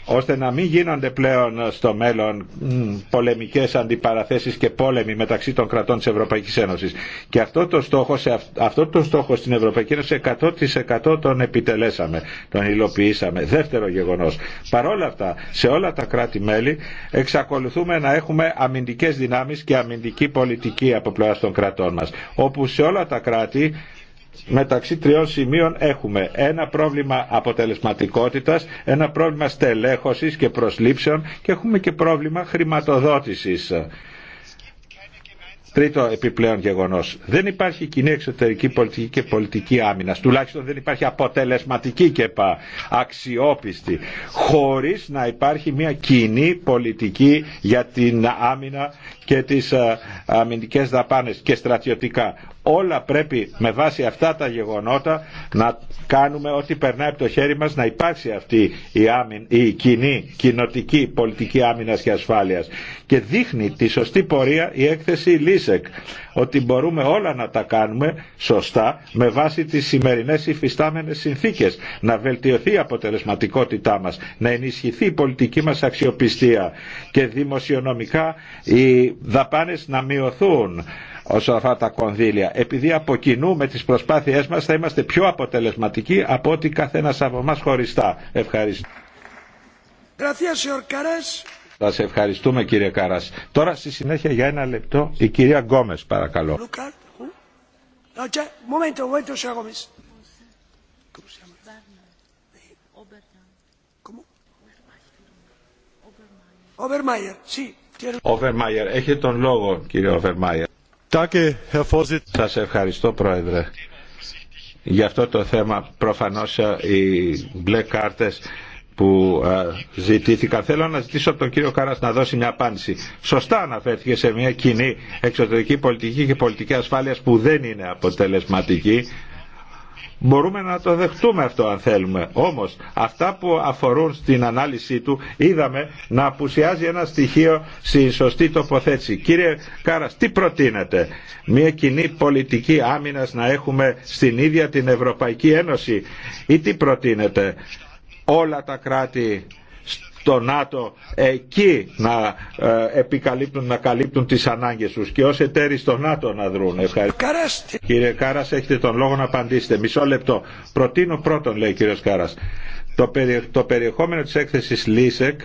ώστε να μην γίνονται πλέον στο μέλλον πολεμικές αντιπαραθέσεις και πόλεμοι μεταξύ των κρατών της Ευρωπαϊκής Ένωσης. Και αυτό το στόχο, σε αυτό το στόχο στην Ευρωπαϊκή Ένωση 100% τον επιτελέσαμε, τον υλοποιήσαμε. Δεύτερο γεγονός. Παρόλα αυτά, σε όλα τα κράτη-μέλη εξακολουθούμε να έχουμε αμυντικές δυνάμεις και αμυντική πολιτική από πλευρά των κρατών μας. Όπου σε όλα τα κράτη μεταξύ τριών σημείων έχουμε ένα πρόβλημα αποτελεσματικότητας, ένα πρόβλημα στελέχωσης και προσλήψεων και έχουμε και πρόβλημα χρηματοδότησης. Τρίτο επιπλέον γεγονός. Δεν υπάρχει κοινή εξωτερική πολιτική και πολιτική άμυνα. Τουλάχιστον δεν υπάρχει αποτελεσματική και πα, αξιόπιστη. χωρίς να υπάρχει μια κοινή πολιτική για την άμυνα και τι ε, αμυντικές δαπάνες και στρατιωτικά όλα πρέπει με βάση αυτά τα γεγονότα να κάνουμε ό,τι περνάει από το χέρι μας να υπάρξει αυτή η, άμυν, η κοινή κοινοτική πολιτική άμυνας και ασφάλειας. Και δείχνει τη σωστή πορεία η έκθεση Λίσεκ ότι μπορούμε όλα να τα κάνουμε σωστά με βάση τις σημερινές υφιστάμενες συνθήκες να βελτιωθεί η αποτελεσματικότητά μας να ενισχυθεί η πολιτική μας αξιοπιστία και δημοσιονομικά οι δαπάνες να μειωθούν όσον αφορά τα κονδύλια. Επειδή από κοινού με τις προσπάθειές μας θα είμαστε πιο αποτελεσματικοί από ό,τι καθένας από εμάς χωριστά. Ευχαριστώ. Θα σε ευχαριστούμε κύριε Κάρας. Τώρα στη συνέχεια για ένα λεπτό η κυρία Γκόμες παρακαλώ. Οβερμάιερ, hm? έχετε τον λόγο κύριε Οβερμάιερ. Σας ευχαριστώ Πρόεδρε. Για αυτό το θέμα προφανώς ε, οι μπλε κάρτες που ε, ζητήθηκαν. Θέλω να ζητήσω από τον κύριο Κάρας να δώσει μια απάντηση. Σωστά αναφέρθηκε σε μια κοινή εξωτερική πολιτική και πολιτική ασφάλειας που δεν είναι αποτελεσματική Μπορούμε να το δεχτούμε αυτό αν θέλουμε. Όμως αυτά που αφορούν στην ανάλυση του είδαμε να απουσιάζει ένα στοιχείο στη σωστή τοποθέτηση. Κύριε Κάρας, τι προτείνετε. Μια κοινή πολιτική άμυνας να έχουμε στην ίδια την Ευρωπαϊκή Ένωση ή τι προτείνετε. Όλα τα κράτη το ΝΑΤΟ εκεί να ε, επικαλύπτουν, να καλύπτουν τις ανάγκες τους και ως εταίροι στο ΝΑΤΟ να δρουν. Ευχαριστώ. Κύριε Κάρας έχετε τον λόγο να απαντήσετε. Μισό λεπτό. Προτείνω πρώτον λέει ο κύριος Κάρας το, περιεχόμενο της έκθεσης ΛΙΣΕΚ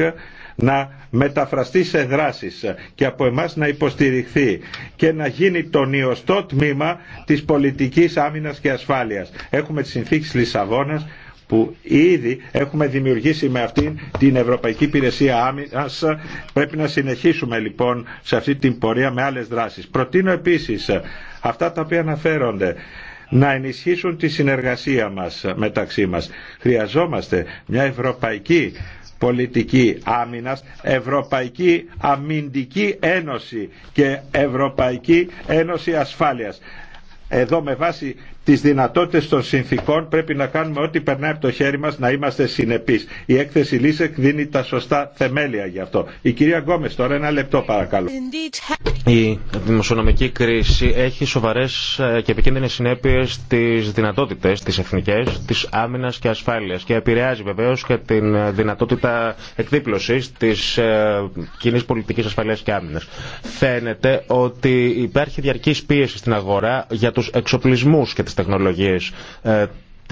να μεταφραστεί σε δράσεις και από εμάς να υποστηριχθεί και να γίνει το νιωστό τμήμα της πολιτικής άμυνας και ασφάλειας. Έχουμε τις συνθήκες Λισαβόνας που ήδη έχουμε δημιουργήσει με αυτήν την Ευρωπαϊκή Υπηρεσία Άμυνας. Πρέπει να συνεχίσουμε λοιπόν σε αυτή την πορεία με άλλες δράσεις. Προτείνω επίσης αυτά τα οποία αναφέρονται να ενισχύσουν τη συνεργασία μας μεταξύ μας. Χρειαζόμαστε μια ευρωπαϊκή πολιτική άμυνας, Ευρωπαϊκή Αμυντική Ένωση και Ευρωπαϊκή Ένωση Ασφάλειας. Εδώ με βάση τις δυνατότητες των συνθήκων πρέπει να κάνουμε ό,τι περνάει από το χέρι μας να είμαστε συνεπείς. Η έκθεση Λίσεκ δίνει τα σωστά θεμέλια γι' αυτό. Η κυρία Γκόμες τώρα ένα λεπτό παρακαλώ. Η δημοσιονομική κρίση έχει σοβαρές ε, και επικίνδυνες συνέπειες στις δυνατότητες, τις εθνικές, της άμυνας και ασφάλειας και επηρεάζει βεβαίως και την ε, δυνατότητα εκδίπλωσης της ε, κοινή πολιτικής ασφαλείας και άμυνας. Φαίνεται ότι υπάρχει διαρκής πίεση στην αγορά για τους εξοπλισμούς τεχνολογίες ε,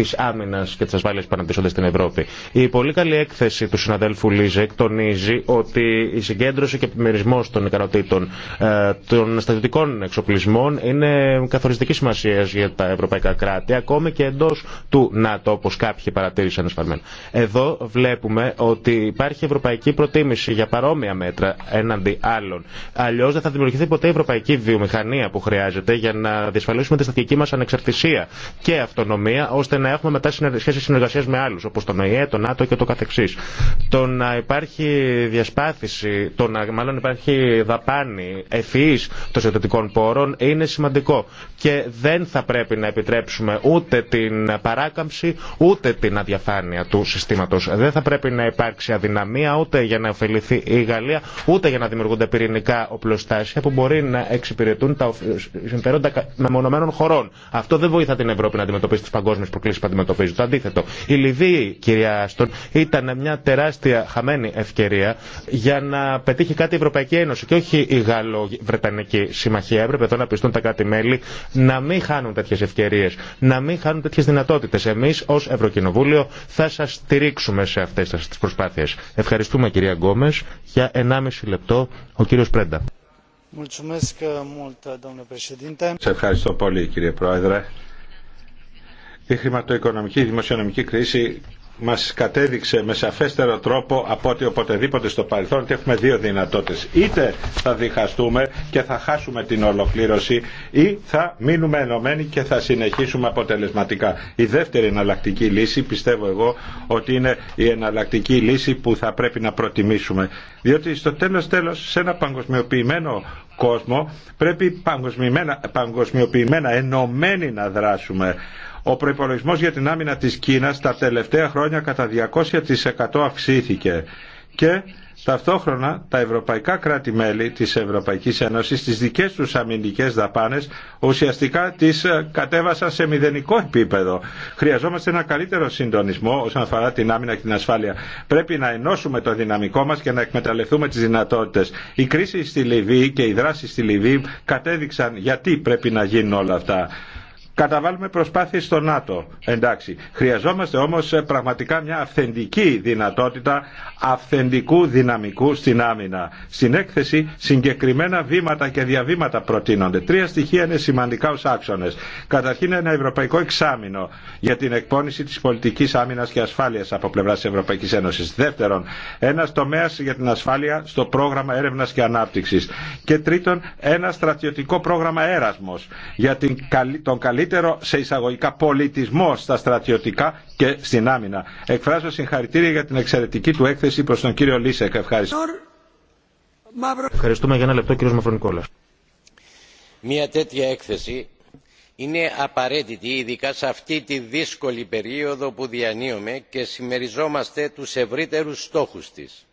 τη άμυνα και τη ασφάλεια που αναπτύσσονται στην Ευρώπη. Η πολύ καλή έκθεση του συναδέλφου Λίζεκ τονίζει ότι η συγκέντρωση και επιμερισμό των ικανοτήτων ε, των στατιωτικών εξοπλισμών είναι καθοριστική σημασία για τα ευρωπαϊκά κράτη, ακόμη και εντό του ΝΑΤΟ, όπω κάποιοι παρατήρησαν ασφαλμένα. Εδώ βλέπουμε ότι υπάρχει ευρωπαϊκή προτίμηση για παρόμοια μέτρα έναντι άλλων. Αλλιώ δεν θα δημιουργηθεί ποτέ η ευρωπαϊκή βιομηχανία που χρειάζεται για να διασφαλίσουμε τη στατική μα ανεξαρτησία και αυτονομία, ώστε να έχουμε μετά σχέσει συνεργασία με άλλου, όπω τον ΟΗΕ, τον ΝΑΤΟ και το καθεξή. Το να υπάρχει διασπάθηση, το να μάλλον υπάρχει δαπάνη ευφυή των συνδετικών πόρων είναι σημαντικό. Και δεν θα πρέπει να επιτρέψουμε ούτε την παράκαμψη, ούτε την αδιαφάνεια του συστήματο. Δεν θα πρέπει να υπάρξει αδυναμία ούτε για να ωφεληθεί η Γαλλία, ούτε για να δημιουργούνται πυρηνικά οπλοστάσια που μπορεί να εξυπηρετούν τα συμφέροντα μεμονωμένων χωρών. Αυτό δεν βοηθά την Ευρώπη να αντιμετωπίσει τι παγκόσμιε προκλήσει προκλήσει που αντιμετωπίζουν. Το αντίθετο. Η Λιβύη, κυρία Άστον, ήταν μια τεράστια χαμένη ευκαιρία για να πετύχει κάτι η Ευρωπαϊκή Ένωση και όχι η Γαλλο-Βρετανική Συμμαχία. Έπρεπε εδώ να πιστούν τα κράτη-μέλη να μην χάνουν τέτοιε ευκαιρίε, να μην χάνουν τέτοιε δυνατότητε. Εμεί ω Ευρωκοινοβούλιο θα σα στηρίξουμε σε αυτέ τι προσπάθειε. Ευχαριστούμε κυρία Γκόμε. Για 1,5 λεπτό ο κύριο Πρέντα. Σε ευχαριστώ πολύ κύριε Πρόεδρε. Η χρηματοοικονομική, δημοσιονομική κρίση μα κατέδειξε με σαφέστερο τρόπο από ότι οποτεδήποτε στο παρελθόν ότι έχουμε δύο δυνατότητε. Είτε θα διχαστούμε και θα χάσουμε την ολοκλήρωση ή θα μείνουμε ενωμένοι και θα συνεχίσουμε αποτελεσματικά. Η δεύτερη εναλλακτική λύση πιστεύω εγώ ότι είναι η εναλλακτική λύση που θα πρέπει να προτιμήσουμε. Διότι στο τέλο τέλο, σε ένα παγκοσμιοποιημένο κόσμο πρέπει παγκοσμιοποιημένα, παγκοσμιοποιημένα ενωμένοι να δράσουμε ο προπολογισμό για την άμυνα της Κίνας τα τελευταία χρόνια κατά 200% αυξήθηκε και ταυτόχρονα τα ευρωπαϊκά κράτη-μέλη της Ευρωπαϊκής Ένωσης τις δικές τους αμυντικές δαπάνες ουσιαστικά τις ε, κατέβασαν σε μηδενικό επίπεδο. Χρειαζόμαστε ένα καλύτερο συντονισμό όσον αφορά την άμυνα και την ασφάλεια. Πρέπει να ενώσουμε το δυναμικό μας και να εκμεταλλευτούμε τις δυνατότητες. Η κρίση στη Λιβύη και οι δράση στη Λιβύη κατέδειξαν γιατί πρέπει να γίνουν όλα αυτά. Καταβάλουμε προσπάθειες στο ΝΑΤΟ. Εντάξει. Χρειαζόμαστε όμως ε, πραγματικά μια αυθεντική δυνατότητα αυθεντικού δυναμικού στην άμυνα. Στην έκθεση συγκεκριμένα βήματα και διαβήματα προτείνονται. Τρία στοιχεία είναι σημαντικά ως άξονες. Καταρχήν ένα ευρωπαϊκό εξάμεινο για την εκπόνηση της πολιτικής άμυνας και ασφάλειας από πλευρά της Ευρωπαϊκής Ένωσης. Δεύτερον, ένας τομέας για την ασφάλεια στο πρόγραμμα έρευνας και ανάπτυξης. Και τρίτον, ένα στρατιωτικό πρόγραμμα έρασμος για την, τον καλύτερο καλύτερο σε εισαγωγικά πολιτισμό στα στρατιωτικά και στην άμυνα. Εκφράζω συγχαρητήρια για την εξαιρετική του έκθεση προς τον κύριο Λίσεκ. Ευχαριστώ. Ευχαριστούμε για ένα λεπτό κύριος Μαφρονικόλας. Μια τέτοια έκθεση είναι απαραίτητη ειδικά σε αυτή τη δύσκολη περίοδο που διανύουμε και συμμεριζόμαστε τους ευρύτερους στόχους της.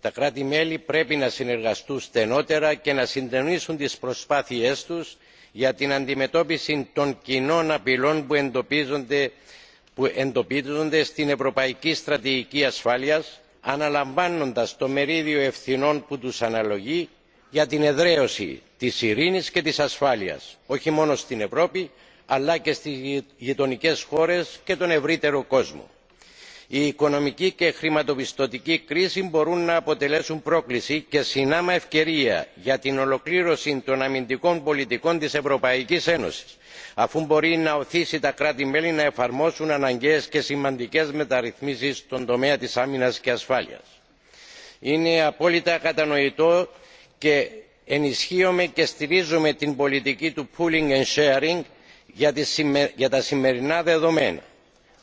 Τα κράτη-μέλη πρέπει να συνεργαστούν στενότερα και να συντονίσουν τις προσπάθειές τους για την αντιμετώπιση των κοινών απειλών που εντοπίζονται στην ευρωπαϊκή στρατηγική ασφάλειας αναλαμβάνοντας το μερίδιο ευθυνών που τους αναλογεί για την εδραίωση της ειρήνης και της ασφάλειας όχι μόνο στην ευρώπη αλλά και στις γειτονικές χώρες και τον ευρύτερο κόσμο η οικονομική και χρηματοπιστωτική κρίση μπορούν να αποτελέσουν πρόκληση και συνάμα ευκαιρία για την ολοκλήρωση των αμυντικών πολιτικών της ευρωπαϊκής ένωσης αφού μπορεί να οθήσει τα κράτη μέλη να εφαρμόσουν αναγκαίες και σημαντικές μεταρρυθμίσεις στον τομέα της άμυνας και ασφάλειας. είναι απόλυτα κατανοητό και ενισχύομαι και στηρίζουμε την πολιτική του pooling and sharing για τα σημερινά δεδομένα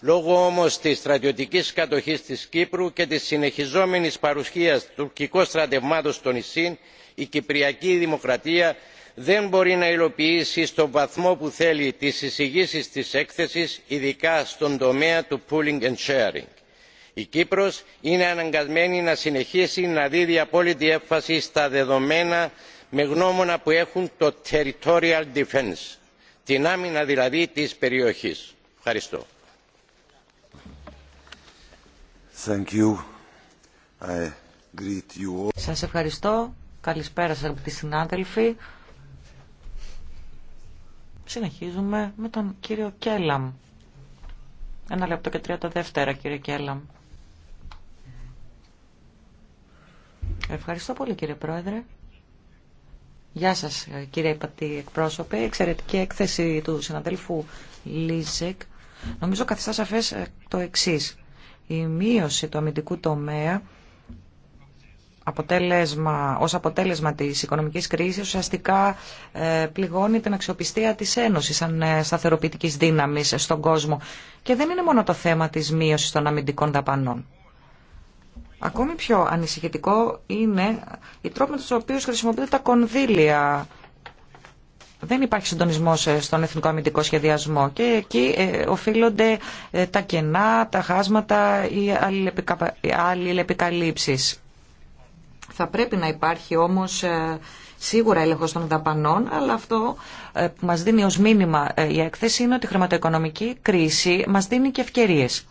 λόγω όμως της στρατιωτικής κατοχής της κύπρου και της συνεχιζόμενης παρουσίας τουρκικών στρατευμάτων στο νησί η κυπριακή δημοκρατία δεν μπορεί να υλοποιήσει στον βαθμό που θέλει τις εισηγήσεις της έκθεσης ειδικά στον τομέα του pooling and sharing. η κύπρος είναι αναγκασμένη να συνεχίσει να δίδει απόλυτη έμφαση στα δεδομένα με γνώμονα που έχουν το territorial defence την άμυνα δηλαδή της περιοχής. ευχαριστώ. Σας ευχαριστώ. Καλησπέρα σας αγαπητοί συνάδελφοι. Συνεχίζουμε με τον κύριο Κέλαμ. Ένα λεπτό και τρία δεύτερα, κύριε Κέλαμ. Ευχαριστώ πολύ, κύριε Πρόεδρε. Γεια σας, κύριε Υπατή εκπρόσωπε. Εξαιρετική έκθεση του συναδέλφου Λίζεκ. Νομίζω καθιστά σαφές ε, το εξής η μείωση του αμυντικού τομέα αποτέλεσμα, ως αποτέλεσμα της οικονομικής κρίσης ουσιαστικά ε, πληγώνει την αξιοπιστία της Ένωσης σαν ε, σταθεροποιητικής δύναμης στον κόσμο. Και δεν είναι μόνο το θέμα της μείωσης των αμυντικών δαπανών. Ακόμη πιο ανησυχητικό είναι οι τρόποι με τους οποίους χρησιμοποιούνται τα κονδύλια δεν υπάρχει συντονισμός ε, στον εθνικό αμυντικό σχεδιασμό και εκεί ε, οφείλονται ε, τα κενά, τα χάσματα ή αλληλεπικαλύψεις. Θα πρέπει να υπάρχει όμως σίγουρα έλεγχος των δαπανών, αλλά αυτό που μας δίνει ως μήνυμα η έκθεση είναι ότι η χρηματοοικονομική κρίση μας δίνει και ευκαιρίες.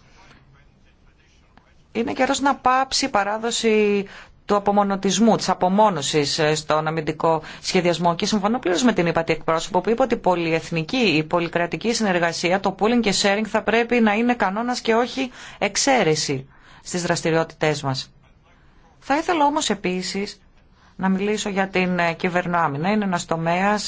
Είναι καιρός να πάψει η παράδοση του απομονωτισμού, της απομόνωσης ε, στον αμυντικό σχεδιασμό. Και συμφωνώ πλήρω με την υπατή εκπρόσωπο που είπε ότι η πολυεθνική, η πολυκρατική συνεργασία, το pooling και sharing θα πρέπει να είναι κανόνας και όχι εξαίρεση στις δραστηριότητές μας. Θα ήθελα όμως επίσης να μιλήσω για την ε, κυβερνοάμυνα. Είναι ένα τομέα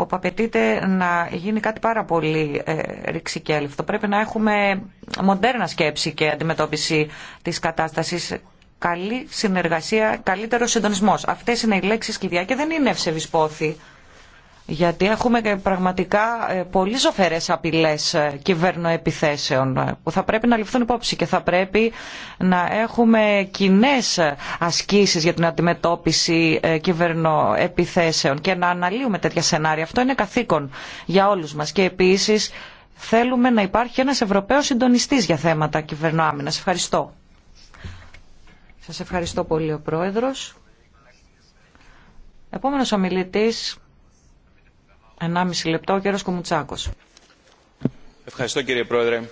όπου απαιτείται να γίνει κάτι πάρα πολύ ε, ρηξικέλευτο. Πρέπει να έχουμε μοντέρνα σκέψη και αντιμετώπιση της κατάστασης καλή συνεργασία, καλύτερο συντονισμό. Αυτέ είναι οι λέξει κλειδιά και δεν είναι ευσεβισπόθη. Γιατί έχουμε πραγματικά ε, πολύ ζωφερές απειλές ε, επιθέσεων ε, που θα πρέπει να ληφθούν υπόψη και θα πρέπει να έχουμε κοινέ ασκήσεις για την αντιμετώπιση επιθέσεων και να αναλύουμε τέτοια σενάρια. Αυτό είναι καθήκον για όλους μας. Και επίσης θέλουμε να υπάρχει ένας Ευρωπαίος συντονιστής για θέματα κυβερνοάμυνας. Ευχαριστώ. Σας ευχαριστώ πολύ ο Πρόεδρος. Επόμενος ομιλητής, 1,5 λεπτό, ο κύριος Κουμουτσάκος. Ευχαριστώ κύριε Πρόεδρε.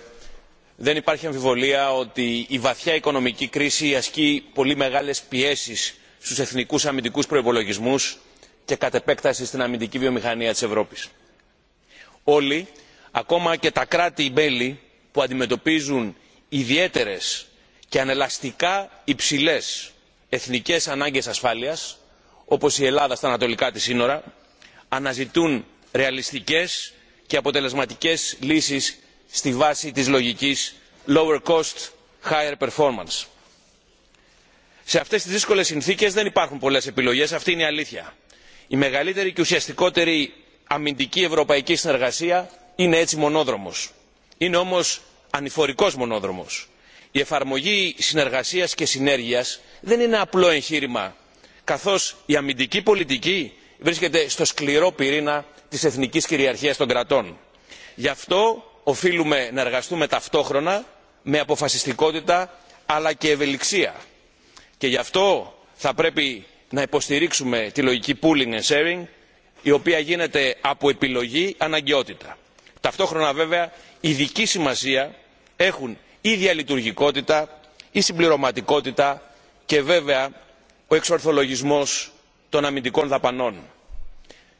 Δεν υπάρχει αμφιβολία ότι η βαθιά οικονομική κρίση ασκεί πολύ μεγάλες πιέσεις στους εθνικούς αμυντικούς προϋπολογισμούς και κατ' επέκταση στην αμυντική βιομηχανία της Ευρώπης. Όλοι, ακόμα και τα κράτη-μέλη που αντιμετωπίζουν ιδιαίτερες και ανελαστικά υψηλέ εθνικές ανάγκες ασφάλεια, όπως η ελλάδα στα ανατολικά της σύνορα αναζητούν ρεαλιστικές και αποτελεσματικές λύσεις στη βάση της λογικής lower cost higher performance. σε αυτές τις δύσκολες συνθήκες δεν υπάρχουν πολλές επιλογές αυτή είναι η αλήθεια. η μεγαλύτερη και ουσιαστικότερη αμυντική ευρωπαϊκή συνεργασία είναι έτσι μονόδρομος. είναι όμως ανηφορικός μονόδρομος η εφαρμογή συνεργασίας και συνέργειας δεν είναι απλό εγχείρημα καθώς η αμυντική πολιτική βρίσκεται στο σκληρό πυρήνα της εθνικής κυριαρχίας των κρατών. γι' αυτό οφείλουμε να εργαστούμε ταυτόχρονα με αποφασιστικότητα αλλά και ευελιξία και γι' αυτό θα πρέπει να υποστηρίξουμε τη λογική pooling and sharing η οποία γίνεται από επιλογή αναγκαιότητα. ταυτόχρονα βέβαια ειδική σημασία έχουν η διαλειτουργικότητα η συμπληρωματικότητα και βέβαια ο εξορθολογισμός των αμυντικών δαπανών.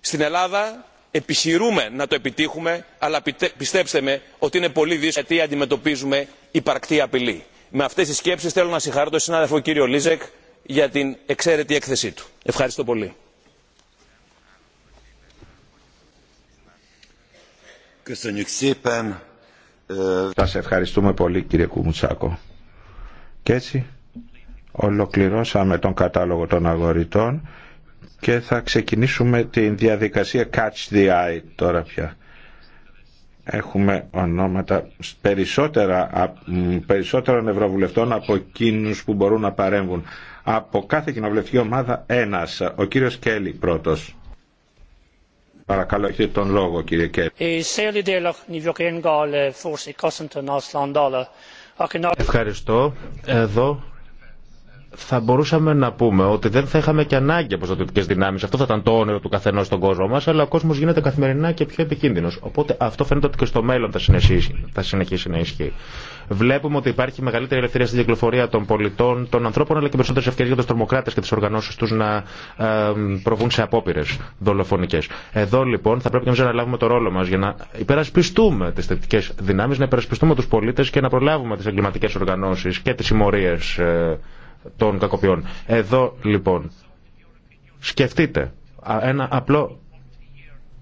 στην ελλάδα επιχειρούμε να το επιτύχουμε αλλά πιστέψτε με ότι είναι πολύ δύσκολο γιατί αντιμετωπίζουμε υπαρκτή απειλή. με αυτές τις σκέψεις θέλω να συγχαρώ τον συνάδελφο κύριο Λίζεκ για την εξαίρετη έκθεσή του. Ευχαριστώ πολύ σε ευχαριστούμε πολύ κύριε Κουμουτσάκο. Και έτσι ολοκληρώσαμε τον κατάλογο των αγοριτών και θα ξεκινήσουμε τη διαδικασία Catch the Eye τώρα πια. Έχουμε ονόματα περισσότερα, περισσότερων ευρωβουλευτών από εκείνους που μπορούν να παρέμβουν. Από κάθε κοινοβουλευτική ομάδα ένας, ο κύριος Κέλλη πρώτος. Παρακαλώ, έχετε τον λόγο, κύριε Κέρ. Ευχαριστώ. Εδώ θα μπορούσαμε να πούμε ότι δεν θα είχαμε και ανάγκη από στρατιωτικέ δυνάμει. Αυτό θα ήταν το όνειρο του καθενό στον κόσμο μα, αλλά ο κόσμο γίνεται καθημερινά και πιο επικίνδυνο. Οπότε αυτό φαίνεται ότι και στο μέλλον θα συνεχίσει, θα συνεχίσει να ισχύει. Βλέπουμε ότι υπάρχει μεγαλύτερη ελευθερία στην κυκλοφορία των πολιτών, των ανθρώπων, αλλά και περισσότερε ευκαιρίε για του τρομοκράτε και τι οργανώσει του να προβούν σε απόπειρε δολοφονικέ. Εδώ λοιπόν θα πρέπει και εμεί να λάβουμε το ρόλο μα για να υπερασπιστούμε τι θετικέ δυνάμει, να υπερασπιστούμε του πολίτε και να προλάβουμε τι εγκληματικέ οργανώσει και τι συμμορίε ε, των κακοποιών. Εδώ λοιπόν σκεφτείτε ένα απλό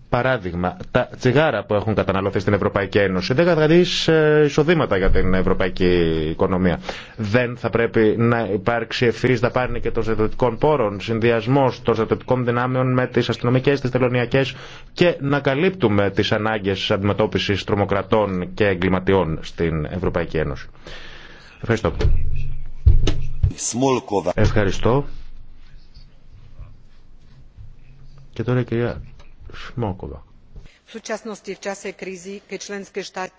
παράδειγμα. Τα τσιγάρα που έχουν καταναλωθεί στην Ευρωπαϊκή Ένωση δεν καθαρεί ε, εισοδήματα για την ευρωπαϊκή οικονομία. Δεν θα πρέπει να υπάρξει ευθύ δαπάνη και των στρατιωτικών πόρων, συνδυασμό των στρατιωτικών δυνάμεων με τι αστυνομικέ, τι τελωνιακέ και να καλύπτουμε τι ανάγκε αντιμετώπιση τρομοκρατών και εγκληματιών στην Ευρωπαϊκή Ένωση. Ευχαριστώ. Ευχαριστώ. Και τώρα η κυρία Σμόκοβα.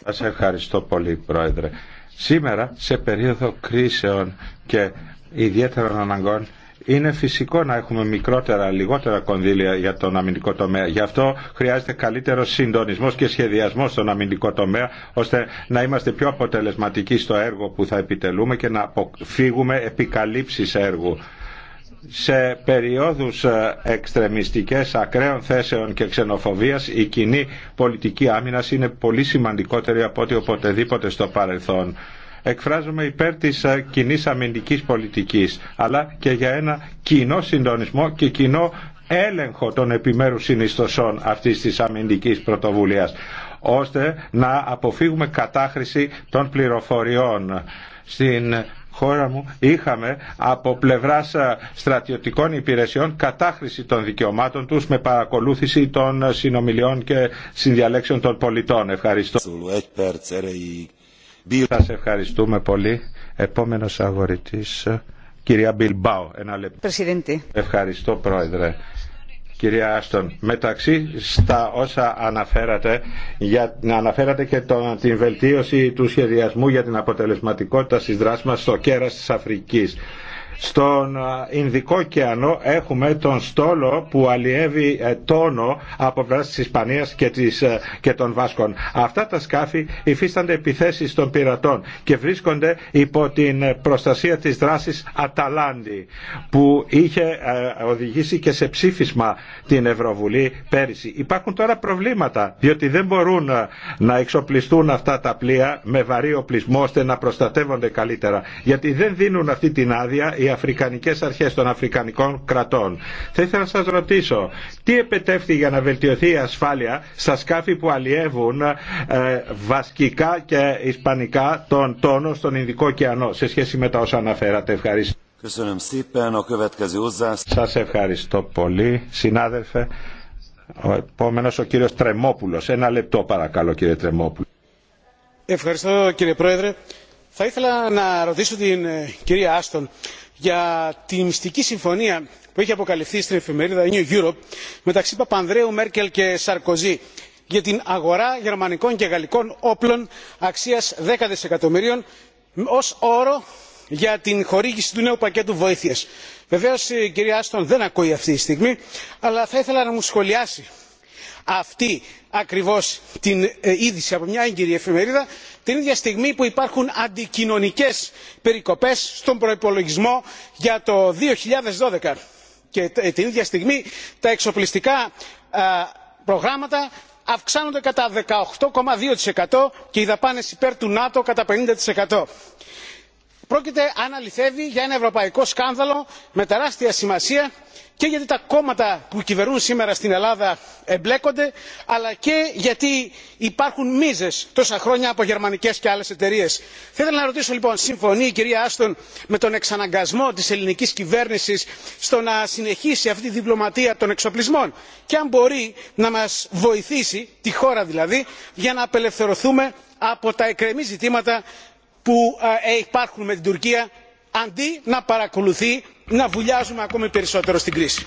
Σας ευχαριστώ πολύ, Πρόεδρε. Σήμερα, σε περίοδο κρίσεων και ιδιαίτερων αναγκών, είναι φυσικό να έχουμε μικρότερα, λιγότερα κονδύλια για τον αμυντικό τομέα. Γι' αυτό χρειάζεται καλύτερο συντονισμό και σχεδιασμό στον αμυντικό τομέα, ώστε να είμαστε πιο αποτελεσματικοί στο έργο που θα επιτελούμε και να αποφύγουμε επικαλύψεις έργου σε περιόδους ε, εξτρεμιστικές ακραίων θέσεων και ξενοφοβίας η κοινή πολιτική άμυνας είναι πολύ σημαντικότερη από ό,τι οποτεδήποτε στο παρελθόν εκφράζομαι υπέρ της ε, κοινή αμυντικής πολιτικής, αλλά και για ένα κοινό συντονισμό και κοινό έλεγχο των επιμέρους συνιστοσών αυτής της αμυντικής πρωτοβουλίας ώστε να αποφύγουμε κατάχρηση των πληροφοριών. Στην χώρα μου είχαμε από πλευράς ε, στρατιωτικών υπηρεσιών κατάχρηση των δικαιωμάτων τους με παρακολούθηση των συνομιλιών και συνδιαλέξεων των πολιτών. Ευχαριστώ. Σας ευχαριστούμε πολύ. Επόμενος αγορητής, κυρία Μπιλμπάο. Ένα λεπτό. Ευχαριστώ, Πρόεδρε. Κυρία Άστον, μεταξύ στα όσα αναφέρατε, για, αναφέρατε και την βελτίωση του σχεδιασμού για την αποτελεσματικότητα στις δράσεις μας στο κέρας της Αφρικής. Στον ε, Ινδικό ωκεανό έχουμε τον στόλο που αλλιεύει ε, τόνο από πλευρά τη Ισπανία και, ε, και των Βάσκων. Αυτά τα σκάφη υφίστανται επιθέσει των πειρατών και βρίσκονται υπό την προστασία τη δράση Αταλάντη που είχε οδηγήσει και σε ψήφισμα την Ευρωβουλή πέρυσι. Υπάρχουν τώρα προβλήματα διότι δεν μπορούν να εξοπλιστούν αυτά τα πλοία με βαρύ οπλισμό ώστε να προστατεύονται καλύτερα γιατί δεν δίνουν αυτή την άδεια οι αφρικανικές αρχές των αφρικανικών κρατών. Θα ήθελα να σας ρωτήσω, τι επετεύχθη για να βελτιωθεί η ασφάλεια στα σκάφη που αλλιεύουν ε, βασκικά και ισπανικά τον τόνο στον Ινδικό ωκεανό σε σχέση με τα όσα αναφέρατε. Ευχαριστώ. Σας ευχαριστώ πολύ, συνάδελφε. Ο επόμενος ο κύριος Τρεμόπουλος. Ένα λεπτό παρακαλώ κύριε Τρεμόπουλο. Ευχαριστώ κύριε Πρόεδρε. Θα ήθελα να ρωτήσω την ε, κυρία Άστον για τη μυστική συμφωνία που έχει αποκαλυφθεί στην εφημερίδα new europe μεταξύ παπανδρέου μέρκελ και σαρκοζή για την αγορά γερμανικών και γαλλικών όπλων αξίας δέκα εκατομμυρίων ως όρο για την χορήγηση του νέου πακέτου βοήθειας. βεβαίως η κυρία άστον δεν ακούει αυτή τη στιγμή αλλά θα ήθελα να μου σχολιάσει αυτή ακριβώς την ε, είδηση από μια έγκυρη εφημερίδα την ίδια στιγμή που υπάρχουν αντικοινωνικέ περικοπές στον προπολογισμό για το 2012 και ε, την ίδια στιγμή τα εξοπλιστικά ε, προγράμματα αυξάνονται κατά 18,2% και οι δαπάνε υπέρ του νάτο κατά 50%. Πρόκειται αν αληθεύει για ένα ευρωπαϊκό σκάνδαλο με τεράστια σημασία και γιατί τα κόμματα που κυβερνούν σήμερα στην ελλάδα εμπλέκονται αλλά και γιατί υπάρχουν μίζες τόσα χρόνια από γερμανικές και άλλες εταιρείες. θα ήθελα να ρωτήσω λοιπόν συμφωνεί η κυρία άστον με τον εξαναγκασμό της ελληνικής κυβέρνησης στο να συνεχίσει αυτή τη διπλωματία των εξοπλισμών και αν μπορεί να μας βοηθήσει τη χώρα δηλαδή για να απελευθερωθούμε από τα εκρεμή ζητήματα που ε, υπάρχουν με την τουρκία αντί να παρακολουθεί να βουλιάζουμε ακόμη περισσότερο στην κρίση.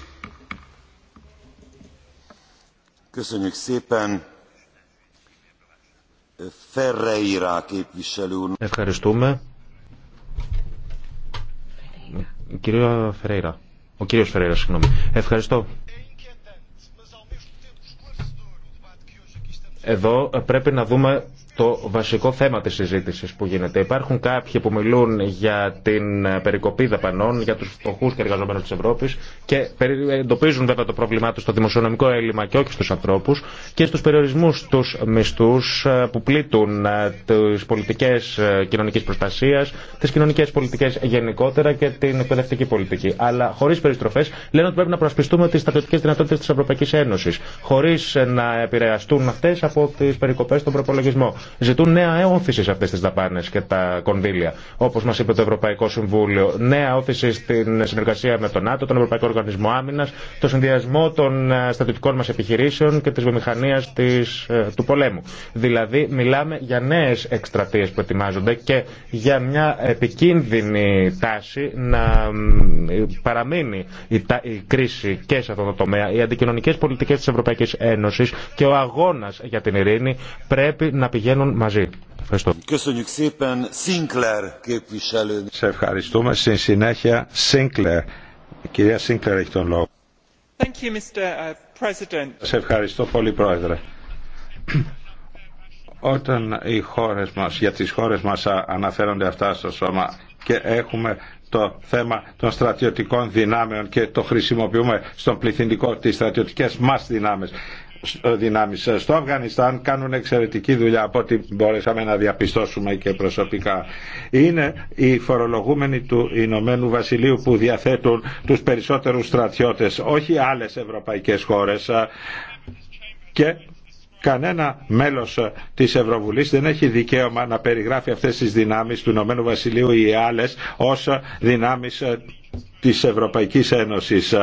Ευχαριστούμε. Κυρία Φερέιρα. Ο κύριος Φερέιρα, συγγνώμη. Ευχαριστώ. Εδώ πρέπει να δούμε το βασικό θέμα της συζήτηση που γίνεται. Υπάρχουν κάποιοι που μιλούν για την ε, περικοπή δαπανών, για τους φτωχούς και εργαζομένους της Ευρώπης και εντοπίζουν βέβαια το πρόβλημά τους στο δημοσιονομικό έλλειμμα και όχι στους ανθρώπους και στους περιορισμούς τους μισθούς ε, που πλήττουν ε, τις πολιτικές κοινωνικής προστασίας, τις κοινωνικές πολιτικές γενικότερα και την εκπαιδευτική πολιτική. Αλλά χωρίς περιστροφές λένε ότι πρέπει να προασπιστούμε τις στρατιωτικές δυνατότητες της Ευρωπαϊκής Ένωσης, χωρίς να επηρεαστούν αυτές από τις περικοπές στον προπολογισμό ζητούν νέα όθηση σε αυτέ τι δαπάνε και τα κονδύλια. Όπω μα είπε το Ευρωπαϊκό Συμβούλιο, νέα όθηση στην συνεργασία με τον ΝΑΤΟ, τον Ευρωπαϊκό Οργανισμό Άμυνα, το συνδυασμό των ε, στατιωτικών μα επιχειρήσεων και τη βιομηχανία ε, του πολέμου. Δηλαδή, μιλάμε για νέε εκστρατείε που ετοιμάζονται και για μια επικίνδυνη τάση να παραμείνει η, κρίση και σε αυτό το τομέα. Οι αντικοινωνικέ πολιτικέ τη Ευρωπαϊκή Ένωση και ο αγώνα για την ειρήνη πρέπει να πηγαίνουν πηγαίνουν μαζί. Ευχαριστώ. Σε ευχαριστούμε. Στη συνέχεια, Σίνκλερ. Η κυρία Σίνκλερ έχει τον λόγο. Uh, Σε ευχαριστώ πολύ, Πρόεδρε όταν οι χώρες μας, για τις χώρες μας αναφέρονται αυτά στο σώμα και έχουμε το θέμα των στρατιωτικών δυνάμεων και το χρησιμοποιούμε στον πληθυντικό, τις στρατιωτικές μας δυνάμεις. Ε, δυνάμεις ε, στο Αφγανιστάν κάνουν εξαιρετική δουλειά από ό,τι μπορέσαμε να διαπιστώσουμε και προσωπικά. Είναι οι φορολογούμενοι του Ηνωμένου Βασιλείου που διαθέτουν τους περισσότερους στρατιώτες, όχι άλλες ευρωπαϊκές χώρες ε, και Κανένα μέλος της Ευρωβουλής δεν έχει δικαίωμα να περιγράφει αυτές τις δυνάμεις του Ηνωμένου Βασιλείου ή άλλες ως δυνάμεις της Ευρωπαϊκής Ένωσης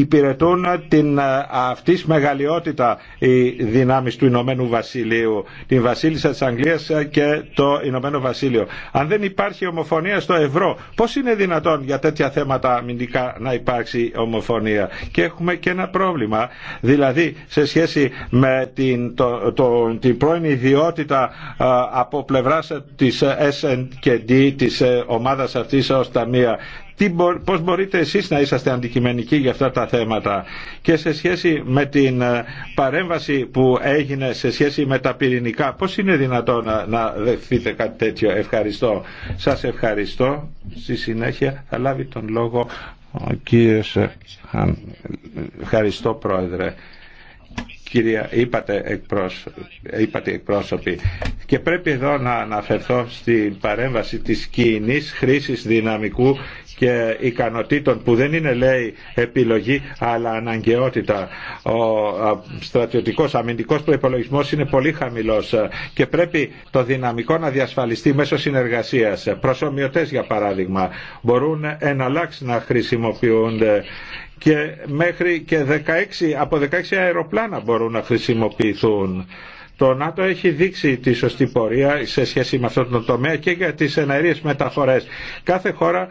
υπηρετούν την, ε, αυτής μεγαλειότητα οι δυνάμεις του Ηνωμένου Βασιλείου, την Βασίλισσα της Αγγλίας ε, και το Ηνωμένο Βασίλειο. Αν δεν υπάρχει ομοφωνία στο ευρώ, πώς είναι δυνατόν για τέτοια θέματα αμυντικά να υπάρξει ομοφωνία. Και έχουμε και ένα πρόβλημα, δηλαδή σε σχέση με την, το, την πρώην ιδιότητα ε, από πλευράς της S&D, της ομάδας αυτής ως ταμεία τι, πώς μπορείτε εσείς να είσαστε αντικειμενικοί για αυτά τα θέματα και σε σχέση με την ε, παρέμβαση που έγινε σε σχέση με τα πυρηνικά πώς είναι δυνατό να, να δεχθείτε κάτι τέτοιο ευχαριστώ σας ευχαριστώ στη συνέχεια θα λάβει τον λόγο ο κύριος ε, ε, ευχαριστώ πρόεδρε κυρία, είπατε, εκπρόσωποι, είπατε Και πρέπει εδώ να αναφερθώ στην παρέμβαση της κοινή χρήσης δυναμικού και ικανοτήτων που δεν είναι λέει επιλογή αλλά αναγκαιότητα. Ο στρατιωτικός αμυντικός προϋπολογισμός είναι πολύ χαμηλός και πρέπει το δυναμικό να διασφαλιστεί μέσω συνεργασίας. Προσωμιωτές για παράδειγμα μπορούν εναλλάξει να χρησιμοποιούνται και μέχρι και 16, από 16 αεροπλάνα μπορούν να χρησιμοποιηθούν. Το ΝΑΤΟ έχει δείξει τη σωστή πορεία σε σχέση με αυτόν τον τομέα και για τις εναερίες μεταφορές. Κάθε χώρα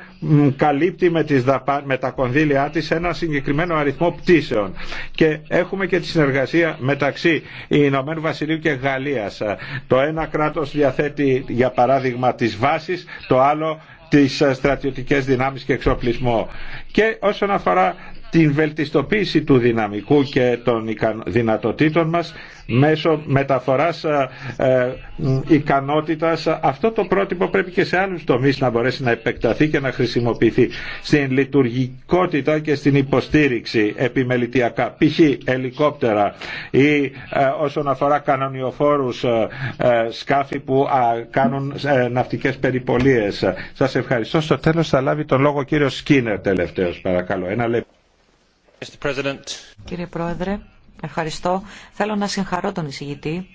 καλύπτει με, τις δαπα... με τα κονδύλια της ένα συγκεκριμένο αριθμό πτήσεων. Και έχουμε και τη συνεργασία μεταξύ Ηνωμένου Βασιλείου και Γαλλίας. Το ένα κράτος διαθέτει για παράδειγμα τις βάσεις, το άλλο τις στρατιωτικές δυνάμεις και εξοπλισμό. Και όσον αφορά την βελτιστοποίηση του δυναμικού και των δυνατοτήτων μας μέσω μεταφοράς ε, ε, ικανότητας. Αυτό το πρότυπο πρέπει και σε άλλους τομείς να μπορέσει να επεκταθεί και να χρησιμοποιηθεί στην λειτουργικότητα και στην υποστήριξη επιμελητιακά, π.χ. ελικόπτερα ή ε, όσον αφορά κανονιοφόρους ε, ε σκάφη που κάνουν ναυτικές περιπολίες. Σας ευχαριστώ. Στο τέλος θα λάβει τον λόγο ο κύριος Σκίνερ τελευταίος παρακαλώ. Ένα λεπτό. Κύριε Πρόεδρε, ευχαριστώ. Θέλω να συγχαρώ τον εισηγητή.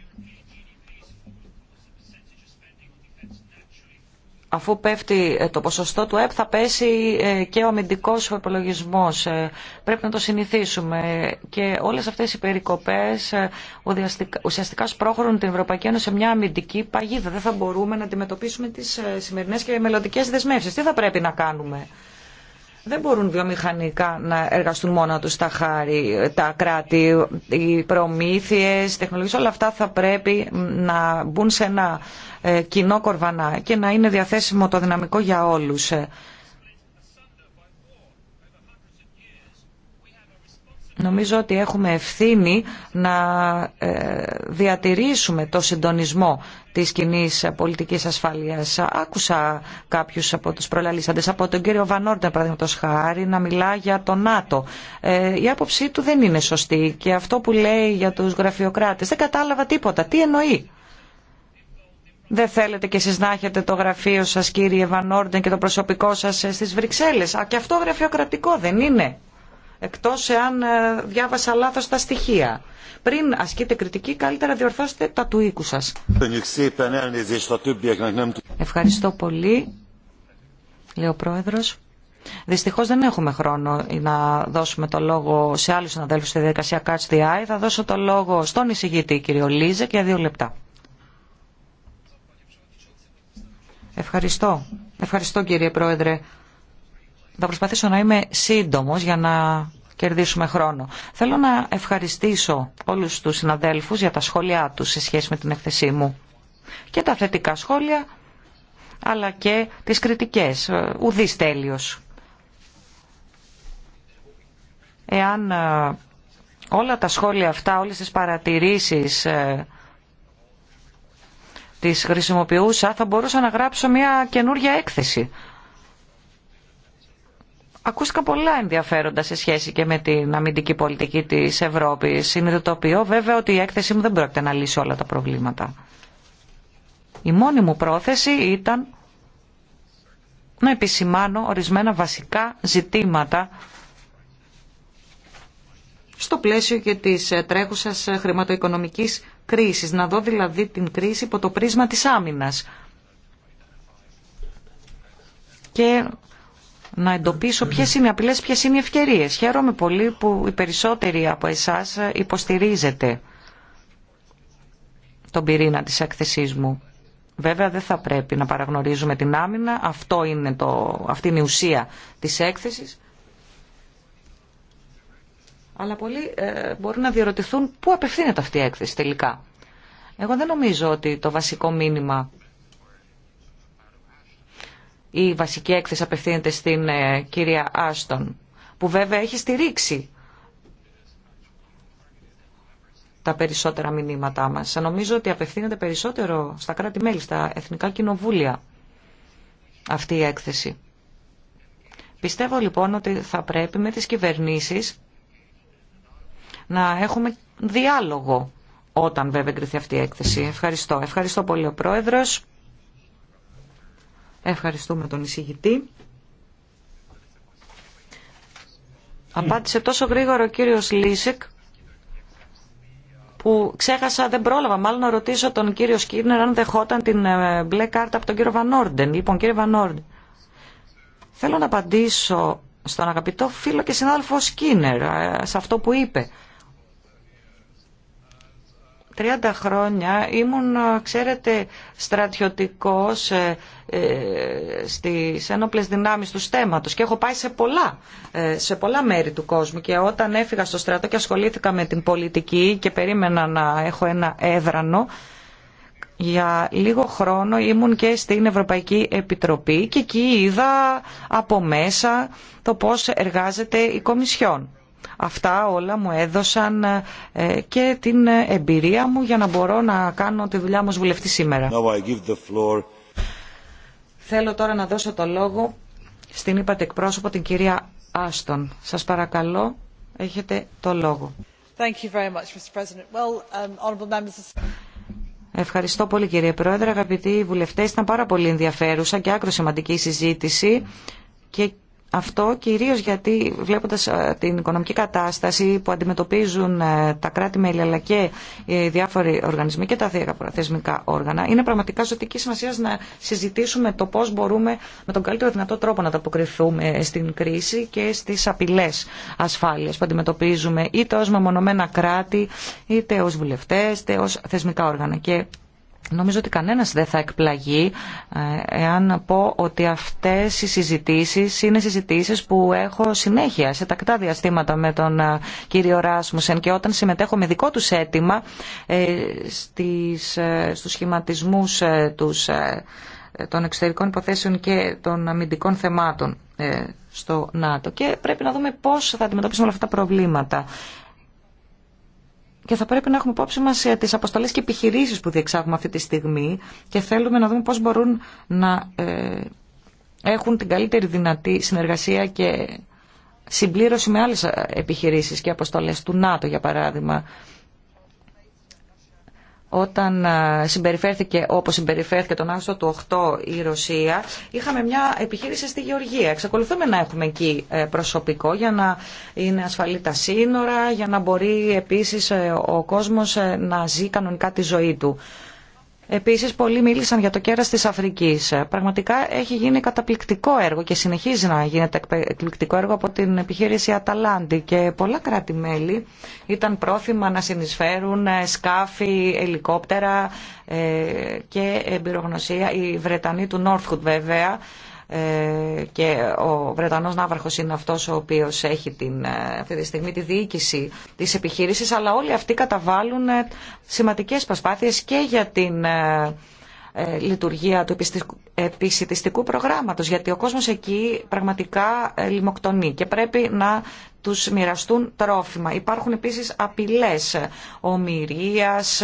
Αφού πέφτει ε, το ποσοστό του ΕΠ θα πέσει ε, και ο αμυντικός υπολογισμό. Ε, πρέπει να το συνηθίσουμε. Και όλες αυτές οι περικοπές ουσιαστικά σπρώχνουν την Ευρωπαϊκή Ένωση σε μια αμυντική παγίδα. Δεν θα μπορούμε να αντιμετωπίσουμε τις σημερινές και μελλοντικέ δεσμεύσεις. Τι θα πρέπει να κάνουμε δεν μπορούν βιομηχανικά να εργαστούν μόνο τους τα χάρη, τα κράτη, οι προμήθειες, τεχνολογίες, όλα αυτά θα πρέπει να μπουν σε ένα ε, κοινό κορβανά και να είναι διαθέσιμο το δυναμικό για όλους. Νομίζω ότι έχουμε ευθύνη να ε, διατηρήσουμε το συντονισμό της κοινή πολιτικής ασφαλείας. Άκουσα κάποιους από τους προλαλήσαντες, από τον κύριο Βανόρντα παραδείγματος χάρη, να μιλά για το ΝΑΤΟ. Ε, η άποψή του δεν είναι σωστή και αυτό που λέει για τους γραφειοκράτες δεν κατάλαβα τίποτα. Τι εννοεί. Δεν θέλετε και εσείς να έχετε το γραφείο σας κύριε Βανόρντεν και το προσωπικό σας στις Βρυξέλλες. Α, και αυτό γραφειοκρατικό δεν είναι εκτός εάν ε, διάβασα λάθος τα στοιχεία. Πριν ασκείτε κριτική, καλύτερα διορθώστε τα του οίκου σας. Ευχαριστώ πολύ, λέει ο Πρόεδρος. Δυστυχώς δεν έχουμε χρόνο να δώσουμε το λόγο σε άλλους συναδέλφους στη διαδικασία Catch the Eye. Θα δώσω το λόγο στον εισηγητή κύριο Λίζε για δύο λεπτά. Ευχαριστώ. Ευχαριστώ κύριε Πρόεδρε. Θα προσπαθήσω να είμαι σύντομος για να κερδίσουμε χρόνο. Θέλω να ευχαριστήσω όλους τους συναδέλφους για τα σχόλιά τους σε σχέση με την εκθεσή μου. Και τα θετικά σχόλια, αλλά και τις κριτικές. Ε, ουδής τέλειος. Εάν ε, όλα τα σχόλια αυτά, όλες τις παρατηρήσεις ε, τις χρησιμοποιούσα, θα μπορούσα να γράψω μια καινούργια έκθεση Ακούστηκα πολλά ενδιαφέροντα σε σχέση και με την αμυντική πολιτική της Ευρώπης. Συνειδητοποιώ βέβαια ότι η έκθεσή μου δεν πρόκειται να λύσει όλα τα προβλήματα. Η μόνη μου πρόθεση ήταν να επισημάνω ορισμένα βασικά ζητήματα στο πλαίσιο και της ε, τρέχουσας ε, χρηματοοικονομικής κρίσης. Να δω δηλαδή την κρίση υπό το πρίσμα της άμυνας. Και να εντοπίσω ποιε είναι οι απειλέ, ποιε είναι οι ευκαιρίε. Χαίρομαι πολύ που οι περισσότεροι από εσάς υποστηρίζετε τον πυρήνα της έκθεσής μου. Βέβαια δεν θα πρέπει να παραγνωρίζουμε την άμυνα, Αυτό είναι το, αυτή είναι η ουσία της έκθεσης. Αλλά πολλοί ε, μπορούν να διερωτηθούν πού απευθύνεται αυτή η έκθεση τελικά. Εγώ δεν νομίζω ότι το βασικό μήνυμα η βασική έκθεση απευθύνεται στην ε, κυρία Άστον, που βέβαια έχει στηρίξει τα περισσότερα μηνύματά μας. Νομίζω ότι απευθύνεται περισσότερο στα κράτη-μέλη, στα εθνικά κοινοβούλια αυτή η έκθεση. Πιστεύω λοιπόν ότι θα πρέπει με τις κυβερνήσεις να έχουμε διάλογο όταν βέβαια εγκριθεί αυτή η έκθεση. Ευχαριστώ. Ευχαριστώ πολύ ο Πρόεδρος. Ευχαριστούμε τον εισηγητή. Απάντησε τόσο γρήγορα ο κύριος Λίσεκ που ξέχασα, δεν πρόλαβα μάλλον να ρωτήσω τον κύριο Σκίνερ αν δεχόταν την ε, μπλε κάρτα από τον κύριο Βανόρντεν. Λοιπόν, κύριε Βανόρντεν, θέλω να απαντήσω στον αγαπητό φίλο και συνάδελφο Σκίνερ ε, σε αυτό που είπε. 30 χρόνια ήμουν, ξέρετε, στρατιωτικός ε, ε, στις ένοπλες δυνάμεις του στέματος και έχω πάει σε πολλά, ε, σε πολλά μέρη του κόσμου και όταν έφυγα στο στρατό και ασχολήθηκα με την πολιτική και περίμενα να έχω ένα έδρανο, για λίγο χρόνο ήμουν και στην Ευρωπαϊκή Επιτροπή και εκεί είδα από μέσα το πώς εργάζεται η Κομισιόν. Αυτά όλα μου έδωσαν ε, και την εμπειρία μου για να μπορώ να κάνω τη δουλειά μου ως βουλευτή σήμερα. Θέλω τώρα να δώσω το λόγο στην είπατε εκπρόσωπο την κυρία Άστον. Σας παρακαλώ, έχετε το λόγο. Thank you very much, Mr. Well, um, Ευχαριστώ πολύ κύριε Πρόεδρε, αγαπητοί βουλευτές. Ήταν πάρα πολύ ενδιαφέρουσα και άκρο σημαντική συζήτηση και αυτό κυρίως γιατί βλέποντας ε, την οικονομική κατάσταση που αντιμετωπίζουν ε, τα κράτη-μέλη αλλά και οι διάφοροι οργανισμοί και τα θεσμικά όργανα είναι πραγματικά ζωτική σημασία να συζητήσουμε το πώς μπορούμε με τον καλύτερο δυνατό τρόπο να ανταποκριθούμε ε, στην κρίση και στις απειλές ασφάλειας που αντιμετωπίζουμε είτε ως μεμονωμένα κράτη είτε ως βουλευτές είτε ως θεσμικά όργανα. Και Νομίζω ότι κανένας δεν θα εκπλαγεί ε, εάν πω ότι αυτές οι συζητήσεις είναι συζητήσεις που έχω συνέχεια σε τακτά διαστήματα με τον ε, κύριο Ράσμουσεν και όταν συμμετέχω με δικό του αίτημα ε, στις, στους σχηματισμούς τους, των εξωτερικών υποθέσεων και των αμυντικών θεμάτων στο ΝΑΤΟ. Και πρέπει να δούμε πώς θα αντιμετωπίσουμε όλα αυτά τα προβλήματα. Και θα πρέπει να έχουμε υπόψη μα ε, τι αποστολέ και επιχειρήσει που διεξάγουμε αυτή τη στιγμή και θέλουμε να δούμε πώ μπορούν να ε, έχουν την καλύτερη δυνατή συνεργασία και συμπλήρωση με άλλε επιχειρήσει και αποστολέ του ΝΑΤΟ, για παράδειγμα όταν ε, συμπεριφέρθηκε όπως συμπεριφέρθηκε τον Αύγουστο του 8 η Ρωσία, είχαμε μια επιχείρηση στη Γεωργία. Εξακολουθούμε να έχουμε εκεί ε, προσωπικό για να είναι ασφαλή τα σύνορα, για να μπορεί επίσης ε, ο κόσμος να ζει κανονικά τη ζωή του. Επίσης, πολλοί μίλησαν για το κέρας της Αφρικής. Πραγματικά έχει γίνει καταπληκτικό έργο και συνεχίζει να γίνεται εκπληκτικό έργο από την επιχείρηση Αταλάντη και πολλά κράτη-μέλη ήταν πρόθυμα να συνεισφέρουν ε, σκάφη, ελικόπτερα ε, και εμπειρογνωσία. Οι Βρετανοί του Νόρθουτ βέβαια ε, και ο Βρετανός Ναύαρχος είναι αυτός ο οποίος έχει την, ε, αυτή τη στιγμή τη διοίκηση της επιχείρησης αλλά όλοι αυτοί καταβάλουν ε, σημαντικές προσπάθειες και για την λειτουργία του επισητιστικού προγράμματος γιατί ο κόσμος εκεί πραγματικά λιμοκτονεί και πρέπει να τους μοιραστούν τρόφιμα. Υπάρχουν επίσης απειλές ομοιρίας,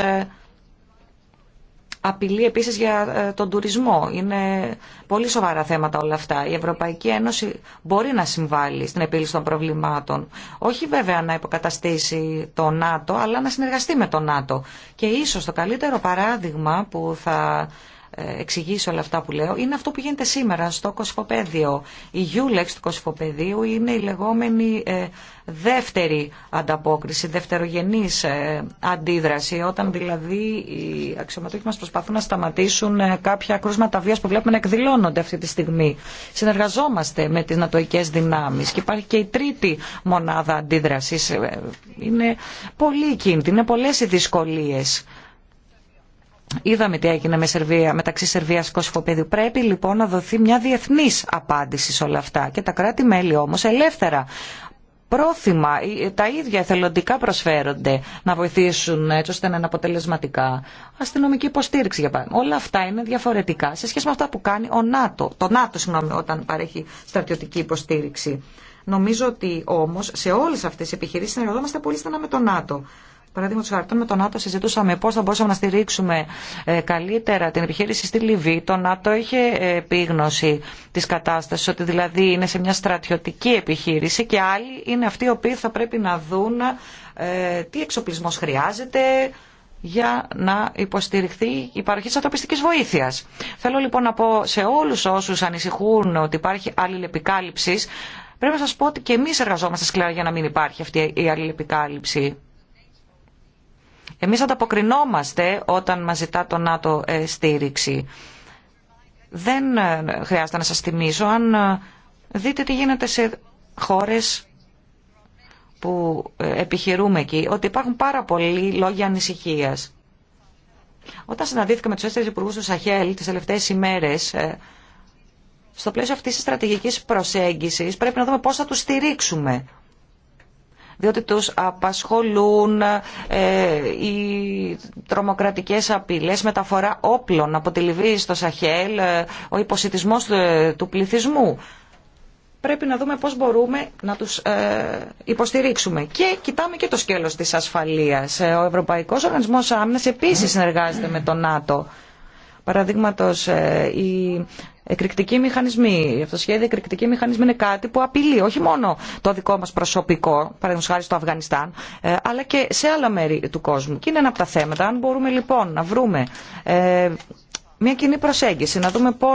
Απειλεί επίσης για ε, τον τουρισμό. Είναι πολύ σοβαρά θέματα όλα αυτά. Η Ευρωπαϊκή Ένωση μπορεί να συμβάλλει στην επίλυση των προβλημάτων. Όχι βέβαια να υποκαταστήσει το ΝΑΤΟ, αλλά να συνεργαστεί με το ΝΑΤΟ. Και ίσως το καλύτερο παράδειγμα που θα εξηγήσει όλα αυτά που λέω, είναι αυτό που γίνεται σήμερα στο κοσφοπέδιο. Η Γιούλεξ του κοσφοπεδίου είναι η λεγόμενη ε, δεύτερη ανταπόκριση, δευτερογενής ε, αντίδραση, όταν δηλαδή οι αξιωματούχοι μας προσπαθούν να σταματήσουν ε, κάποια κρούσματα βίας που βλέπουμε να εκδηλώνονται αυτή τη στιγμή. Συνεργαζόμαστε με τις νατοικές δυνάμεις και υπάρχει και η τρίτη μονάδα αντίδρασης. Είναι πολύ κίνδυνο, είναι πολλές οι δυσκολίες Είδαμε τι έγινε με Σερβία, μεταξύ Σερβία και Κωσυφοπέδιου. Πρέπει λοιπόν να δοθεί μια διεθνή απάντηση σε όλα αυτά. Και τα κράτη-μέλη όμω ελεύθερα πρόθυμα, τα ίδια εθελοντικά προσφέρονται να βοηθήσουν έτσι ώστε να είναι αποτελεσματικά. Αστυνομική υποστήριξη για παράδειγμα. Όλα αυτά είναι διαφορετικά σε σχέση με αυτά που κάνει ο ΝΑΤΟ, το ΝΑΤΟ συγγνώμη, όταν παρέχει στρατιωτική υποστήριξη. Νομίζω ότι όμω σε όλε αυτέ τι επιχειρήσει συνεργαζόμαστε πολύ στενά με το ΝΑΤΟ παράδειγμα, του χαρτών με τον ΝΑΤΟ συζητούσαμε πώ θα μπορούσαμε να στηρίξουμε ε, καλύτερα την επιχείρηση στη Λιβύη. Το ΝΑΤΟ είχε ε, επίγνωση τη κατάσταση, ότι δηλαδή είναι σε μια στρατιωτική επιχείρηση και άλλοι είναι αυτοί οι οποίοι θα πρέπει να δουν ε, τι εξοπλισμό χρειάζεται για να υποστηριχθεί η παροχή τη ανθρωπιστική βοήθεια. Θέλω λοιπόν να πω σε όλου όσου ανησυχούν ότι υπάρχει αλληλεπικάλυψη, πρέπει να σα πω ότι και εμεί εργαζόμαστε σκληρά για να μην υπάρχει αυτή η αλληλεπικάλυψη εμείς ανταποκρινόμαστε όταν μας ζητά το ΝΑΤΟ ε, στήριξη. Δεν ε, χρειάζεται να σας θυμίσω αν ε, δείτε τι γίνεται σε χώρες που επιχειρούμε εκεί, ότι υπάρχουν πάρα πολλοί λόγοι ανησυχίας. Όταν συναντήθηκα με τους τέσσερις υπουργούς του Σαχέλ τις τελευταίες ημέρες, στο πλαίσιο αυτής της στρατηγικής προσέγγισης πρέπει να δούμε πώς θα τους στηρίξουμε διότι τους απασχολούν ε, οι τρομοκρατικές απειλές, μεταφορά όπλων από τη Λιβύη στο Σαχέλ, ε, ο υποσυτισμός ε, του πληθυσμού. Πρέπει να δούμε πώς μπορούμε να τους υποστηρίξουμε. Και κοιτάμε και το σκέλος της ασφαλείας. Ο Ευρωπαϊκός Οργανισμός Άμυνας επίσης συνεργάζεται με το ΝΑΤΟ Παραδείγματος, ε, η εκρηκτικοί μηχανισμοί, η αυτοσχέδια εκρηκτική μηχανισμη είναι κάτι που απειλεί όχι μόνο το δικό μα προσωπικό, παραδείγματο χάρη στο Αφγανιστάν, ε, αλλά και σε άλλα μέρη του κόσμου. Και είναι ένα από τα θέματα. Αν μπορούμε λοιπόν να βρούμε ε, μια κοινή προσέγγιση, να δούμε πώ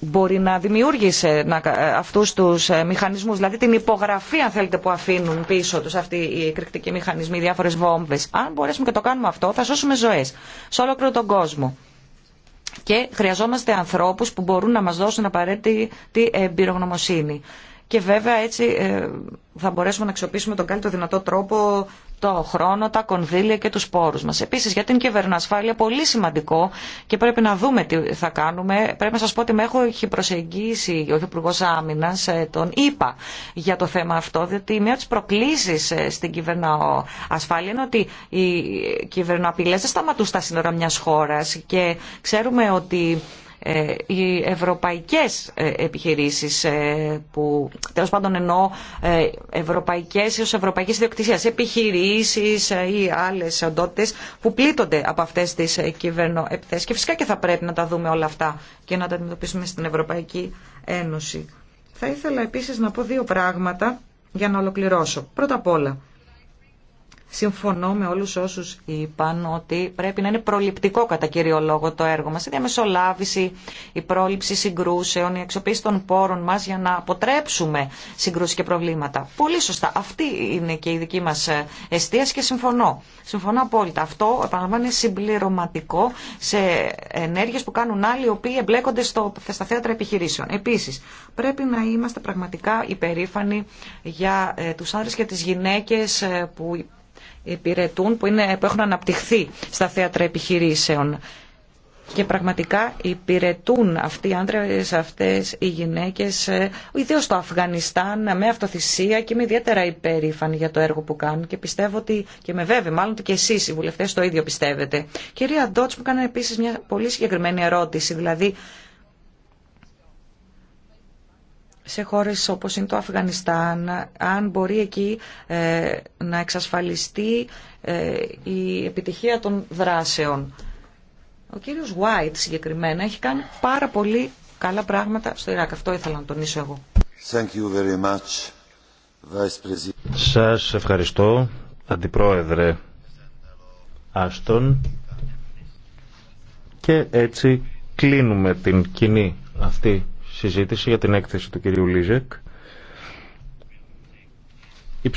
μπορεί να δημιούργησε να, ε, αυτούς τους ε, μηχανισμούς, δηλαδή την υπογραφή αν θέλετε που αφήνουν πίσω τους αυτοί οι εκρηκτικοί μηχανισμοί, οι διάφορες βόμβες. Αν μπορέσουμε και το κάνουμε αυτό θα σώσουμε ζωές σε όλο τον κόσμο. Και χρειαζόμαστε ανθρώπους που μπορούν να μας δώσουν απαραίτητη ε, εμπειρογνωμοσύνη. Και βέβαια έτσι θα μπορέσουμε να αξιοποιήσουμε τον καλύτερο δυνατό τρόπο το χρόνο, τα κονδύλια και τους πόρους μας. Επίσης για την κυβερνοασφάλεια πολύ σημαντικό και πρέπει να δούμε τι θα κάνουμε. Πρέπει να σας πω ότι με έχει προσεγγίσει ο Υπουργό Άμυνα ε, τον είπα για το θέμα αυτό, διότι μία από τις προκλήσεις ε, στην κυβερνοασφάλεια είναι ότι οι κυβερνοαπειλές δεν σταματούν στα σύνορα μιας χώρας και ξέρουμε ότι ε, οι ευρωπαϊκές ε, επιχειρήσεις ε, που τέλος πάντων εννοώ ευρωπαϊκές ως ευρωπαϊκής ιδιοκτησίας επιχειρήσεις ή άλλες οντότητες που πλήττονται από αυτές τις κυβερνοεπιθέσεις και φυσικά και θα πρέπει να τα δούμε όλα αυτά και να τα αντιμετωπίσουμε στην Ευρωπαϊκή Ένωση. Θα ήθελα επίσης να πω δύο πράγματα για να ολοκληρώσω. Πρώτα απ' όλα, Συμφωνώ με όλους όσους είπαν ότι πρέπει να είναι προληπτικό κατά κύριο λόγο το έργο μας. Η διαμεσολάβηση, η πρόληψη συγκρούσεων, η αξιοποίηση των πόρων μας για να αποτρέψουμε συγκρούσεις και προβλήματα. Πολύ σωστά. Αυτή είναι και η δική μας εστίαση και συμφωνώ. Συμφωνώ απόλυτα. Αυτό επαναλαμβάνει είναι συμπληρωματικό σε ενέργειες που κάνουν άλλοι οι οποίοι εμπλέκονται στο, στα θέατρα επιχειρήσεων. Επίσης, πρέπει να είμαστε πραγματικά υπερήφανοι για ε, τους άνδρες και τις γυναίκες ε, που υπηρετούν, που, είναι, που έχουν αναπτυχθεί στα θέατρα επιχειρήσεων. Και πραγματικά υπηρετούν αυτοί οι άντρες, αυτές οι γυναίκες, ε, ιδίως στο Αφγανιστάν, με αυτοθυσία και είμαι ιδιαίτερα υπερήφανη για το έργο που κάνουν και πιστεύω ότι, και με βέβαια μάλλον ότι και εσείς οι βουλευτές το ίδιο πιστεύετε. Κυρία Ντότς μου κάνει επίσης μια πολύ συγκεκριμένη ερώτηση, δηλαδή σε χώρες όπως είναι το Αφγανιστάν, αν μπορεί εκεί ε, να εξασφαλιστεί ε, η επιτυχία των δράσεων. Ο κύριος White συγκεκριμένα έχει κάνει πάρα πολύ καλά πράγματα στο Ιράκ. Αυτό ήθελα να τονίσω εγώ. Thank you very much, Vice Σας ευχαριστώ, Αντιπρόεδρε Άστον. Και έτσι κλείνουμε την κοινή αυτή συζήτηση για την έκθεση του κυρίου Λίζεκ.